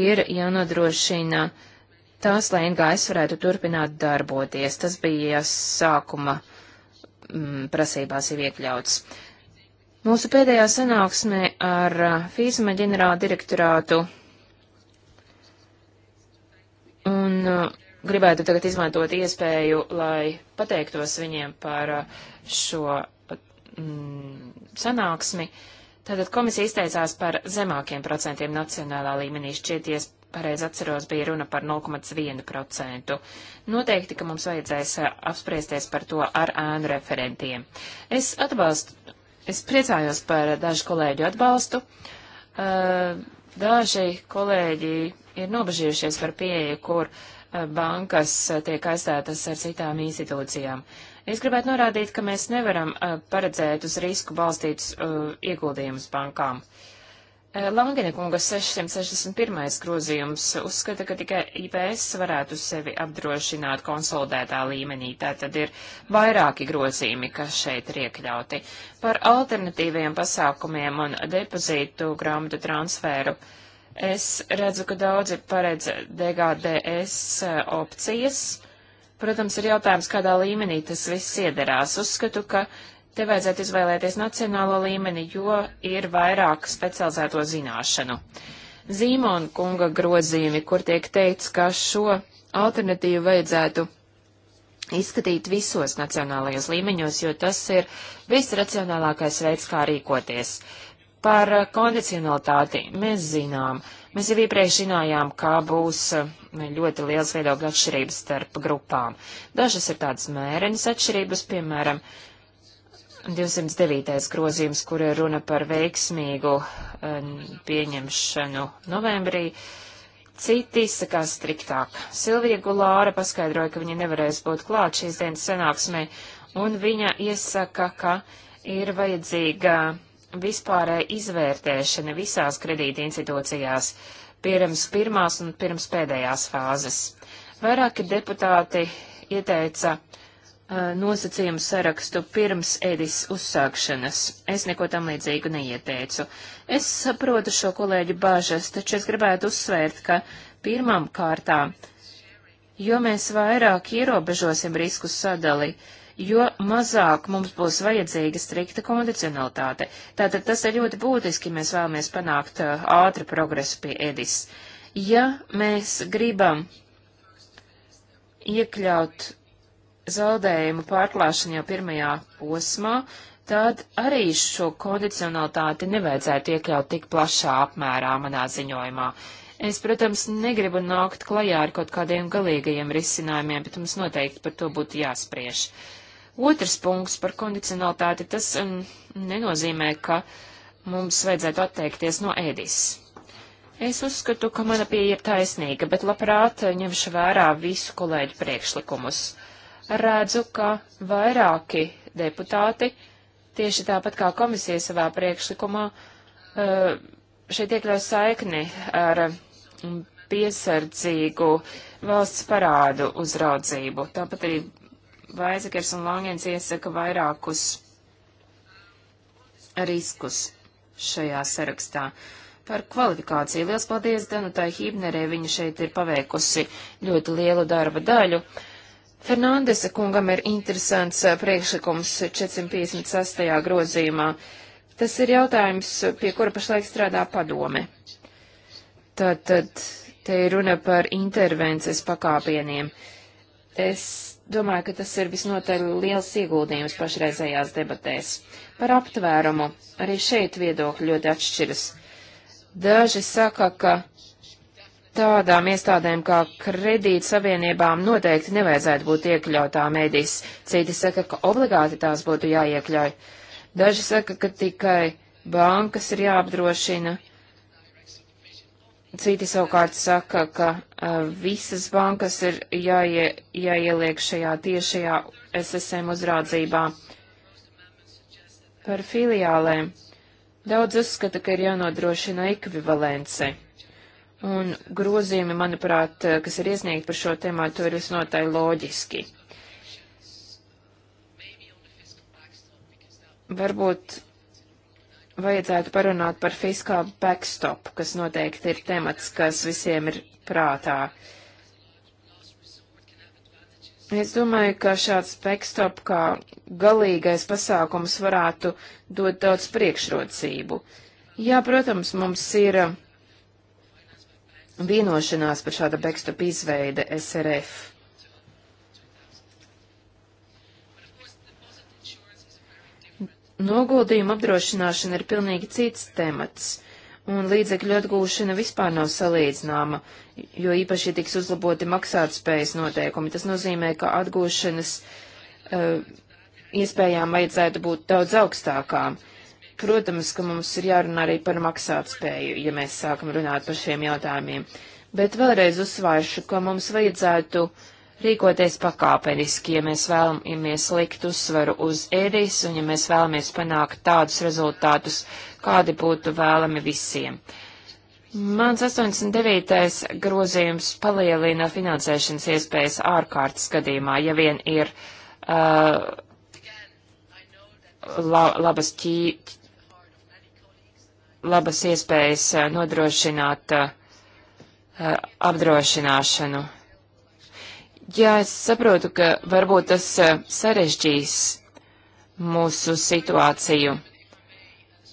ir jānodrošina tās, lai NGS varētu turpināt darboties. Tas bija sākuma mm, prasībās jau iekļauts. Mūsu pēdējā sanāksmē ar uh, FISMA ģenerāla direktorātu Un uh, gribētu tagad izmantot iespēju, lai pateiktos viņiem par uh, šo mm, sanāksmi. Tātad komisija izteicās par zemākiem procentiem nacionālā līmenī šķieties pareizi atceros, bija runa par 0,1%. Noteikti, ka mums vajadzēs uh, apspriesties par to ar ēnu referentiem. Es atbalstu, es priecājos par dažu kolēģu atbalstu. Daži kolēģi ir nobežījušies par pieeju, kur eh, bankas eh, tiek aizstātas ar citām institūcijām. Es gribētu norādīt, ka mēs nevaram eh, paredzēt uz risku balstītus ieguldījumus bankām. Langina kungas 661. grozījums uzskata, ka tikai IPS varētu sevi apdrošināt konsolidētā līmenī. Tātad ir vairāki grozījumi, kas šeit ir iekļauti. Par alternatīviem pasākumiem un depozītu grāmatu transferu. Uh, Es redzu, ka daudzi paredz DGDS eh, opcijas. Protams, ir jautājums, kādā līmenī tas viss iederās. Uzskatu, ka te vajadzētu izvēlēties nacionālo līmeni, jo ir vairāk specializēto zināšanu. Zīmona kunga grozījumi, kur tiek teikts, ka šo alternatīvu vajadzētu izskatīt visos nacionālajos līmeņos, jo tas ir visracionālākais veids, kā rīkoties. Uh, Par eh, kondicionalitāti mēs zinām. Mēs jau iepriekš zinājām, kā būs eh, ļoti liels viedokļu atšķirības starp grupām. Dažas ir tādas mērenas atšķirības, piemēram, 209. grozījums, kur ir runa par veiksmīgu eh, pieņemšanu novembrī. Citi izsakās striktāk. Silvija Gulāra paskaidroja, ka viņa nevarēs būt klāt šīs dienas sanāksmē, un viņa iesaka, ka ir vajadzīga vispārēja izvērtēšana visās kredīti institūcijās pirms pirmās un pirms pēdējās fāzes. Vairāki deputāti ieteica uh, nosacījumu sarakstu pirms ēdis uzsākšanas. Es neko tam līdzīgu neieteicu. Es saprotu šo kolēģu bažas, taču es gribētu uzsvērt, ka pirmām kārtām, jo mēs vairāk ierobežosim risku sadali, uh, jo mazāk mums būs vajadzīga strikta kondicionalitāte. Tātad tas ir ļoti būtiski, mēs vēlamies panākt uh, ātri progresu pie EDIS. Ja mēs gribam iekļaut zaudējumu pārklāšanu jau pirmajā posmā, tad arī šo kondicionalitāti nevajadzētu iekļaut tik plašā apmērā manā ziņojumā. Es, protams, negribu nākt klajā ar kaut kādiem galīgajiem risinājumiem, bet mums noteikti par to būtu jāspriež. Uh, Otrs punkts par kondicionalitāti, tas um, nenozīmē, ka mums vajadzētu atteikties no ēdis. Es uzskatu, ka mana pieeja ir taisnīga, bet labprāt ņemšu vērā visu kolēģu priekšlikumus. Redzu, ka vairāki deputāti, tieši tāpat kā komisija savā priekšlikumā, uh, šeit iekļauj saikni ar um, piesardzīgu valsts parādu uzraudzību, tāpat arī Vaizekers un Langens iesaka vairākus riskus šajā sarakstā. Par kvalifikāciju liels paldies Danutai Hībnerē, viņa šeit ir paveikusi ļoti lielu darba daļu. Fernandesa kungam ir interesants uh, priekšlikums 458. grozījumā. Tas ir jautājums, uh, pie kura pašlaik strādā padome. Tātad te ir runa par intervences pakāpieniem. Es domāju, ka tas ir visnotaļ liels ieguldījums pašreizējās debatēs. Par aptvērumu arī šeit viedokļi ļoti atšķiras. Daži saka, ka tādām iestādēm kā kredīt savienībām noteikti nevajadzētu būt iekļautām ēdīs, citi saka, ka obligāti tās būtu jāiekļauj. Daži saka, ka tikai bankas ir jāapdrošina, Citi savukārt saka, ka uh, visas bankas ir jāie, jāieliek šajā tiešajā SSM uzrādzībā. Par filiālēm daudz uzskata, ka ir jānodrošina ekvivalence. Un grozījumi, manuprāt, uh, kas ir iesniegti par šo tēmātu, ir visnotaļ loģiski. Varbūt vajadzētu parunāt par fiskālu backstop, kas noteikti ir temats, kas visiem ir prātā. Es domāju, ka šāds backstop kā galīgais pasākums varētu dot daudz priekšrocību. Jā, protams, mums ir uh, vienošanās par šāda backstop izveide SRF. Noguldījuma apdrošināšana ir pilnīgi cits temats, un līdzekļu atgūšana vispār nav salīdzināma, jo īpaši tiks uzlaboti maksātspējas noteikumi. Tas nozīmē, ka atgūšanas uh, iespējām vajadzētu būt daudz augstākām. Protams, ka mums ir jārunā arī par maksātspēju, ja mēs sākam runāt par šiem jautājumiem. Bet vēlreiz uzsvēršu, ka mums vajadzētu uh, rīkoties pakāpeniski, ja mēs vēlamies likt uzsvaru uz ēdīs un ja mēs vēlamies panākt tādus rezultātus, kādi būtu vēlami visiem. Mans 89. grozījums palielina finansēšanas iespējas ārkārtas gadījumā, ja vien ir uh, la, labas, ķī, labas iespējas uh, nodrošināt uh, uh apdrošināšanu Jā, es saprotu, ka varbūt tas e, sarežģīs mūsu situāciju.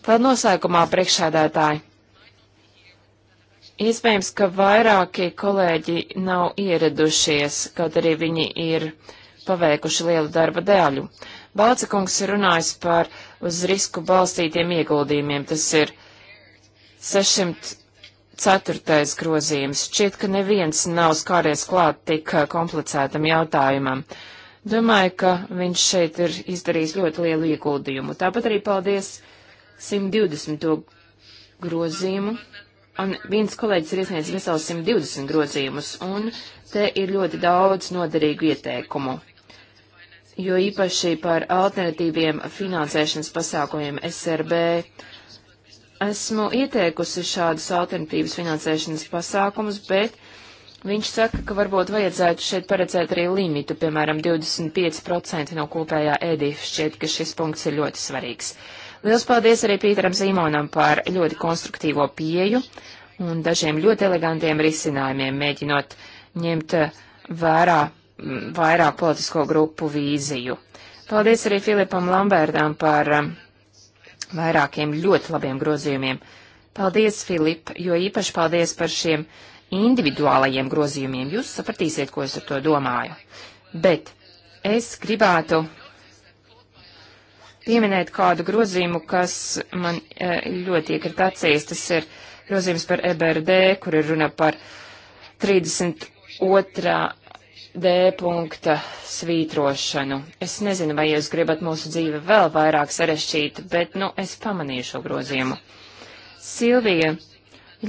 Tad noslēgumā priekšsēdētāji. Iespējams, ka vairāki kolēģi nav ieradušies, kaut arī viņi ir paveikuši lielu darba dēļu. Balca kungs ir runājis par uz risku balstītiem ieguldījumiem. Tas ir 600 Ceturtais grozījums. Šķiet, ka neviens nav skāries klāt tik eh, komplicētam jautājumam. Domāju, ka viņš šeit ir izdarījis ļoti lielu ieguldījumu. Tāpat arī paldies 120. grozījumu. Un viens kolēģis ir iesniedzis vesels 120 grozījumus, un te ir ļoti daudz noderīgu ieteikumu. Jo īpaši par alternatīviem finansēšanas pasākumiem SRB Esmu ieteikusi šādus alternatīvas finansēšanas pasākumus, bet viņš saka, ka varbūt vajadzētu šeit paredzēt arī limitu, piemēram, 25% no kopējā ēdīša. Šķiet, ka šis punkts ir ļoti svarīgs. Liels paldies arī Pīteram Zīmonam par ļoti konstruktīvo pieju un dažiem ļoti elegantiem risinājumiem, mēģinot ņemt eh, vērā vairāk politisko grupu vīziju. Paldies arī Filipam Lambertam par um, vairākiem ļoti labiem grozījumiem. Paldies, Filip, jo īpaši paldies par šiem individuālajiem grozījumiem. Jūs sapratīsiet, ko es ar to domāju. Bet es gribētu pieminēt kādu grozījumu, kas man e, ļoti iekrit acīs. Tas ir grozījums par EBRD, kur ir runa par 32. D punkta svītrošanu. Es nezinu, vai jūs gribat mūsu dzīvi vēl vairāk sarešķīt, bet, nu, es pamanīju šo grozījumu. Silvija,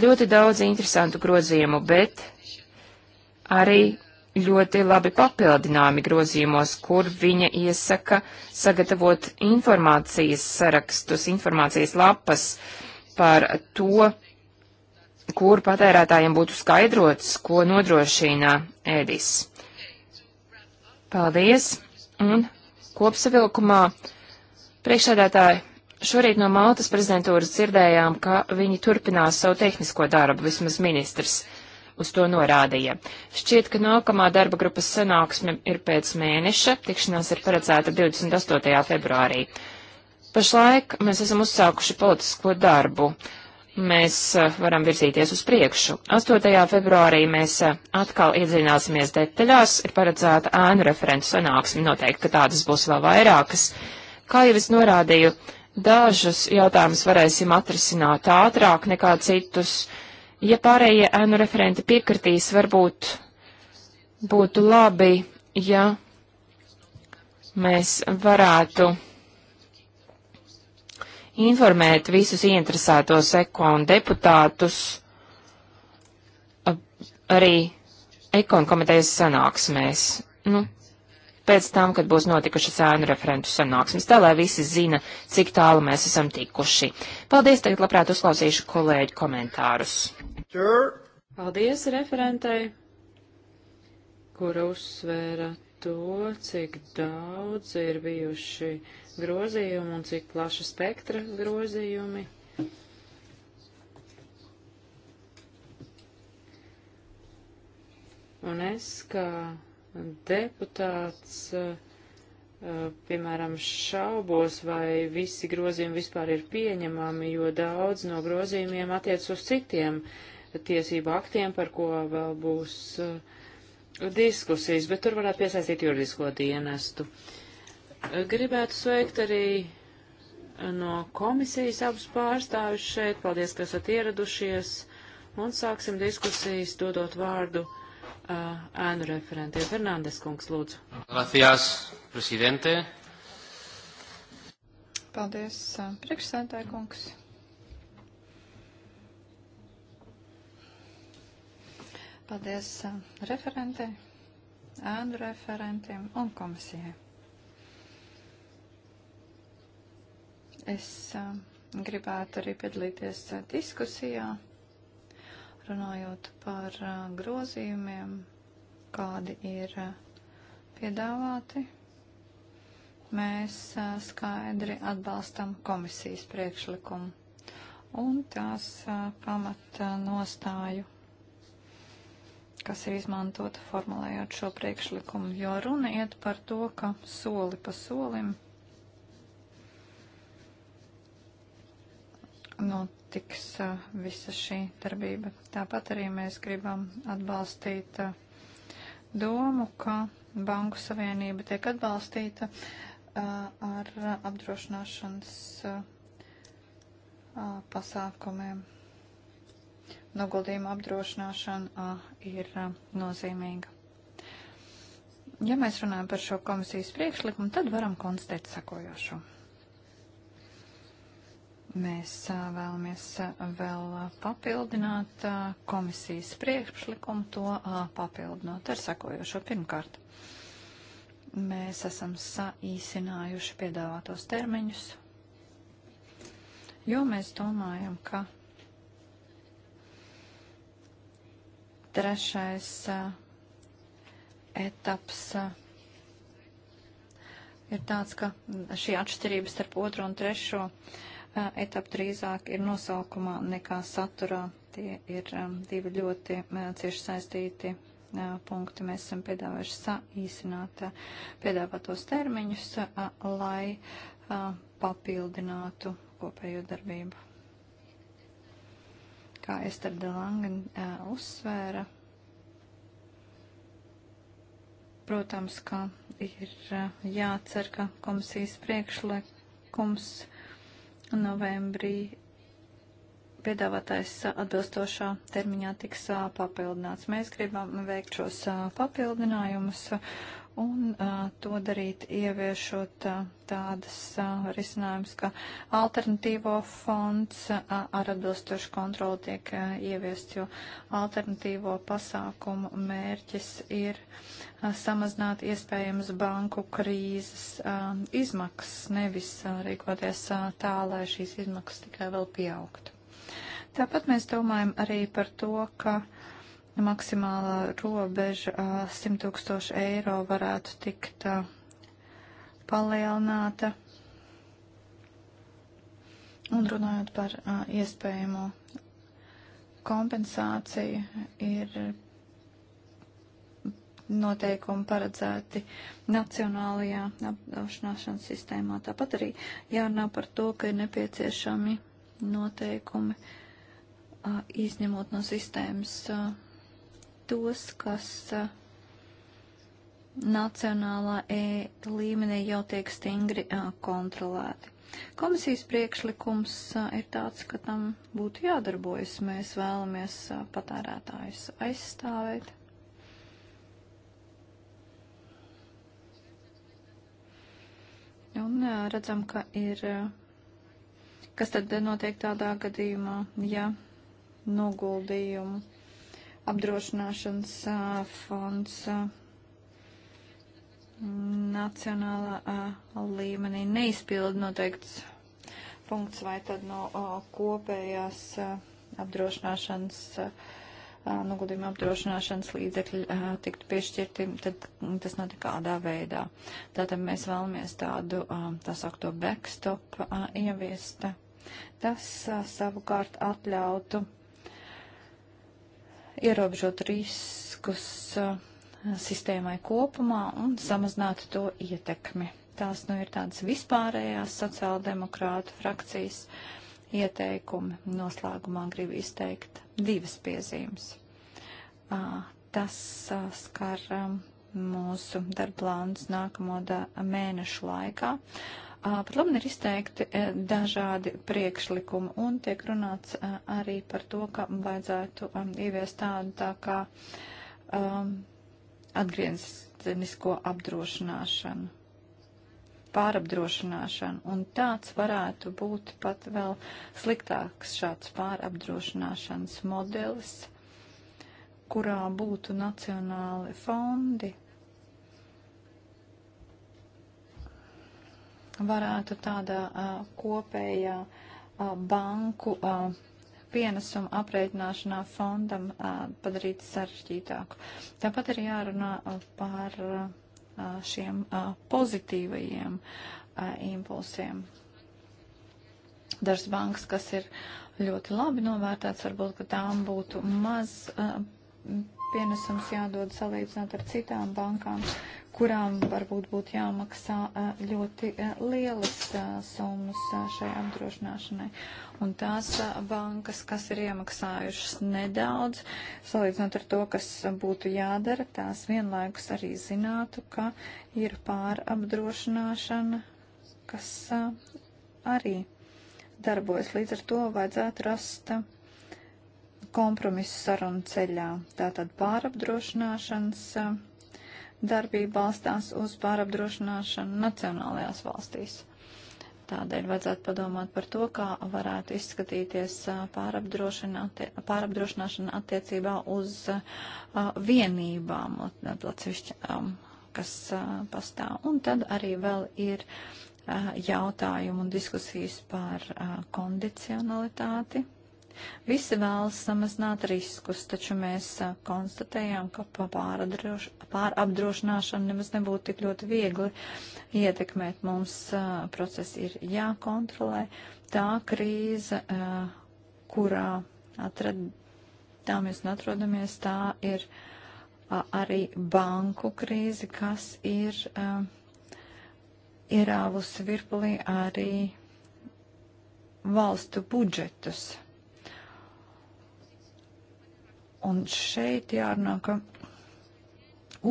ļoti daudz interesantu grozījumu, bet arī ļoti labi papildināmi grozījumos, kur viņa iesaka sagatavot informācijas sarakstus, informācijas lapas par to, kur patērētājiem būtu skaidrots, ko nodrošina ēdis. Paldies! Un kopsavilkumā priekšsēdētāji šorīt no Maltas prezidentūras dzirdējām, ka viņi turpinās savu tehnisko darbu, vismaz ministrs uz to norādīja. Šķiet, ka nākamā darba grupas sanāksme ir pēc mēneša, tikšanās ir paredzēta 28. februārī. Pašlaik mēs esam uzsākuši politisko darbu mēs eh, varam virzīties uz priekšu. 8. februārī mēs eh, atkal iedziļināsimies detaļās, ir paredzēta ēnu referentu sanāksme, noteikti, ka tādas būs vēl vairākas. Kā jau es norādīju, dažus jautājumus varēsim atrisināt ātrāk nekā citus. Ja pārējie ēnu referenti piekritīs, varbūt būtu labi, ja mēs varētu informēt visus ieinteresēto seko un deputātus arī ekonu komitejas sanāksmēs. Nu, pēc tam, kad būs notikušas ēnu referentu sanāksmes, tā lai visi zina, cik tālu mēs esam tikuši. Paldies, tagad labprāt uzklausīšu kolēģu komentārus. Sure. Paldies referentei, kura uzsvēra to, cik daudz ir bijuši uh, grozījumi un cik plaša spektra grozījumi. Un es kā deputāts, eh, piemēram, šaubos, vai visi grozījumi vispār ir pieņemami, jo daudz no grozījumiem attiec uz citiem tiesību aktiem, par ko vēl būs eh, diskusijas, bet tur varētu piesaistīt juridisko dienestu. Uh, Gribētu sveikt arī no komisijas abus pārstāvis šeit. Paldies, ka esat ieradušies. Un sāksim diskusijas, dodot vārdu uh, ēnu referentiem. Fernandes kungs, lūdzu. Gracias, presidente. Paldies, uh, priekšsēdētāji kungs. Paldies uh, referentei, ēnu referentiem un komisijai. Es eh, gribētu arī piedalīties eh, diskusijā, runājot par eh, grozījumiem, kādi ir piedāvāti. Mēs skaidri atbalstam komisijas priekšlikumu un tās pamata nostāju kas ir izmantota formulējot šo priekšlikumu, jo runa iet par to, ka soli pa solim notiks visa šī darbība. Tāpat arī mēs gribam atbalstīt domu, ka Banku Savienība tiek atbalstīta ar apdrošināšanas pasākumiem. Noguldījuma apdrošināšana ir nozīmīga. Ja mēs runājam par šo komisijas priekšlikumu, tad varam konstatēt sakojošo. Mēs vēlamies vēl papildināt komisijas priekšlikumu, to papildinot ar sakojošo pirmkārt. Mēs esam saīsinājuši piedāvātos termiņus, jo mēs domājam, ka trešais etaps ir tāds, ka šī atšķirība starp otro un trešo uh, etapi drīzāk ir nosaukumā nekā saturā. Tie ir um, divi ļoti uh, cieši saistīti uh, punkti. Mēs esam piedāvājuši saīsināt uh, piedāvātos termiņus, lai papildinātu kopējo darbību. Kā Ester de Langen uzsvēra, protams, ka ir jācer, ka komisijas priekšlikums Novembrī piedāvātais atbilstošā termiņā tiks papildināts. Mēs gribam veikt šos papildinājumus un uh, to darīt ieviešot uh, tādas uh, risinājumus, ka alternatīvo fonds uh, ar atbilstošu kontroli tiek uh, ieviests, jo alternatīvo pasākumu mērķis ir uh, samazināt iespējams banku krīzes uh, izmaksas, nevis uh, rīkoties uh, tā, lai šīs izmaksas tikai vēl pieaugtu. Tāpat mēs domājam arī par to, ka uh, maksimālā robeža 100 tūkstoši eiro varētu tikt palielināta. Un runājot par iespējamo kompensāciju, ir noteikumi paredzēti nacionālajā apdrošināšanas sistēmā. Tāpat arī jārunā par to, ka ir nepieciešami noteikumi izņemot no sistēmas uh, tos, kas eh, nacionālā e līmenī jau tiek stingri eh, kontrolēti. Komisijas priekšlikums eh, ir tāds, ka tam būtu jādarbojas. Mēs vēlamies patērētājus aizstāvēt. Un redzam, ka ir, kas tad notiek tādā gadījumā, ja noguldījumu apdrošināšanas fonds nacionālā līmenī neizpilda noteikts punkts vai tad no kopējās apdrošināšanas noguldījuma nu, apdrošināšanas līdzekļi tiktu piešķirti, tad tas notiek kādā veidā. Tātad mēs vēlamies tādu, tā sakto, backstop ieviest. Tas savukārt atļautu ierobežot riskus uh, sistēmai kopumā un samazinātu to ietekmi. Tās nu ir tādas vispārējās sociāldemokrātu frakcijas ieteikumi. Noslēgumā gribu izteikt divas piezīmes. Uh, tas uh, skar um, mūsu darba plāns nākamo da mēnešu laikā. Pat labi ir izteikti dažādi priekšlikumi un tiek runāts arī par to, ka vajadzētu ieviest tādu tā kā um, atgriezenisko apdrošināšanu pārapdrošināšanu, un tāds varētu būt pat vēl sliktāks šāds pārapdrošināšanas modelis, kurā būtu nacionāli fondi, varētu tādā uh, kopējā uh, banku uh, pienesuma aprēķināšanā fondam uh, padarīt sarežģītāku. Tāpat ir jārunā uh, par uh, šiem uh, pozitīvajiem uh, impulsiem. Dažas bankas, kas ir ļoti labi novērtētas, varbūt, ka tām būtu maz uh, pienesums jādod salīdzinot ar citām bankām, kurām varbūt būtu jāmaksā ļoti lielas summas šai apdrošināšanai. Un tās bankas, kas ir iemaksājušas nedaudz, salīdzinot ar to, kas būtu jādara, tās vienlaikus arī zinātu, ka ir pārapdrošināšana, kas arī darbojas. Līdz ar to vajadzētu rast. Uh, kompromisu sarunu ceļā. Tātad pārapdrošināšanas darbība balstās uz pārapdrošināšanu nacionālajās valstīs. Tādēļ vajadzētu padomāt par to, kā varētu izskatīties pārapdrošināšana attiecībā uz vienībām, kas pastāv. Un tad arī vēl ir jautājumu un diskusijas par kondicionalitāti Visi vēlas samazināt riskus, taču mēs a, konstatējām, ka pārapdrošināšana nemaz nebūtu tik ļoti viegli ietekmēt. Mums procesi ir jākontrolē. Tā krīze, a, kurā atradāmies un atrodamies, tā ir a, arī banku krīze, kas ir ierāvusi virpulī arī valstu budžetus. Un šeit jārunā, ka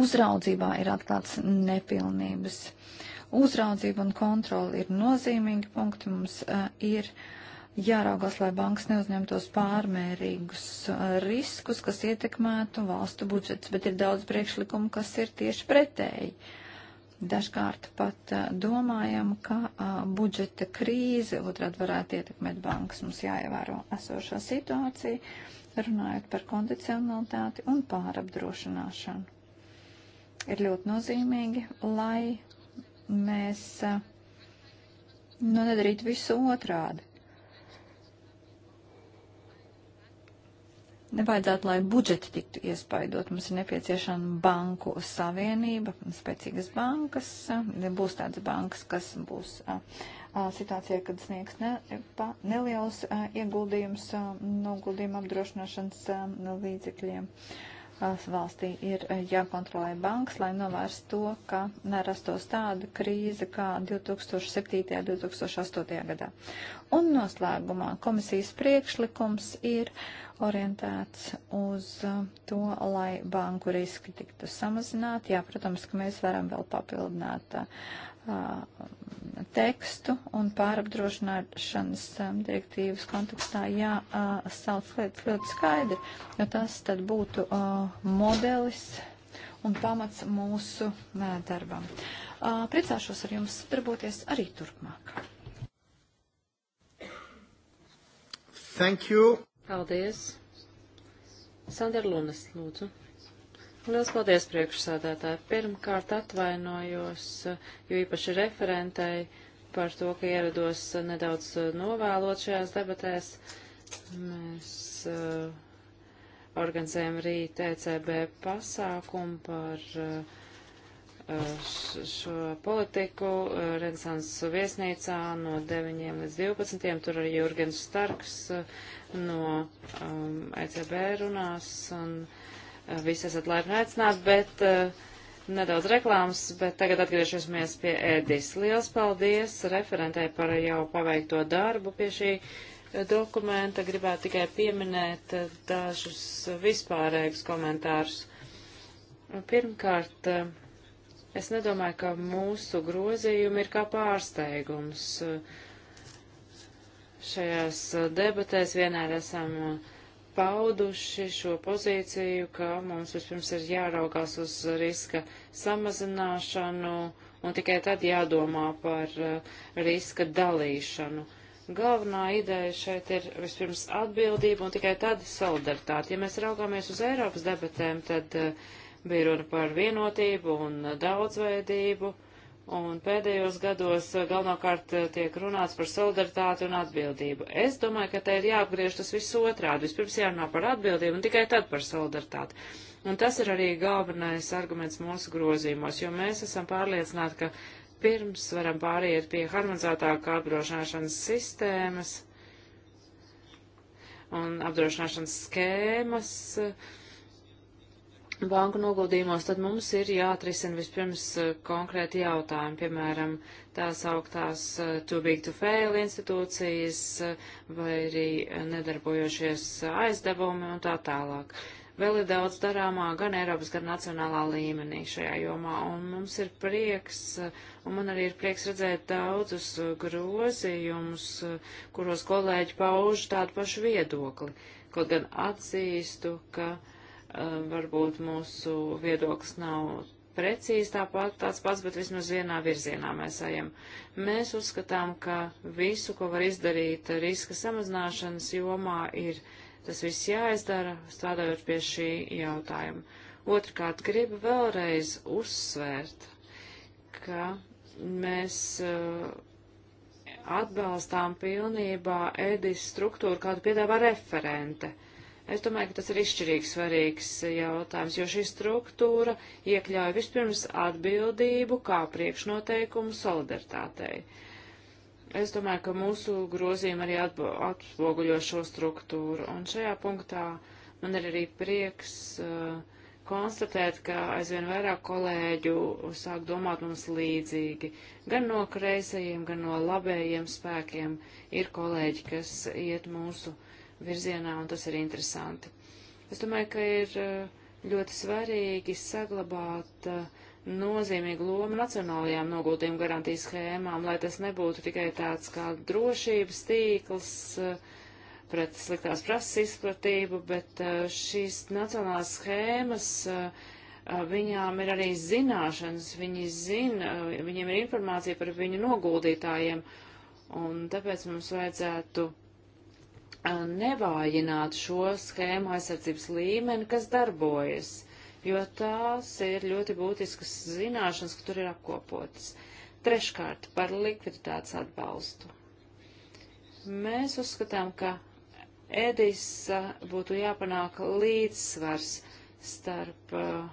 uzraudzībā ir atklāts nepilnības. Uzraudzība un kontrola ir nozīmīgi punkti. Mums uh, ir jāraugās, lai bankas neuzņemtos pārmērīgus uh, riskus, kas ietekmētu valstu budžets, bet ir daudz priekšlikumu, kas ir tieši pretēji. Dažkārt pat uh, domājam, ka uh, budžeta krīze otrād varētu ietekmēt bankas. Mums jāievēro esošā situācija runājot par kondicionalitāti un pārapdrošināšanu. Ir ļoti nozīmīgi, lai mēs eh, nu, nedarītu visu otrādi. Nevajadzētu, lai budžeti tiktu iespaidot. Mums ir nepieciešama banku savienība, spēcīgas bankas. Būs tādas bankas, kas būs eh, situācijai, kad sniegs ne, pa, neliels ieguldījums noguldījuma apdrošināšanas līdzekļiem. Valstī ir jākontrolē bankas, lai novērst to, ka nerastos tāda krīze kā 2007. un 2008. gadā. Un noslēgumā komisijas priekšlikums ir orientēts uz to, lai banku riski tiktu samazināti. Jā, protams, ka mēs varam vēl papildināt uh, Uh, tekstu un pārapdrošināšanas um, direktīvas kontekstā jāsauc uh, lietas ļoti skaidri, jo tas tad būtu uh, modelis un pamats mūsu darbam. Priecāšos ar jums sadarboties arī turpmāk. Thank you. Paldies. Sandra Lunas, lūdzu. Lielas paldies priekšsādātāji. Pirmkārt atvainojos, jo īpaši referentei par to, ka ierados nedaudz novēlot šajās debatēs. Mēs uh, organizējam rīt ECB pasākumu par uh, uh šo politiku uh, Renesans viesnīcā no 9 līdz 12. Tur arī Jurgens Starks uh, no um, ECB runās. Un, uh, Visi esat laipni aicināti, bet uh, nedaudz reklāmas, bet tagad atgriežamies pie Edis. Liels paldies referentē par jau paveikto darbu pie šī eh, dokumenta. Gribētu tikai pieminēt eh, dažus vispārējus komentārus. Pirmkārt, es nedomāju, ka mūsu grozījumi ir kā pārsteigums. Šajās debatēs vienmēr esam uh, pauduši šo pozīciju, ka mums vispirms ir jāraugās uz riska samazināšanu un tikai tad jādomā par eh, riska dalīšanu. Galvenā ideja šeit ir vispirms atbildība un tikai tad solidaritāte. Ja mēs raugāmies uz Eiropas debatēm, tad eh, bija runa par vienotību un eh, daudzveidību un pēdējos gados eh, galvenokārt eh, tiek runāts par solidaritāti un atbildību. Es domāju, ka te ir jāapgriež tas viss otrādi. Vispirms jārunā par atbildību un tikai tad par solidaritāti. Un tas ir arī galvenais arguments mūsu grozījumos, jo mēs esam pārliecināti, ka pirms varam pāriet pie harmonizētākā apdrošināšanas sistēmas un apdrošināšanas skēmas. Uh, banku noguldījumos, tad mums ir jāatrisina vispirms eh, konkrēti jautājumi, piemēram, tās augtās eh, too big to fail institūcijas eh, vai arī nedarbojošies aizdevumi un tā tālāk. Vēl ir daudz darāmā gan Eiropas, gan nacionālā līmenī šajā jomā, un mums ir prieks, un man arī ir prieks redzēt daudzus grozījumus, kuros kolēģi pauž tādu pašu viedokli, kaut gan atzīstu, ka uh, Eh, varbūt mūsu viedoklis nav precīzi tāpat, tāds pats, bet vismaz vienā virzienā mēs ejam. Mēs uzskatām, ka visu, ko var izdarīt riska samazināšanas jomā, ir tas viss jāizdara, strādājot pie šī jautājuma. Otrkārt, gribu vēlreiz uzsvērt, ka mēs uh, atbalstām pilnībā ēdis struktūru, kādu piedāvā referente. Uh, Es domāju, ka tas ir izšķirīgs svarīgs jautājums, jo šī struktūra iekļauj vispirms atbildību kā priekšnoteikumu solidaritātei. Es domāju, ka mūsu grozījumi arī atspoguļo šo struktūru. Un šajā punktā man ir arī prieks uh, konstatēt, ka aizvien vairāk kolēģu sāk domāt mums līdzīgi. Gan no kreisajiem, gan no labējiem spēkiem ir kolēģi, kas iet mūsu uh, virzienā, un tas ir interesanti. Es domāju, ka ir eh, ļoti svarīgi saglabāt eh, nozīmīgu lomu nacionālajām nogūtījuma garantijas schēmām, lai tas nebūtu tikai tāds kā drošības tīkls eh, pret sliktās prasas izplatību, bet šīs nacionālās schēmas viņām ir arī zināšanas, viņi zina, viņiem ir informācija par viņu noguldītājiem, un tāpēc mums vajadzētu nevājināt šo schēmu aizsardzības līmeni, kas darbojas, jo tās ir ļoti būtiskas zināšanas, ka tur ir apkopotas. Treškārt, par likviditātes atbalstu. Mēs uzskatām, ka Edis būtu jāpanāk līdzsvars starp uh,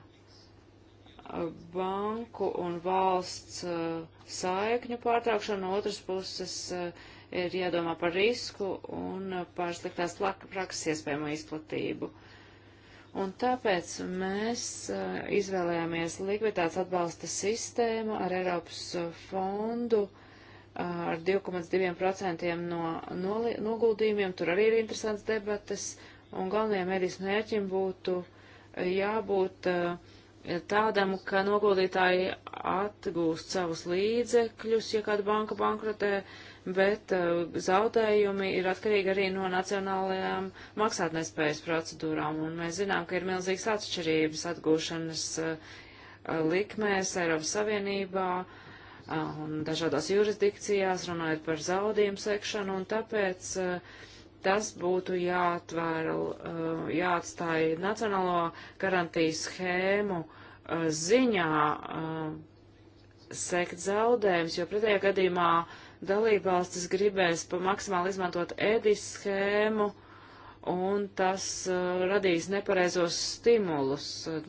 banku un valsts uh, saikņu pārtraukšanu, no otras puses uh, ir jādomā par risku un par sliktās prakses iespējamo izplatību. Un tāpēc mēs eh, izvēlējāmies likviditātes atbalsta sistēmu ar Eiropas fondu eh, ar 2,2% no noguldījumiem. Tur arī ir interesants debates. Un galvenajam mēdīs mērķim būtu eh, jābūt uh, tādam, ka noguldītāji atgūst savus līdzekļus, ja kāda banka bankrotē, bet uh, zaudējumi ir atkarīgi arī no nacionālajām maksātnespējas procedūrām, un mēs zinām, ka ir milzīgas atšķirības atgūšanas uh, likmēs Eiropas Savienībā uh, un dažādās jurisdikcijās, runājot par zaudījumu sekšanu, un tāpēc uh, tas būtu jāatvēr, uh, jāatstāja nacionālo garantijas schēmu uh, ziņā sekt zaudējums, jo pretējā gadījumā uh, dalībvalstis gribēs pa maksimāli izmantot EDIS schēmu, un tas uh, radīs nepareizos stimulus uh,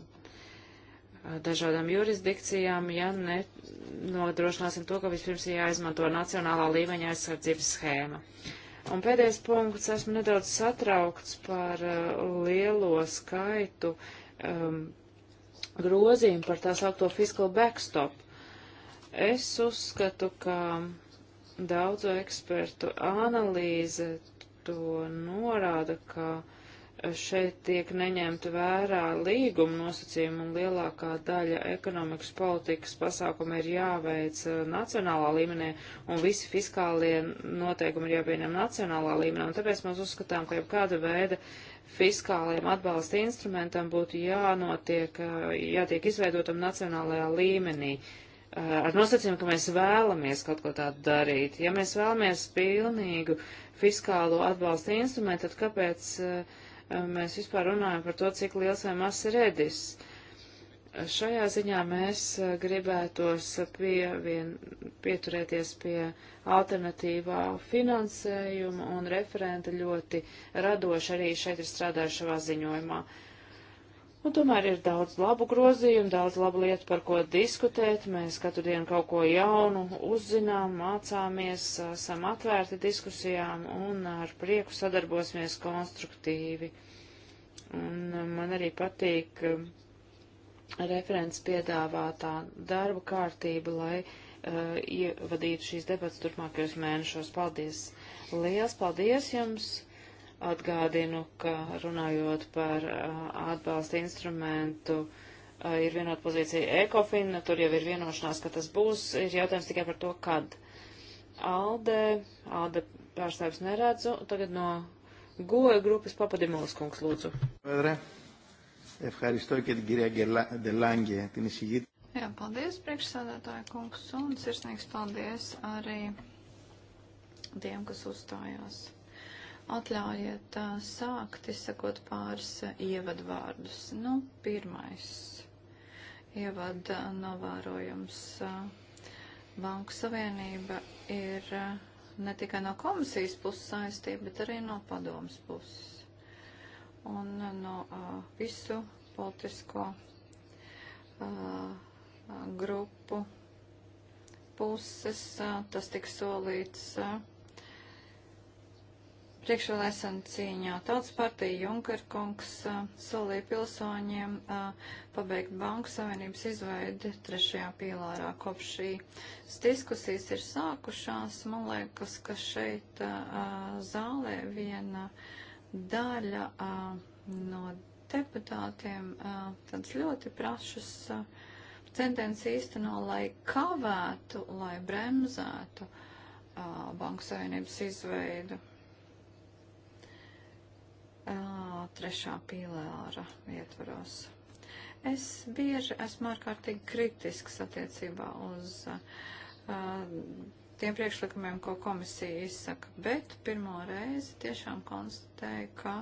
dažādām jurisdikcijām, ja nodrošināsim to, ka vispirms jāizmanto nacionālā līmeņa aizsardzības schēma. Un pēdējais punkts, esmu nedaudz satraukts par uh, lielo skaitu um, grozījumu par tā saukto fiscal backstop. Es uzskatu, ka Daudzu ekspertu analīze to norāda, ka šeit tiek neņemta vērā līguma nosacījumi un lielākā daļa ekonomikas politikas pasākumi ir jāveic uh, nacionālā līmenī un visi fiskālie noteikumi ir jāpieņem nacionālā līmenī. Un tāpēc mēs uzskatām, ka jau kāda veida fiskāliem atbalsta instrumentam būtu jānotiek, uh, jātiek izveidotam nacionālajā līmenī. Uh, ar nosacījumu, ka mēs vēlamies kaut ko tādu darīt. Ja mēs vēlamies pilnīgu fiskālo atbalsta instrumentu, tad kāpēc eh, mēs vispār runājam par to, cik liels vai mazs ir redis? Šajā ziņā mēs eh, gribētos pievien, pieturēties pie alternatīvā finansējuma un referenta ļoti radoši arī šeit ir strādājuši savā ziņojumā. Uh, Un nu, tomēr ir daudz labu grozījumu, daudz labu lietu, par ko diskutēt. Mēs katru dienu kaut ko jaunu uzzinām, mācāmies, esam atvērti diskusijām un ar prieku sadarbosimies konstruktīvi. Un eh, man arī patīk eh, referents piedāvātā darba kārtība, lai uh, ievadītu šīs debatas turpmākajos mēnešos. Paldies! Liels paldies jums! Atgādinu, ka runājot par atbalsta instrumentu, ir vienota pozīcija ECOFIN, tur jau ir vienošanās, ka tas būs, ir jautājums tikai par to, kad. Alde, Alde pārstāvis neredzu, tagad no GOE grupas papadimulis kungs lūdzu. Jā, paldies, priekšsādātāja kungs, un sirsnīgs paldies arī tiem, kas uzstājās. Atļaujiet sākt izsakot pāris ievadvārdus. Nu, pirmais ievada novērojums. Banku savienība ir ne tikai no komisijas puses saistība, bet arī no padomas puses un no visu politisko grupu puses. Tas tika solīts. A, Priekšvēlēšana cīņā tautas partija Junker kungs solīja pilsoņiem a, pabeigt Banku Savienības izveidi trešajā pīlārā. Kopš šīs diskusijas ir sākušās, man liekas, ka šeit a, zālē viena daļa a, no deputātiem tāds ļoti prašas tendence īsteno, lai kavētu, lai bremzētu Banku Savienības izveidu uh, trešā pīlāra ietvaros. Es bieži esmu ārkārtīgi kritisks attiecībā uz uh, tiem priekšlikumiem, ko komisija izsaka, bet pirmo reizi tiešām konstatēju, ka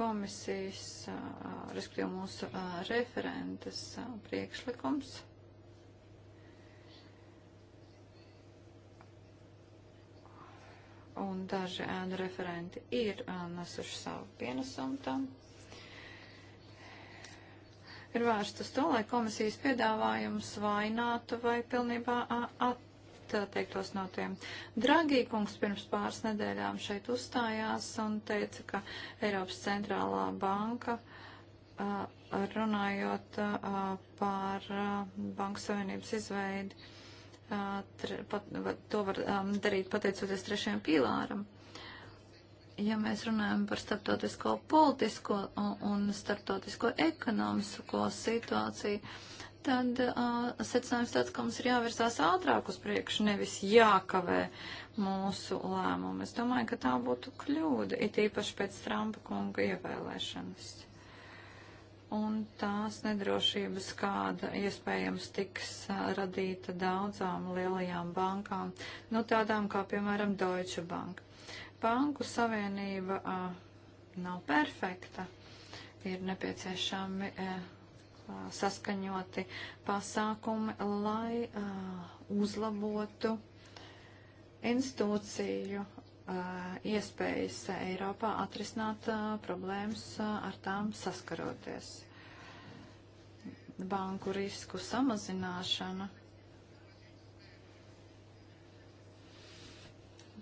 komisijas, uh, respektīvi mūsu uh, referentes uh, priekšlikums uh, un daži ēnu referenti ir nesuši savu pienesumu tam. Ir vērsts uz to, lai komisijas piedāvājums vainātu vai pilnībā atteiktos no tiem. Dragī kungs pirms pāris nedēļām šeit uzstājās un teica, ka Eiropas centrālā banka runājot par Banku Savienības izveidi pat, to var darīt pateicoties trešajam pīlāram. Ja mēs runājam par starptautisko politisko un starptautisko ekonomisko situāciju, tad uh, secinājums tāds, ka mums ir jāvirzās ātrāk uz priekšu, nevis jākavē mūsu lēmumu. Es domāju, ka tā būtu kļūda, it īpaši pēc Trumpa kunga ievēlēšanas un tās nedrošības, kāda iespējams tiks radīta daudzām lielajām bankām, nu tādām kā, piemēram, Deutsche Bank. Banku savienība uh, nav perfekta, ir nepieciešami uh, saskaņoti pasākumi, lai uh, uzlabotu institūciju iespējas Eiropā atrisināt problēmas, ar tām saskaroties. Banku risku samazināšana.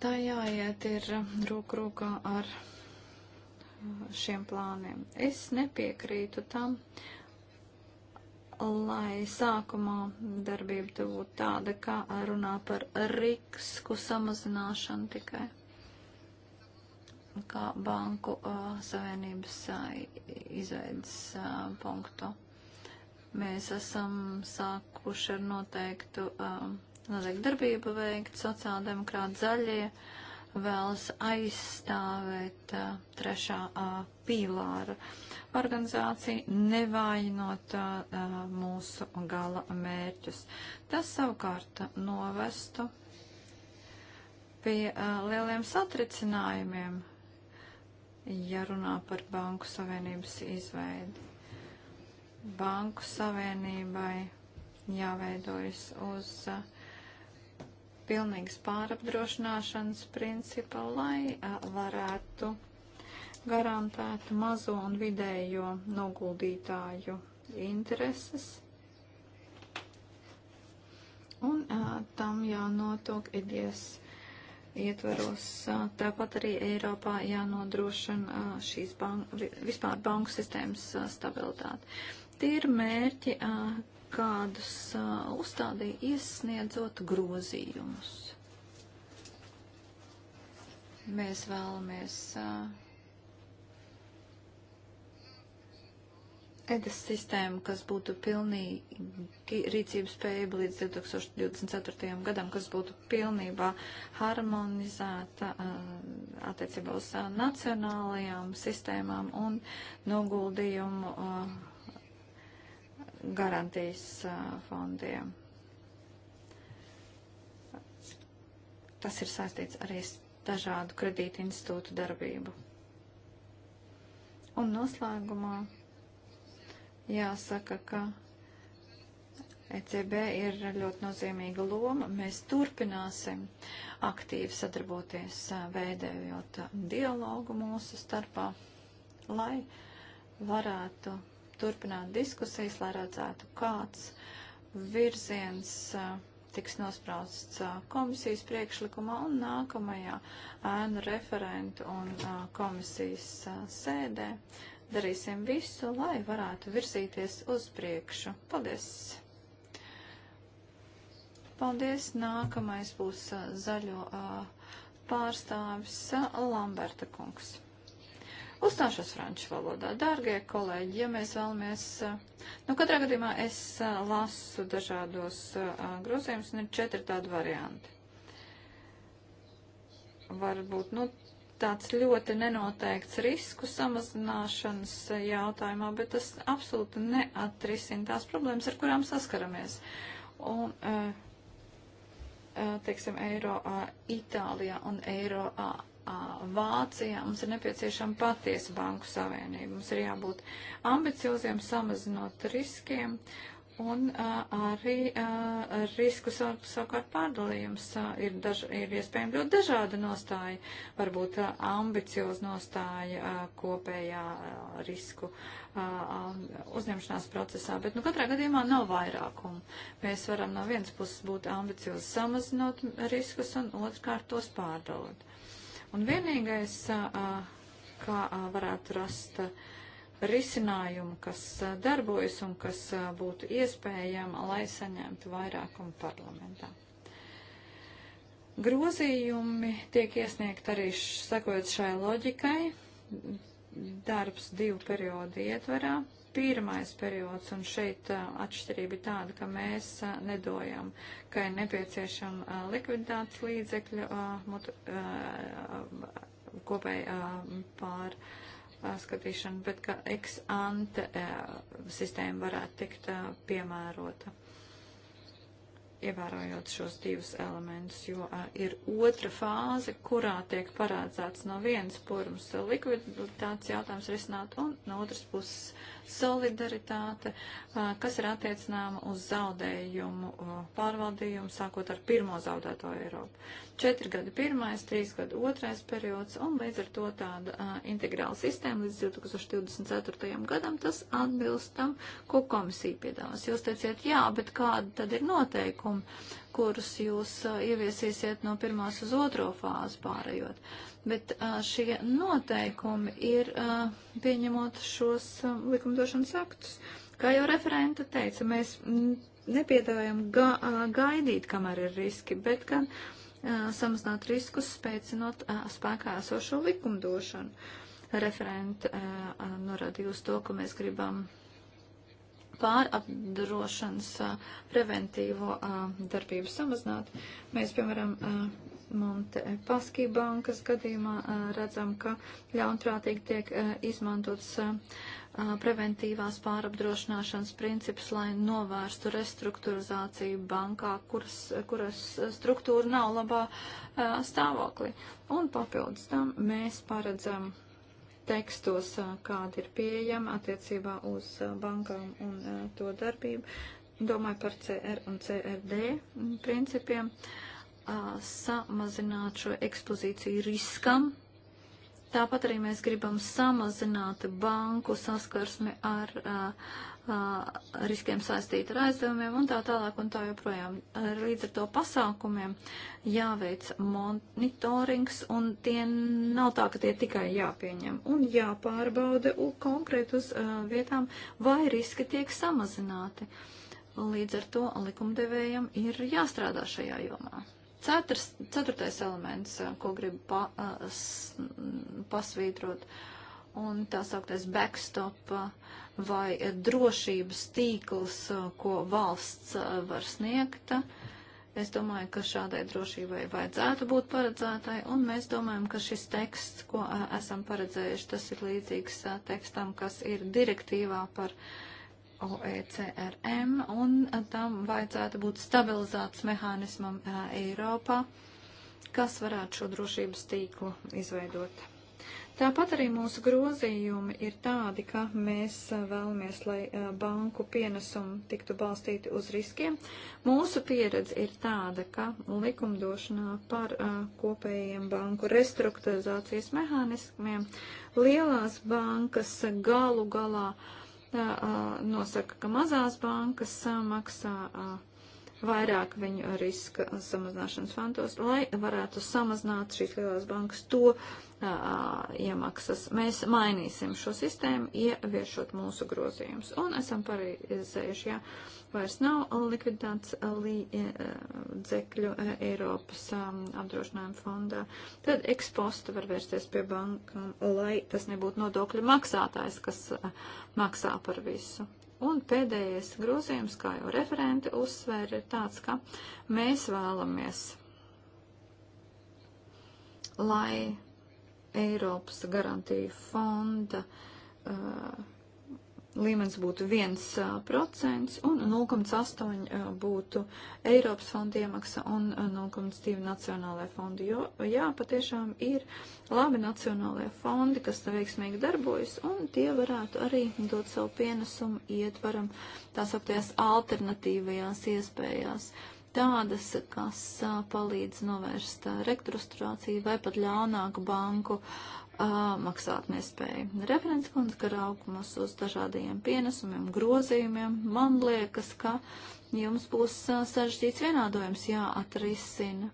Tā jāiet ir roku rokā ar šiem plāniem. Es nepiekrītu tam, lai sākumā darbība būtu tāda, kā runā par risku samazināšanu tikai kā banku uh, savienības uh, izveidas uh, punktu. Mēs esam sākuši ar noteiktu, uh, noteiktu darbību veikt. Sociāldemokrāti zaļie vēlas aizstāvēt uh, trešā uh, pīlāra organizāciju, nevainot mūsu gala mērķus. Tas savukārt novestu pie lieliem satricinājumiem jārunā par Banku Savienības izveidi. Banku Savienībai jāveidojas uz uh, pilnīgas pārapdrošināšanas principa, lai uh, varētu garantēt mazo un vidējo noguldītāju intereses. Un uh, tam jānotiek idies ietveros. Tāpat arī Eiropā jānodrošina šīs bank, vispār banku sistēmas stabilitāte. Tie ir mērķi, kādus uzstādīja iesniedzot grozījumus. Mēs vēlamies uh, EDAS sistēmu, kas būtu pilnīgi rīcības spējība līdz 2024. gadam, kas būtu pilnībā harmonizēta attiecībā uz nacionālajām sistēmām un noguldījumu garantijas fondiem. Tas ir saistīts arī ar dažādu kredītu institūtu darbību. Un noslēgumā Jāsaka, ka ECB ir ļoti nozīmīga loma. Mēs turpināsim aktīvi sadarboties, veidējot dialogu mūsu starpā, lai varētu turpināt diskusijas, lai redzētu, kāds virziens tiks nosprausts komisijas priekšlikumā un nākamajā ēnu referentu un komisijas sēdē darīsim visu, lai varētu virzīties uz priekšu. Paldies! Paldies! Nākamais būs zaļo pārstāvis Lamberta kungs. Uzstāšos franču valodā. Dārgie kolēģi, ja mēs vēlamies, nu katrā gadījumā es lasu dažādos grozījumus, un ir četri tādi varianti. Varbūt, nu, tāds ļoti nenoteikts risku samazināšanas jautājumā, bet tas absolūti neatrisina tās problēmas, ar kurām saskaramies. Un, eh, eh, teiksim, eiro eh, Itālijā un eiro Vācijā mums ir nepieciešama patiesa banku savienība. Mums ir jābūt ambicioziem, samazinot riskiem Un uh, arī uh, risku savukārt pārdalījums uh, ir, daž, ir iespējami ļoti dažāda nostāja, varbūt uh, ambicioza nostāja uh, kopējā uh, risku uh, uzņemšanās procesā, bet nu katrā gadījumā nav vairākumu. Mēs varam no vienas puses būt ambiciozi samazinot riskus un otrkārt tos pārdalot. Un vienīgais, uh, kā uh, varētu rast. Uh, risinājumu, kas eh, darbojas un kas eh, būtu iespējama, lai saņemtu vairākumu parlamentā. Grozījumi tiek iesniegt arī sekojot šai loģikai. Darbs divu periodu ietverā. Pirmais periods, un šeit eh, atšķirība ir tāda, ka mēs nedojam, ka ir nepieciešama likviditātes līdzekļu kopēji pār. A, skatīšanu, bet ka ex ante sistēma varētu tikt piemērota ievērojot šos divus elementus, jo uh, ir otra fāze, kurā tiek parādzēts no vienas puses likviditātes jautājums risināt, un no otras puses solidaritāte, uh, kas ir attiecināma uz zaudējumu uh, pārvaldījumu, sākot ar pirmo zaudēto Eiropu. Četri gadi pirmais, trīs gadi otrais periods, un līdz ar to tāda uh, integrāla sistēma līdz 2024. gadam, tas atbilst tam, ko komisija piedāvās. Jūs teiciet, jā, bet kāda tad ir noteikuma? pasākumi, kurus jūs uh, ieviesīsiet no pirmās uz otro fāzi pārējot. Bet uh, šie noteikumi ir uh, pieņemot šos um, likumdošanas aktus. Kā jau referenta teica, mēs nepiedāvājam ga gaidīt, kamēr ir riski, bet gan samazināt riskus, spēcinot spēkā esošo likumdošanu. Referenta norādīja uz to, ka mēs gribam pārapdrošanas preventīvo darbību samazināt. Mēs, piemēram, Monte Paskī bankas gadījumā redzam, ka ļaunprātīgi tiek izmantots preventīvās pārapdrošināšanas princips, lai novērstu restruktūrizāciju bankā, kuras, kuras struktūra nav labā stāvoklī. Un papildus tam mēs paredzam tekstos, kāda ir pieejama attiecībā uz bankām un to darbību. Domāju par CR un CRD mm, principiem. Samazināt šo ekspozīciju riskam. Tāpat arī mēs gribam samazināt banku saskarsmi ar uh, riskiem saistīt ar aizdevumiem un tā tālāk un tā joprojām. Līdz ar to pasākumiem jāveic monitorings un tie nav tā, ka tie tikai jāpieņem un jāpārbauda konkrēt uz uh, vietām, vai riski tiek samazināti. Līdz ar to likumdevējam ir jāstrādā šajā jomā. Ceturs, ceturtais elements, ko gribu pa, uh, pasvītrot, un tā sauktais backstop uh, vai drošības tīkls, ko valsts var sniegt. Es domāju, ka šādai drošībai vajadzētu būt paredzētai, un mēs domājam, ka šis teksts, ko esam paredzējuši, tas ir līdzīgs tekstam, kas ir direktīvā par OECRM, un tam vajadzētu būt stabilizēts mehānismam Eiropā, kas varētu šo drošības tīklu izveidot. Tāpat arī mūsu grozījumi ir tādi, ka mēs eh, vēlamies, lai eh, banku pienesumi tiktu balstīti uz riskiem. Mūsu pieredze ir tāda, ka likumdošanā par eh, kopējiem banku restruktūrizācijas mehānismiem lielās bankas galu galā nosaka, ka mazās bankas maksā vairāk viņu riska samazināšanas fantos, lai varētu samazināt šīs lielās bankas to uh, iemaksas. Mēs mainīsim šo sistēmu, ieviešot mūsu grozījumus. Un esam paredzējuši, ja vairs nav likviditātes līdzekļu Eiropas um, apdrošinājuma fondā, tad eksposta var vērsties pie bankām, lai tas nebūtu nodokļu maksātājs, kas uh, maksā par visu. Un pēdējais grozījums, kā jau referenti uzsvēra, ir tāds, ka mēs vēlamies, lai Eiropas garantija fonda uh, līmenis būtu 1% un 0,8% būtu Eiropas fonda iemaksa un 0,2% nacionālajā fonda. Jo, jā, patiešām ir labi nacionālajie fondi, kas veiksmīgi darbojas, un tie varētu arī dot savu pienesumu ietvaram tās aptajās alternatīvajās iespējās. Tādas, kas palīdz novērst rektrusturāciju vai pat ļaunāku banku uh, maksāt nespēju. Referents kundze, ka raukumas uz dažādajiem pienesumiem, grozījumiem, man liekas, ka jums būs sarežģīts vienādojums jāatrisina.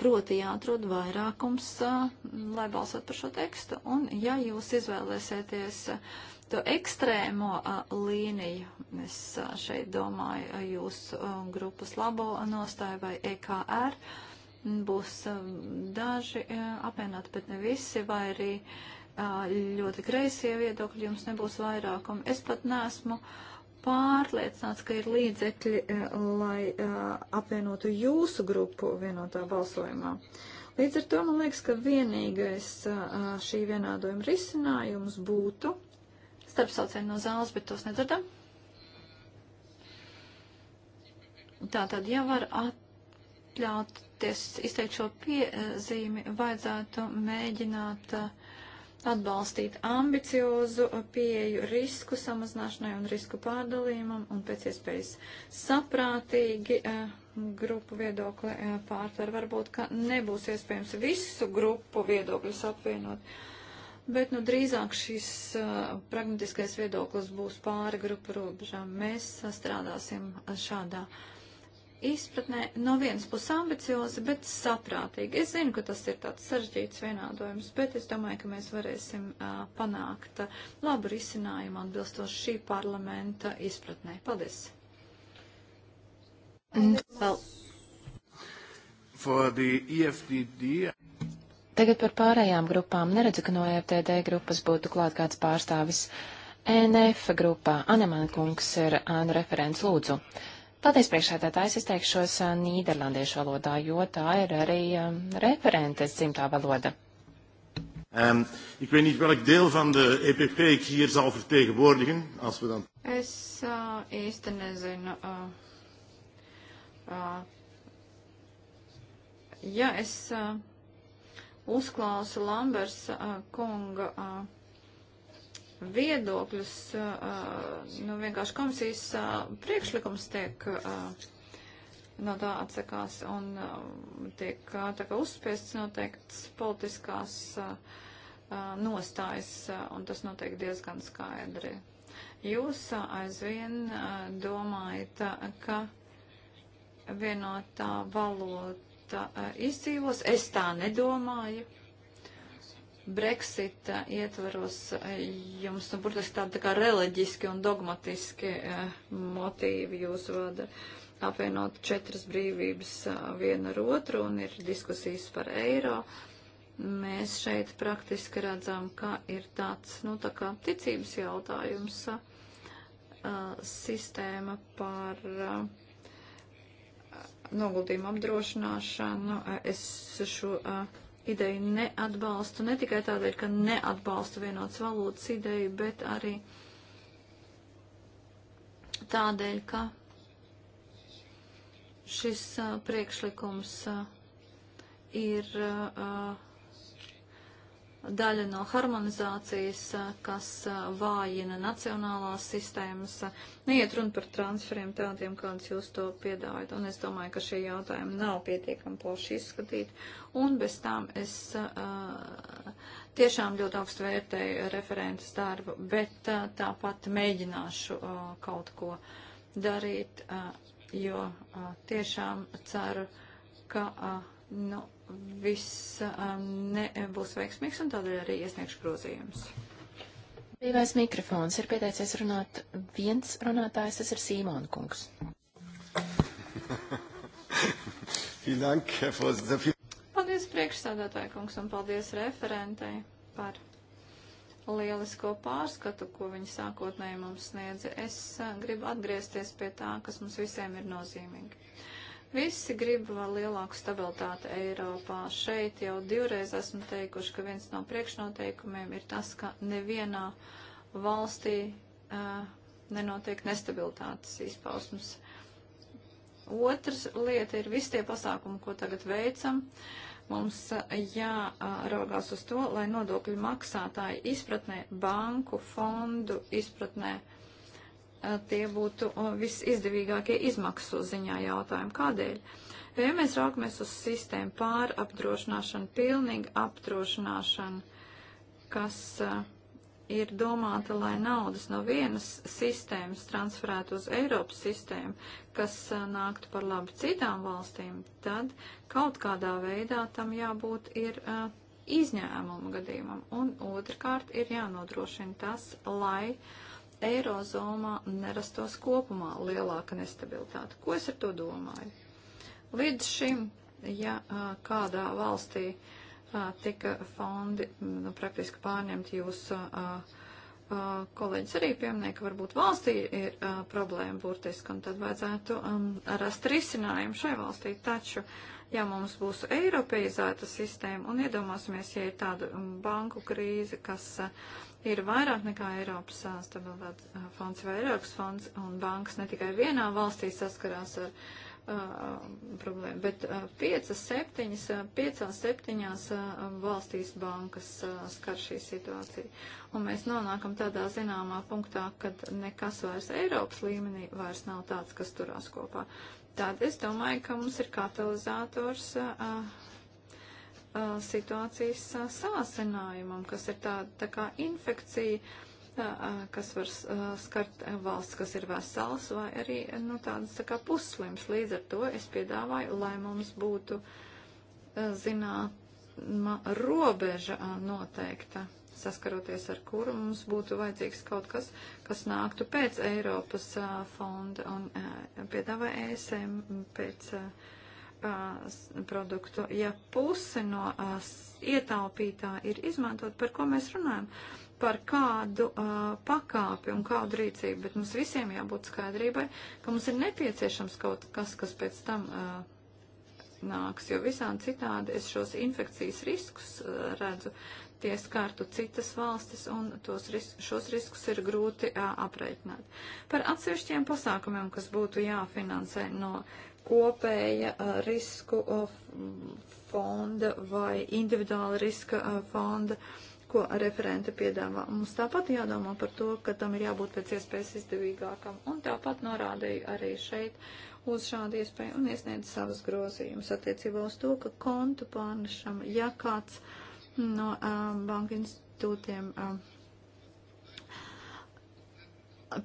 Proti jāatrod vairākums, lai balsot par šo tekstu. Un ja jūs izvēlēsieties to ekstrēmo līniju, es šeit domāju jūsu grupas labo nostāju vai EKR, būs um, daži e, apvienoti, bet ne visi, vai arī ļoti kreisie viedokļi jums nebūs vairākumi. Es pat nesmu pārliecināts, ka ir līdzekļi, e, lai apvienotu jūsu grupu vienotā balsojumā. Līdz ar to man liekas, ka vienīgais šī vienādojuma risinājums būtu starpsaucēji no zāles, bet tos nedzirdam. Tātad, ja var at atļauties izteikt šo piezīmi, vajadzētu mēģināt uh, atbalstīt ambiciozu pieju risku samazināšanai un risku pārdalījumam un pēc iespējas saprātīgi uh, grupu viedokli uh, pārtver. Varbūt, ka nebūs iespējams visu grupu viedokļus apvienot. Bet nu, drīzāk šis uh, pragmatiskais viedoklis būs pāri grupu robežām. Mēs strādāsim šādā uh, izpratnē no vienas puses ambiciozi, bet saprātīgi. Es zinu, ka tas ir tāds sarežģīts vienādojums, bet es domāju, ka mēs varēsim uh, panākt uh, labu risinājumu atbilstoši šī parlamenta izpratnē. Paldies! Mm. Vēl. E Tagad par pārējām grupām. Neredzu, ka no e FTD grupas būtu klāt kāds pārstāvis. NF grupā Anemana kungs ir referents lūdzu. Uh, Paldies, priekšsēdētājs. Es teikšos uh, nīderlandiešu valodā, jo tā ir arī um, referentes dzimtā valoda. Um, ik weet niet welk deel van de EPP ik hier zal vertegenwoordigen, als we dan... Es uh, īsti nezinu. Uh, uh, ja, es uh, uzklausu Lambers uh, kunga uh, viedokļus, uh, uh, nu vienkārši komisijas uh, priekšlikums tiek no tā atsakās un tiek tā kā uzspiests noteikts politiskās nostājas, un tas notiek diezgan skaidri. Jūs aizvien domājat, ka vienotā valūta izdzīvos. Es tā nedomāju. Brexit eh, ietvaros eh, jums nu, burtiski tādi tā kā reliģiski un dogmatiski eh, motīvi jūs vada apvienot četras brīvības viena ar otru un ir diskusijas par eiro. Mēs šeit praktiski redzam, ka ir tāds, nu, tā kā ticības jautājums sistēma par noguldījumu apdrošināšanu. Es šo uh, ideju neatbalstu, ne tikai tādēļ, ka neatbalstu vienots valūtas ideju, bet arī tādēļ, ka šis a, priekšlikums a, ir a, daļa no harmonizācijas, kas vājina nacionālās sistēmas. Neiet runa par transferiem tādiem, kādus jūs to piedāvājat, un es domāju, ka šie jautājumi nav pietiekami plaši izskatīti, un bez tām es uh, tiešām ļoti augstu vērtēju referentus darbu, bet uh, tāpat mēģināšu uh, kaut ko darīt, jo tiešām ceru, ka, nu, viss um, nebūs veiksmīgs un tādēļ arī iesniegšu grozījumus. Brīvais mikrofons ir pieteicies runāt viens runātājs, tas ir Sīmona kungs. (laughs) paldies priekšstādātāju kungs un paldies referentei par lielisko pārskatu, ko viņi sākotnēji mums sniedza. Es uh, gribu atgriezties pie tā, kas mums visiem ir nozīmīgi. Uh, Visi grib vēl lielāku stabilitāti Eiropā. Šeit jau divreiz esmu teikuši, ka viens no priekšnoteikumiem ir tas, ka nevienā valstī uh, nenotiek nestabilitātes izpausmas. Otrs lieta ir visi tie pasākumi, ko tagad veicam. Mums uh, jāraugās uh, uz to, lai nodokļu maksātāji izpratnē banku fondu izpratnē uh, Eh, tie būtu eh, visizdevīgākie izmaksu ziņā jautājumi. Kādēļ? Jo, ja mēs raugamies uz sistēmu pārapdrošināšanu, pilnīgu apdrošināšanu, kas uh, ir domāta, lai naudas no vienas sistēmas transferētu uz Eiropas sistēmu, kas uh, nāktu par labu citām valstīm, tad kaut kādā veidā tam jābūt ir uh, izņēmuma gadījumam. Un otrkārt ir jānodrošina tas, lai uh, eirozomā nerastos kopumā lielāka nestabilitāte. Ko es ar to domāju? Līdz šim, ja kādā valstī tika fondi nu, praktiski pārņemti jūsu kolēģis arī pieminēja, ka varbūt valstī ir uh, problēma burtiski, un tad vajadzētu um, rast risinājumu šai valstī. Taču, ja mums būs eiropeizēta sistēma, un iedomāsimies, ja ir tāda banku krīze, kas uh, ir vairāk nekā Eiropas stabilitātes fonds vai Eiropas fonds, un bankas ne tikai vienā valstī saskarās ar uh, problēmu, bet uh, piecas, septiņas, piecās, septiņās uh, valstīs bankas skar šī situācija. Un mēs nonākam tādā zināmā punktā, kad nekas vairs Eiropas līmenī vairs nav tāds, kas turās kopā. Tad es domāju, ka mums ir katalizators. Uh, situācijas sāsinājumam, kas ir tāda tā kā infekcija, kas var skart valsts, kas ir vesels, vai arī nu, tādas tā kā pusslims. Līdz ar to es piedāvāju, lai mums būtu zināma robeža noteikta saskaroties ar kuru mums būtu vajadzīgs kaut kas, kas nāktu pēc Eiropas fonda un piedāvā ESM pēc uh, produktu, ja puse no ietaupītā ir izmantot, par ko mēs runājam, par kādu uh, pakāpi un kādu rīcību, bet mums visiem jābūt skaidrībai, ka mums ir nepieciešams kaut kas, kas pēc tam uh, nāks, jo visām citādi es šos infekcijas riskus uh, redzu, tie skārtu citas valstis un tos ris šos riskus ir grūti uh, apreitināt. Par atsevišķiem pasākumiem, kas būtu jāfinansē no uh, kopēja risku fonda vai individuāla riska fonda, ko referente piedāvā. Mums tāpat jādomā par to, ka tam ir jābūt pēc iespējas izdevīgākam, un tāpat norādīju arī šeit uz šādu iespēju un iesniedz savas grozījumus attiecībā uz to, ka kontu pārnešam, ja kāds no um, banka institūtiem um,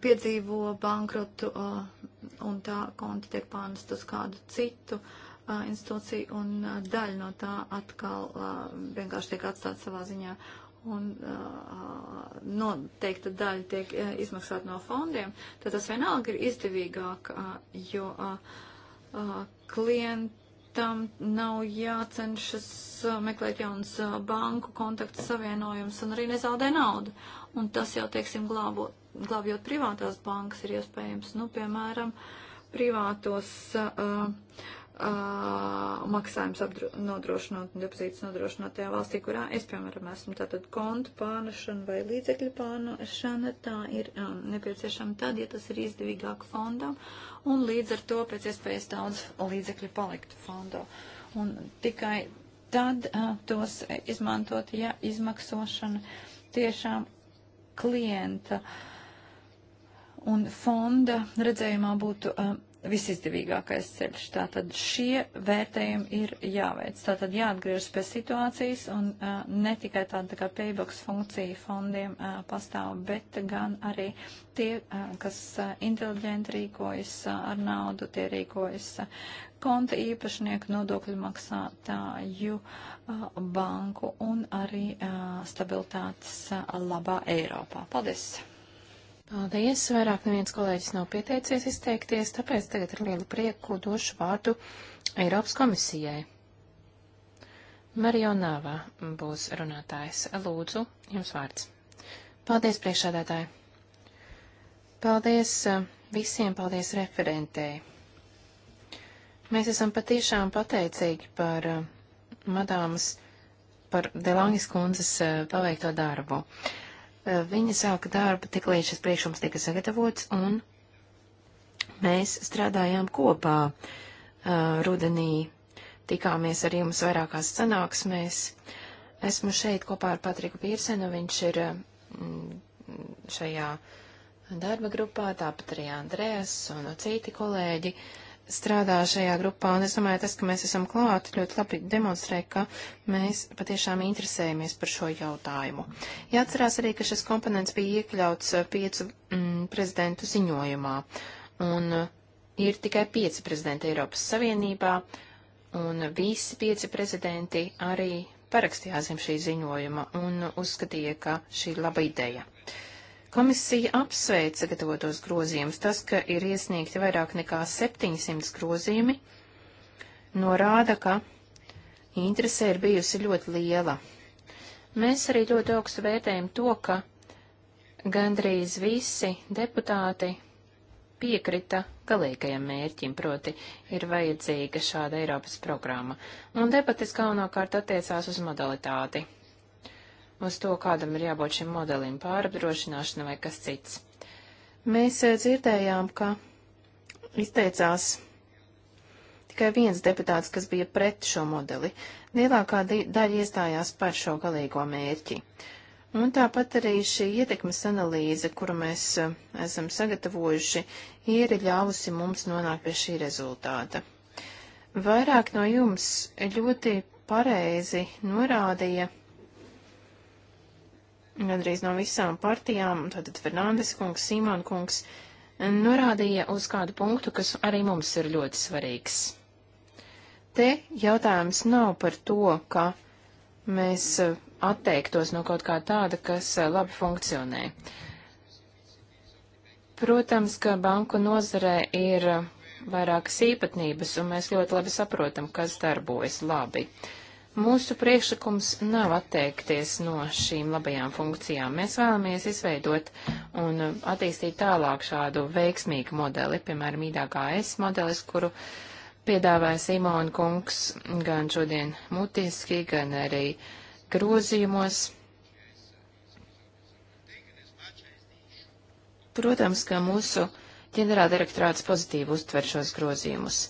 piedzīvo bankrotu. Uh, un tā konta tiek pārnest uz kādu citu uh, institūciju, un uh, daļa no tā atkal uh, vienkārši tiek atstāta savā ziņā. Un uh, noteikta daļa tiek uh, izmaksāta no fondiem, tad tas vienalga ir izdevīgāk, uh, jo uh, uh, klientam nav jācenšas uh, meklēt jaunas uh, banku kontaktu savienojumus un arī nezaudē naudu. Un tas jau, teiksim, glābot glābjot privātās bankas, ir iespējams, nu, piemēram, privātos uh, uh, maksājums nodrošinot un depozītus nodrošinot tajā valstī, kurā es, piemēram, esmu tātad kontu pārnešana vai līdzekļu pārnešana, tā ir um, nepieciešama tad, ja tas ir izdevīgāk fondam un līdz ar to pēc iespējas daudz līdzekļu paliktu fondā. Un tikai tad uh, tos izmantot, ja izmaksošana tiešām klienta uh, un fonda redzējumā būtu uh, visizdevīgākais ceļš. Tātad šie vērtējumi ir jāveic. Tātad jāatgriežas pie situācijas un uh, ne tikai tāda tā kā paybacks funkcija fondiem uh, pastāv, bet gan arī tie, uh, kas uh, inteliģenti rīkojas uh, ar naudu, tie rīkojas uh, konta īpašnieku, nodokļu maksātāju, uh, banku un arī uh, stabilitātes uh, labā Eiropā. Paldies! Paldies! Vairāk neviens kolēģis nav pieteicies izteikties, tāpēc tagad ar lielu prieku došu vārdu Eiropas komisijai. Marijo Nāvā būs runātājs. Lūdzu, jums vārds. Paldies, priekšādātāji! Paldies eh, visiem, paldies referentēji! Mēs esam patiešām pateicīgi par eh, madāmas, par Delangas kundzes eh, paveikto darbu. Uh, Eh, viņa sāka darbu tik līdz šis priekšums tika sagatavots, un mēs strādājām kopā eh, rudenī. Tikāmies ar jums vairākās sanāksmēs. Esmu šeit kopā ar Patriku Pīrsenu, viņš ir eh, šajā darba grupā, tāpat arī Andrēs un citi kolēģi. Uh, strādā šajā grupā, un es domāju, tas, ka mēs esam klāt, ļoti labi demonstrē, ka mēs patiešām interesējamies par šo jautājumu. Jāatcerās arī, ka šis komponents bija iekļauts eh, piecu mm, prezidentu ziņojumā, un eh, ir tikai pieci prezidenti Eiropas Savienībā, un visi pieci prezidenti arī parakstījās zem šī ziņojuma un uzskatīja, ka šī ir laba ideja. Uh, Komisija apsveic sagatavotos grozījumus. Tas, ka ir iesniegti vairāk nekā 700 grozījumi, norāda, ka interese ir bijusi ļoti liela. Mēs arī ļoti augstu vērtējam to, ka gandrīz visi deputāti piekrita galīgajam mērķim, proti ir vajadzīga šāda Eiropas programma, un debates galvenokārt attiecās uz modalitāti uz to, kādam ir jābūt šim modelim pārapdrošināšana vai kas cits. Mēs eh, dzirdējām, ka izteicās tikai viens deputāts, kas bija pret šo modeli. Lielākā daļa iestājās par šo galīgo mērķi. Un tāpat arī šī ietekmes analīze, kuru mēs eh, esam sagatavojuši, ir ļāvusi mums nonākt pie šī rezultāta. Vairāk no jums ļoti pareizi norādīja, gandrīz no visām partijām, tātad Fernandes kungs, Simon kungs, norādīja uz kādu punktu, kas arī mums ir ļoti svarīgs. Te jautājums nav par to, ka mēs eh, atteiktos no kaut kā tāda, kas eh, labi funkcionē. Protams, ka banku nozarē ir eh, vairākas īpatnības, un mēs ļoti labi saprotam, kas darbojas labi. Uh, Mūsu priekšlikums nav atteikties no šīm labajām funkcijām. Mēs vēlamies izveidot un attīstīt tālāk šādu veiksmīgu modeli, piemēram, IDKS modelis, kuru piedāvāja Simona Kungs gan šodien mutiski, gan arī grozījumos. Protams, ka mūsu ģenerāldirektorāts pozitīvi uztver šos grozījumus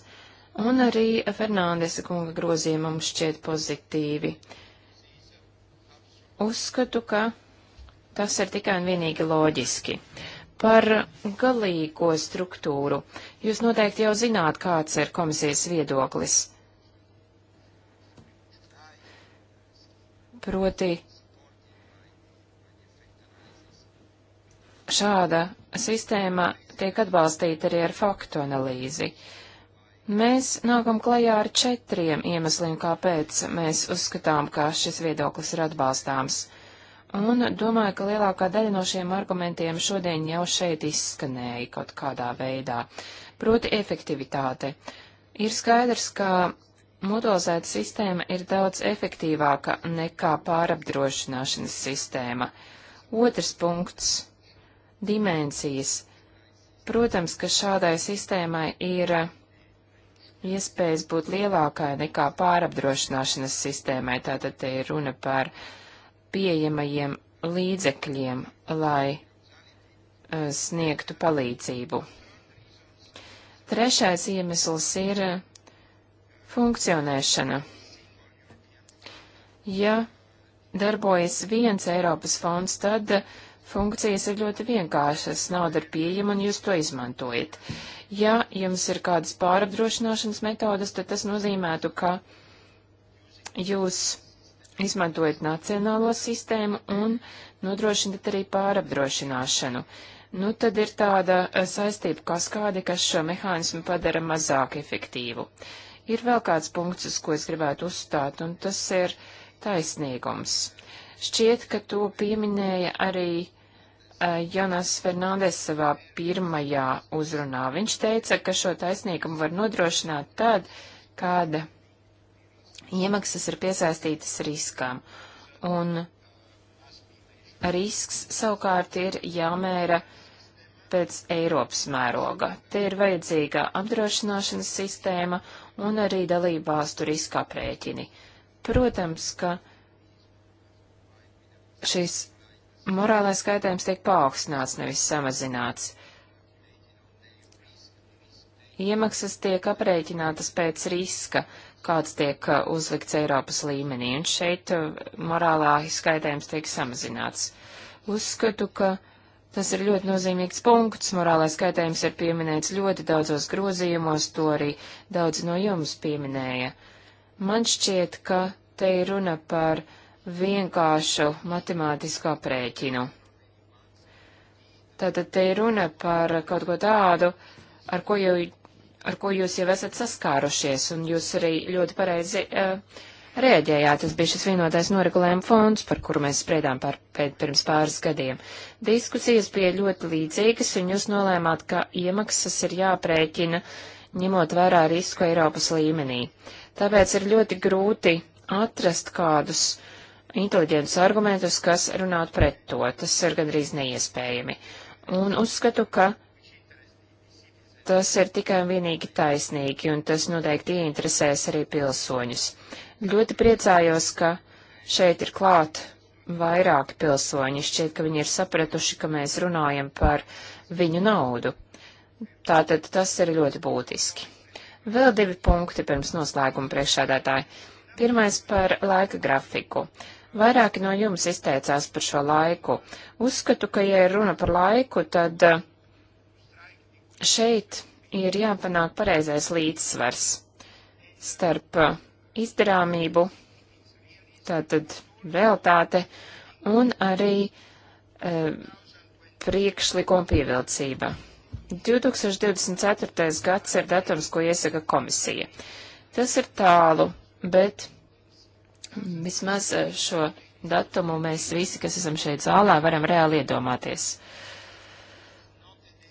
un arī Fernandesa kunga grozījumi mums šķiet pozitīvi. Uzskatu, ka tas ir tikai un vienīgi loģiski. Par galīgo struktūru. Jūs noteikti jau zināt, kāds ir komisijas viedoklis. Proti, šāda sistēma tiek atbalstīta arī ar faktu analīzi. Uh, Mēs nākam klajā ar četriem iemesliem, kāpēc mēs uzskatām, ka šis viedoklis ir atbalstāms. Un domāju, ka lielākā daļa no šiem argumentiem šodien jau šeit izskanēja kaut kādā veidā. Proti efektivitāte. Ir skaidrs, ka modelizēta sistēma ir daudz efektīvāka nekā pārapdrošināšanas sistēma. Otrs punkts - dimensijas. Protams, ka šādai sistēmai ir iespējas būt lielākai nekā pārapdrošināšanas sistēmai, tātad te ir runa par pieejamajiem līdzekļiem, lai uh, sniegtu palīdzību. Trešais iemesls ir funkcionēšana. Ja darbojas viens Eiropas fonds, tad Funkcijas ir ļoti vienkāršas, nauda ir pieejama un jūs to izmantojat. Ja jums ir kādas pārapdrošināšanas metodas, tad tas nozīmētu, ka jūs izmantojat nacionālo sistēmu un nodrošinat arī pārapdrošināšanu. Nu, tad ir tāda eh, saistība kaskāde, kas šo mehānismu padara mazāk efektīvu. Ir vēl kāds punkts, uz ko es gribētu uzstāt, un tas ir taisnīgums. Šķiet, ka to pieminēja arī Jonas Fernandes savā pirmajā uzrunā. Viņš teica, ka šo taisnīgumu var nodrošināt tad, kad iemaksas ir piesaistītas riskām. Un risks savukārt ir jāmēra pēc Eiropas mēroga. Te ir vajadzīga apdrošināšanas sistēma un arī dalībvalstu riska aprēķini. Protams, ka šis morālais kaitējums tiek paaugstināts, nevis samazināts. Iemaksas tiek aprēķinātas pēc riska, kāds tiek uh, uzlikts Eiropas līmenī, un šeit uh, morālā izskaitējums tiek samazināts. Uzskatu, ka tas ir ļoti nozīmīgs punkts. Morālais skaitējums ir pieminēts ļoti daudzos grozījumos, to arī daudz no jums pieminēja. Man šķiet, ka te ir runa par uh, vienkāršu matemātisku aprēķinu. Tātad te ir runa par kaut ko tādu, ar ko, jau, ar ko jūs jau esat saskārušies, un jūs arī ļoti pareizi uh, rēģējāt. Tas bija šis vienotais noregulējuma fonds, par kuru mēs spriedām par, pēc, pirms pāris gadiem. Diskusijas bija ļoti līdzīgas, un jūs nolēmāt, ka iemaksas ir jāprēķina, ņemot vērā risku Eiropas līmenī. Tāpēc ir ļoti grūti atrast kādus uh, inteliģentus argumentus, kas runātu pret to. Tas ir gandrīz neiespējami. Un uzskatu, ka tas ir tikai un vienīgi taisnīgi, un tas noteikti ieinteresēs arī pilsoņus. Ļoti priecājos, ka šeit ir klāt vairāki pilsoņi. Šķiet, ka viņi ir sapratuši, ka mēs runājam par viņu naudu. Tātad tas ir ļoti būtiski. Vēl divi punkti pirms noslēguma priekšādātāji. Pirmais par laika grafiku. Vairāki no jums izteicās par šo laiku. Uzskatu, ka, ja ir runa par laiku, tad eh, šeit ir jāpanāk pareizais līdzsvars starp eh, izdarāmību, tātad realitāte un arī e, priekšlikuma pievilcība. 2024. gads ir datums, ko iesaka komisija. Tas ir tālu, bet Vismaz eh, šo datumu mēs visi, kas esam šeit zālā, varam reāli iedomāties.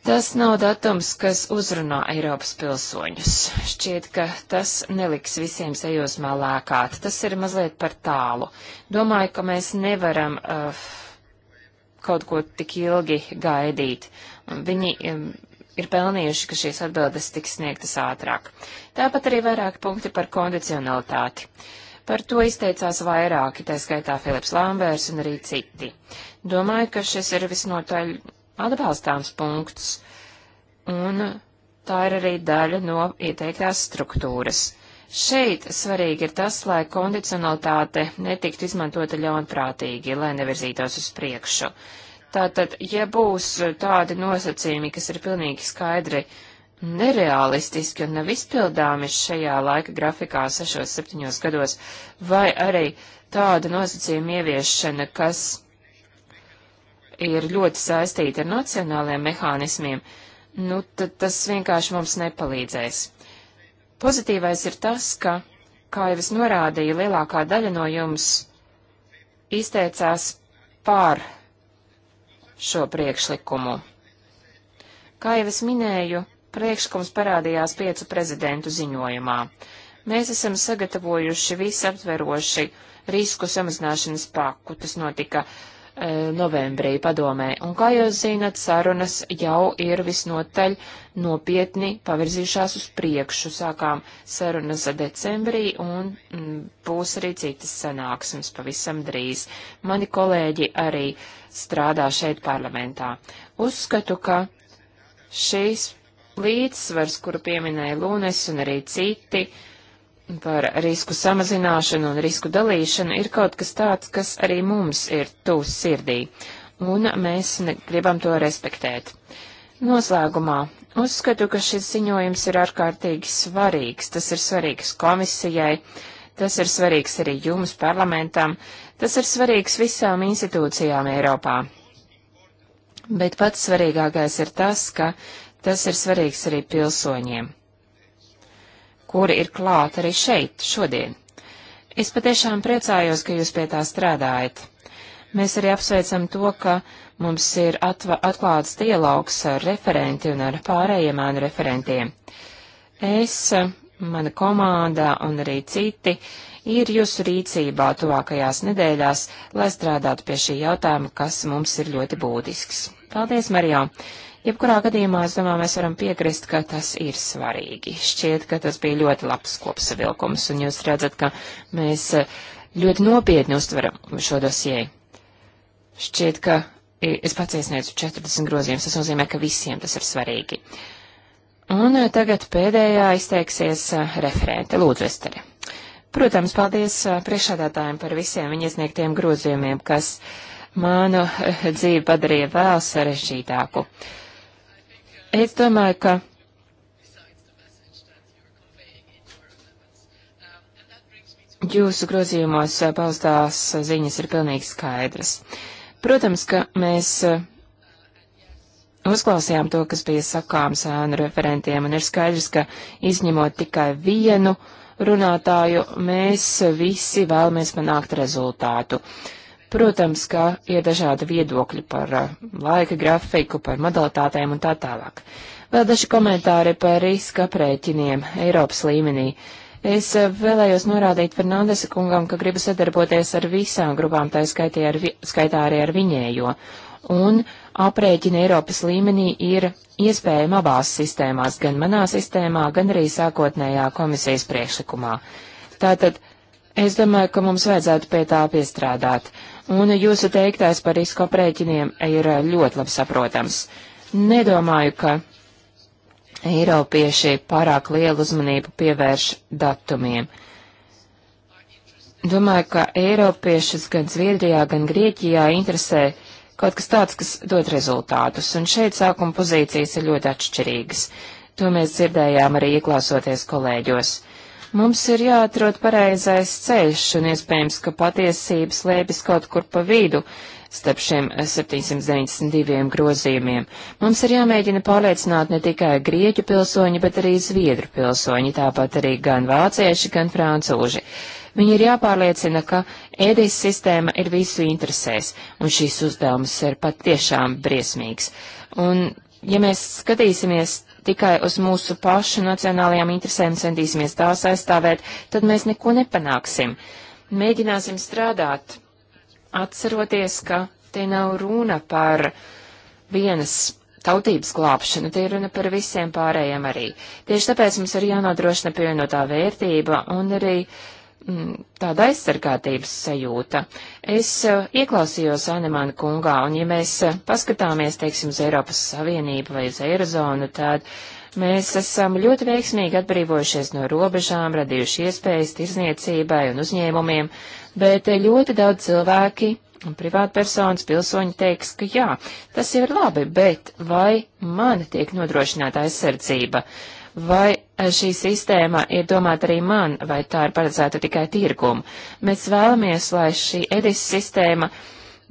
Tas nav datums, kas uzrunā Eiropas pilsoņus. Šķiet, ka tas neliks visiem sajūsmā lēkāt. Tas ir mazliet par tālu. Domāju, ka mēs nevaram uh, kaut ko tik ilgi gaidīt. Viņi um, ir pelnījuši, ka šīs atbildes tiks sniegtas ātrāk. Tāpat arī vairāk punkti par kondicionalitāti. Uh, Par to izteicās vairāki, tā skaitā Filips Lambērs un arī citi. Domāju, ka šis ir visnotaļ atbalstāms punkts, un tā ir arī daļa no ieteiktās struktūras. Šeit svarīgi ir tas, lai kondicionalitāte netiktu izmantota ļaunprātīgi, lai nevirzītos uz priekšu. Tātad, ja būs tādi nosacījumi, kas ir pilnīgi skaidri nereālistiski un nav izpildāmi šajā laika grafikā 6-7 gados, vai arī tāda nosacījuma ieviešana, kas ir ļoti saistīta ar nacionāliem mehānismiem, nu tad tas vienkārši mums nepalīdzēs. Pozitīvais ir tas, ka, kā jau es norādīju, lielākā daļa no jums izteicās pār šo priekšlikumu. Kā jau es minēju, priekšlikums parādījās piecu prezidentu ziņojumā. Mēs esam sagatavojuši visaptveroši risku samazināšanas paku. Tas notika e, novembrī padomē. Un, kā jūs zinat, sarunas jau ir visnotaļ nopietni pavirzījušās uz priekšu. Sākām sarunas decembrī un m, mm, būs arī citas sanāksmes pavisam drīz. Mani kolēģi arī strādā šeit parlamentā. Uzskatu, ka šīs līdzsvars, kuru pieminēja Lūnes un arī citi par risku samazināšanu un risku dalīšanu, ir kaut kas tāds, kas arī mums ir tūs sirdī, un mēs gribam to respektēt. Noslēgumā uzskatu, ka šis ziņojums ir ārkārtīgi svarīgs. Tas ir svarīgs komisijai, tas ir svarīgs arī jums parlamentam, tas ir svarīgs visām institūcijām Eiropā. Bet pats svarīgākais ir tas, ka Tas ir svarīgs arī pilsoņiem, kuri ir klāt arī šeit, šodien. Es patiešām priecājos, ka jūs pie tā strādājat. Mēs arī apsveicam to, ka mums ir atva, atklāts dialogs ar referenti un ar pārējiem ānu referentiem. Es, mana komanda un arī citi ir jūsu rīcībā tuvākajās nedēļās, lai strādātu pie šī jautājuma, kas mums ir ļoti būtisks. Paldies, Marijo! Jebkurā gadījumā, es domāju, mēs varam piekrist, ka tas ir svarīgi. Šķiet, ka tas bija ļoti labs kopsavilkums, un jūs redzat, ka mēs eh, ļoti nopietni uztveram šo dosieju. Šķiet, ka es pats iesniedzu 40 grozījumus, tas nozīmē, ka visiem tas ir svarīgi. Un eh, tagad pēdējā izteiksies eh, referente Lūdzu Esteri. Protams, paldies priekšādātājiem par visiem viņa iesniegtiem grozījumiem, kas manu dzīvi padarīja vēl sarežģītāku. Uh, Es domāju, ka jūsu grozījumos eh, paustās ziņas ir pilnīgi skaidras. Protams, ka mēs eh, uzklausījām to, kas bija sakāms ēnu referentiem, un ir skaidrs, ka izņemot tikai vienu runātāju, mēs visi vēlamies panākt rezultātu. Uh, Protams, ka ir dažādi viedokļi par eh, laika grafiku, par modalitātēm un tā tālāk. Vēl daži komentāri par riska aprēķiniem Eiropas līmenī. Es eh, vēlējos norādīt Fernandesa kungam, ka gribu sadarboties ar visām grupām, tā skaitā, ar vi skaitā arī ar viņējo. Un aprēķina Eiropas līmenī ir iespējama abās sistēmās, gan manā sistēmā, gan arī sākotnējā komisijas priekšlikumā. Tātad, es domāju, ka mums vajadzētu pie tā piestrādāt. Uh, un jūsu teiktais par riska aprēķiniem ir eh, ļoti labi saprotams. Nedomāju, ka Eiropieši pārāk lielu uzmanību pievērš datumiem. Domāju, ka Eiropiešus gan Zviedrijā, gan Grieķijā interesē kaut kas tāds, kas dod rezultātus, un šeit sākuma pozīcijas ir ļoti atšķirīgas. To mēs dzirdējām arī ieklausoties kolēģos. Mums ir jāatrod pareizais ceļš, un iespējams, ka patiesības lēpjas kaut kur pa vidu starp šiem 792 eh, grozījumiem. Mums ir jāmēģina pārliecināt ne tikai grieķu pilsoņi, bet arī zviedru pilsoņi, tāpat arī gan vācieši, gan francūži. Viņi ir jāpārliecina, ka ēdīs sistēma ir visu interesēs, un šīs uzdevums ir patiešām briesmīgs. Un, ja mēs skatīsimies tikai uz mūsu pašu nacionālajām interesēm centīsimies tās aizstāvēt, tad mēs neko nepanāksim. Mēģināsim strādāt, atceroties, ka te nav runa par vienas tautības glābšanu, te ir runa par visiem pārējiem arī. Tieši tāpēc mums ir jānodrošina pievienotā vērtība un arī uh, Mm, tāda aizsargātības sajūta. Es eh, ieklausījos Anemāna kungā, un ja mēs eh, paskatāmies, teiksim, uz Eiropas Savienību vai uz Eirozonu, tad mēs esam ļoti veiksmīgi atbrīvojušies no robežām, radījuši iespējas tirzniecībai un uzņēmumiem, bet eh, ļoti daudz cilvēki un privātpersonas pilsoņi teiks, ka jā, tas jau ir labi, bet vai man tiek nodrošināta aizsardzība? Vai Eh, šī sistēma ir domāta arī man, vai tā ir paredzēta tikai tirgumu. Mēs vēlamies, lai šī edis sistēma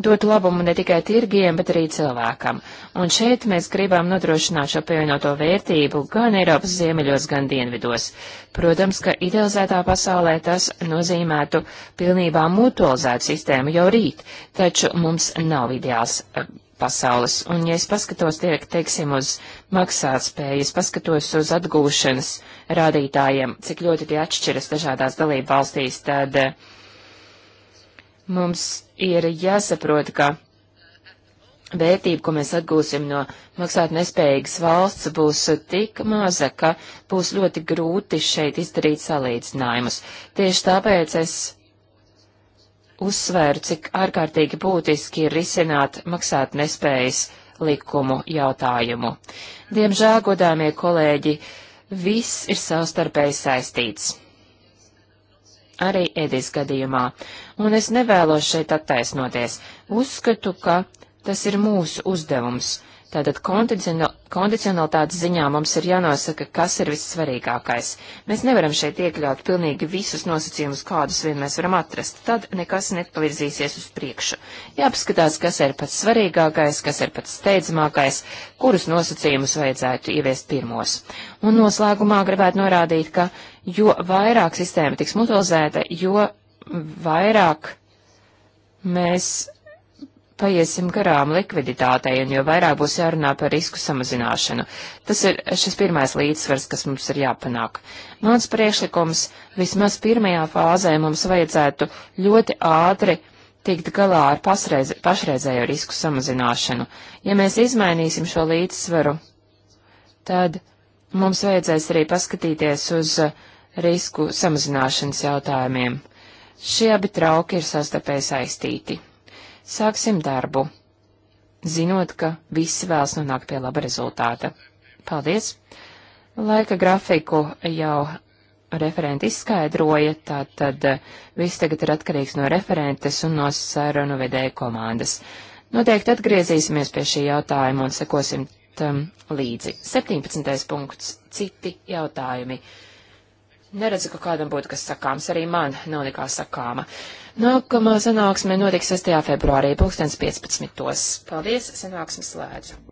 dotu labumu ne tikai tirgiem, bet arī cilvēkam. Un šeit mēs gribam nodrošināt šo pievienoto vērtību gan Eiropas ziemeļos, gan dienvidos. Protams, ka idealizētā pasaulē tas nozīmētu pilnībā mutualizētu sistēmu jau rīt, taču mums nav ideāls eh, pasaules. Un, ja es paskatos, tiek, teiksim, uz maksātspēju, es paskatos uz atgūšanas rādītājiem, cik ļoti tie atšķiras dažādās dalību valstīs, tad eh, mums ir jāsaprot, ka vērtība, ko mēs atgūsim no maksāt nespējīgas valsts, būs tik maza, ka būs ļoti grūti šeit izdarīt salīdzinājumus. Tieši tāpēc es uzsvēru, cik ārkārtīgi būtiski ir risināt maksāt nespējas likumu jautājumu. Diemžēl, godāmie kolēģi, viss ir savstarpēji saistīts. Arī Edis gadījumā, un es nevēlos šeit attaisnoties, uzskatu, ka tas ir mūsu uzdevums Tātad kondicionalitātes ziņā mums ir jānosaka, kas ir vissvarīgākais. Mēs nevaram šeit iekļaut pilnīgi visus nosacījumus, kādus vien mēs varam atrast. Tad nekas nepavirzīsies uz priekšu. Jāpaskatās, kas ir pats svarīgākais, kas ir pats steidzamākais, kurus nosacījumus vajadzētu ieviest pirmos. Un noslēgumā gribētu norādīt, ka jo vairāk sistēma tiks mutualizēta, jo vairāk mēs paiesim garām likviditātei, un jo vairāk būs jārunā par risku samazināšanu. Tas ir šis pirmais līdzsvars, kas mums ir jāpanāk. Mans priekšlikums vismaz pirmajā fāzē mums vajadzētu ļoti ātri tikt galā ar pasreiz, pašreizējo risku samazināšanu. Ja mēs izmainīsim šo līdzsvaru, tad mums vajadzēs arī paskatīties uz uh, risku samazināšanas jautājumiem. Šie abi trauki ir sastarpēji saistīti. Sāksim darbu, zinot, ka visi vēlas nonākt pie laba rezultāta. Paldies! Laika grafiku jau referenti izskaidroja, tātad eh, viss tagad ir atkarīgs no referentes un no sarunu vedēja komandas. Noteikti atgriezīsimies pie šī jautājuma un sekosim tam līdzi. 17. punkts. Citi jautājumi. Neredzu, ka kādam būtu kas sakāms, arī man nav nekā sakāma. Uh, Nākamā sanāksme notiks 6. februārī 2015. Paldies, sanāksmes slēdzu!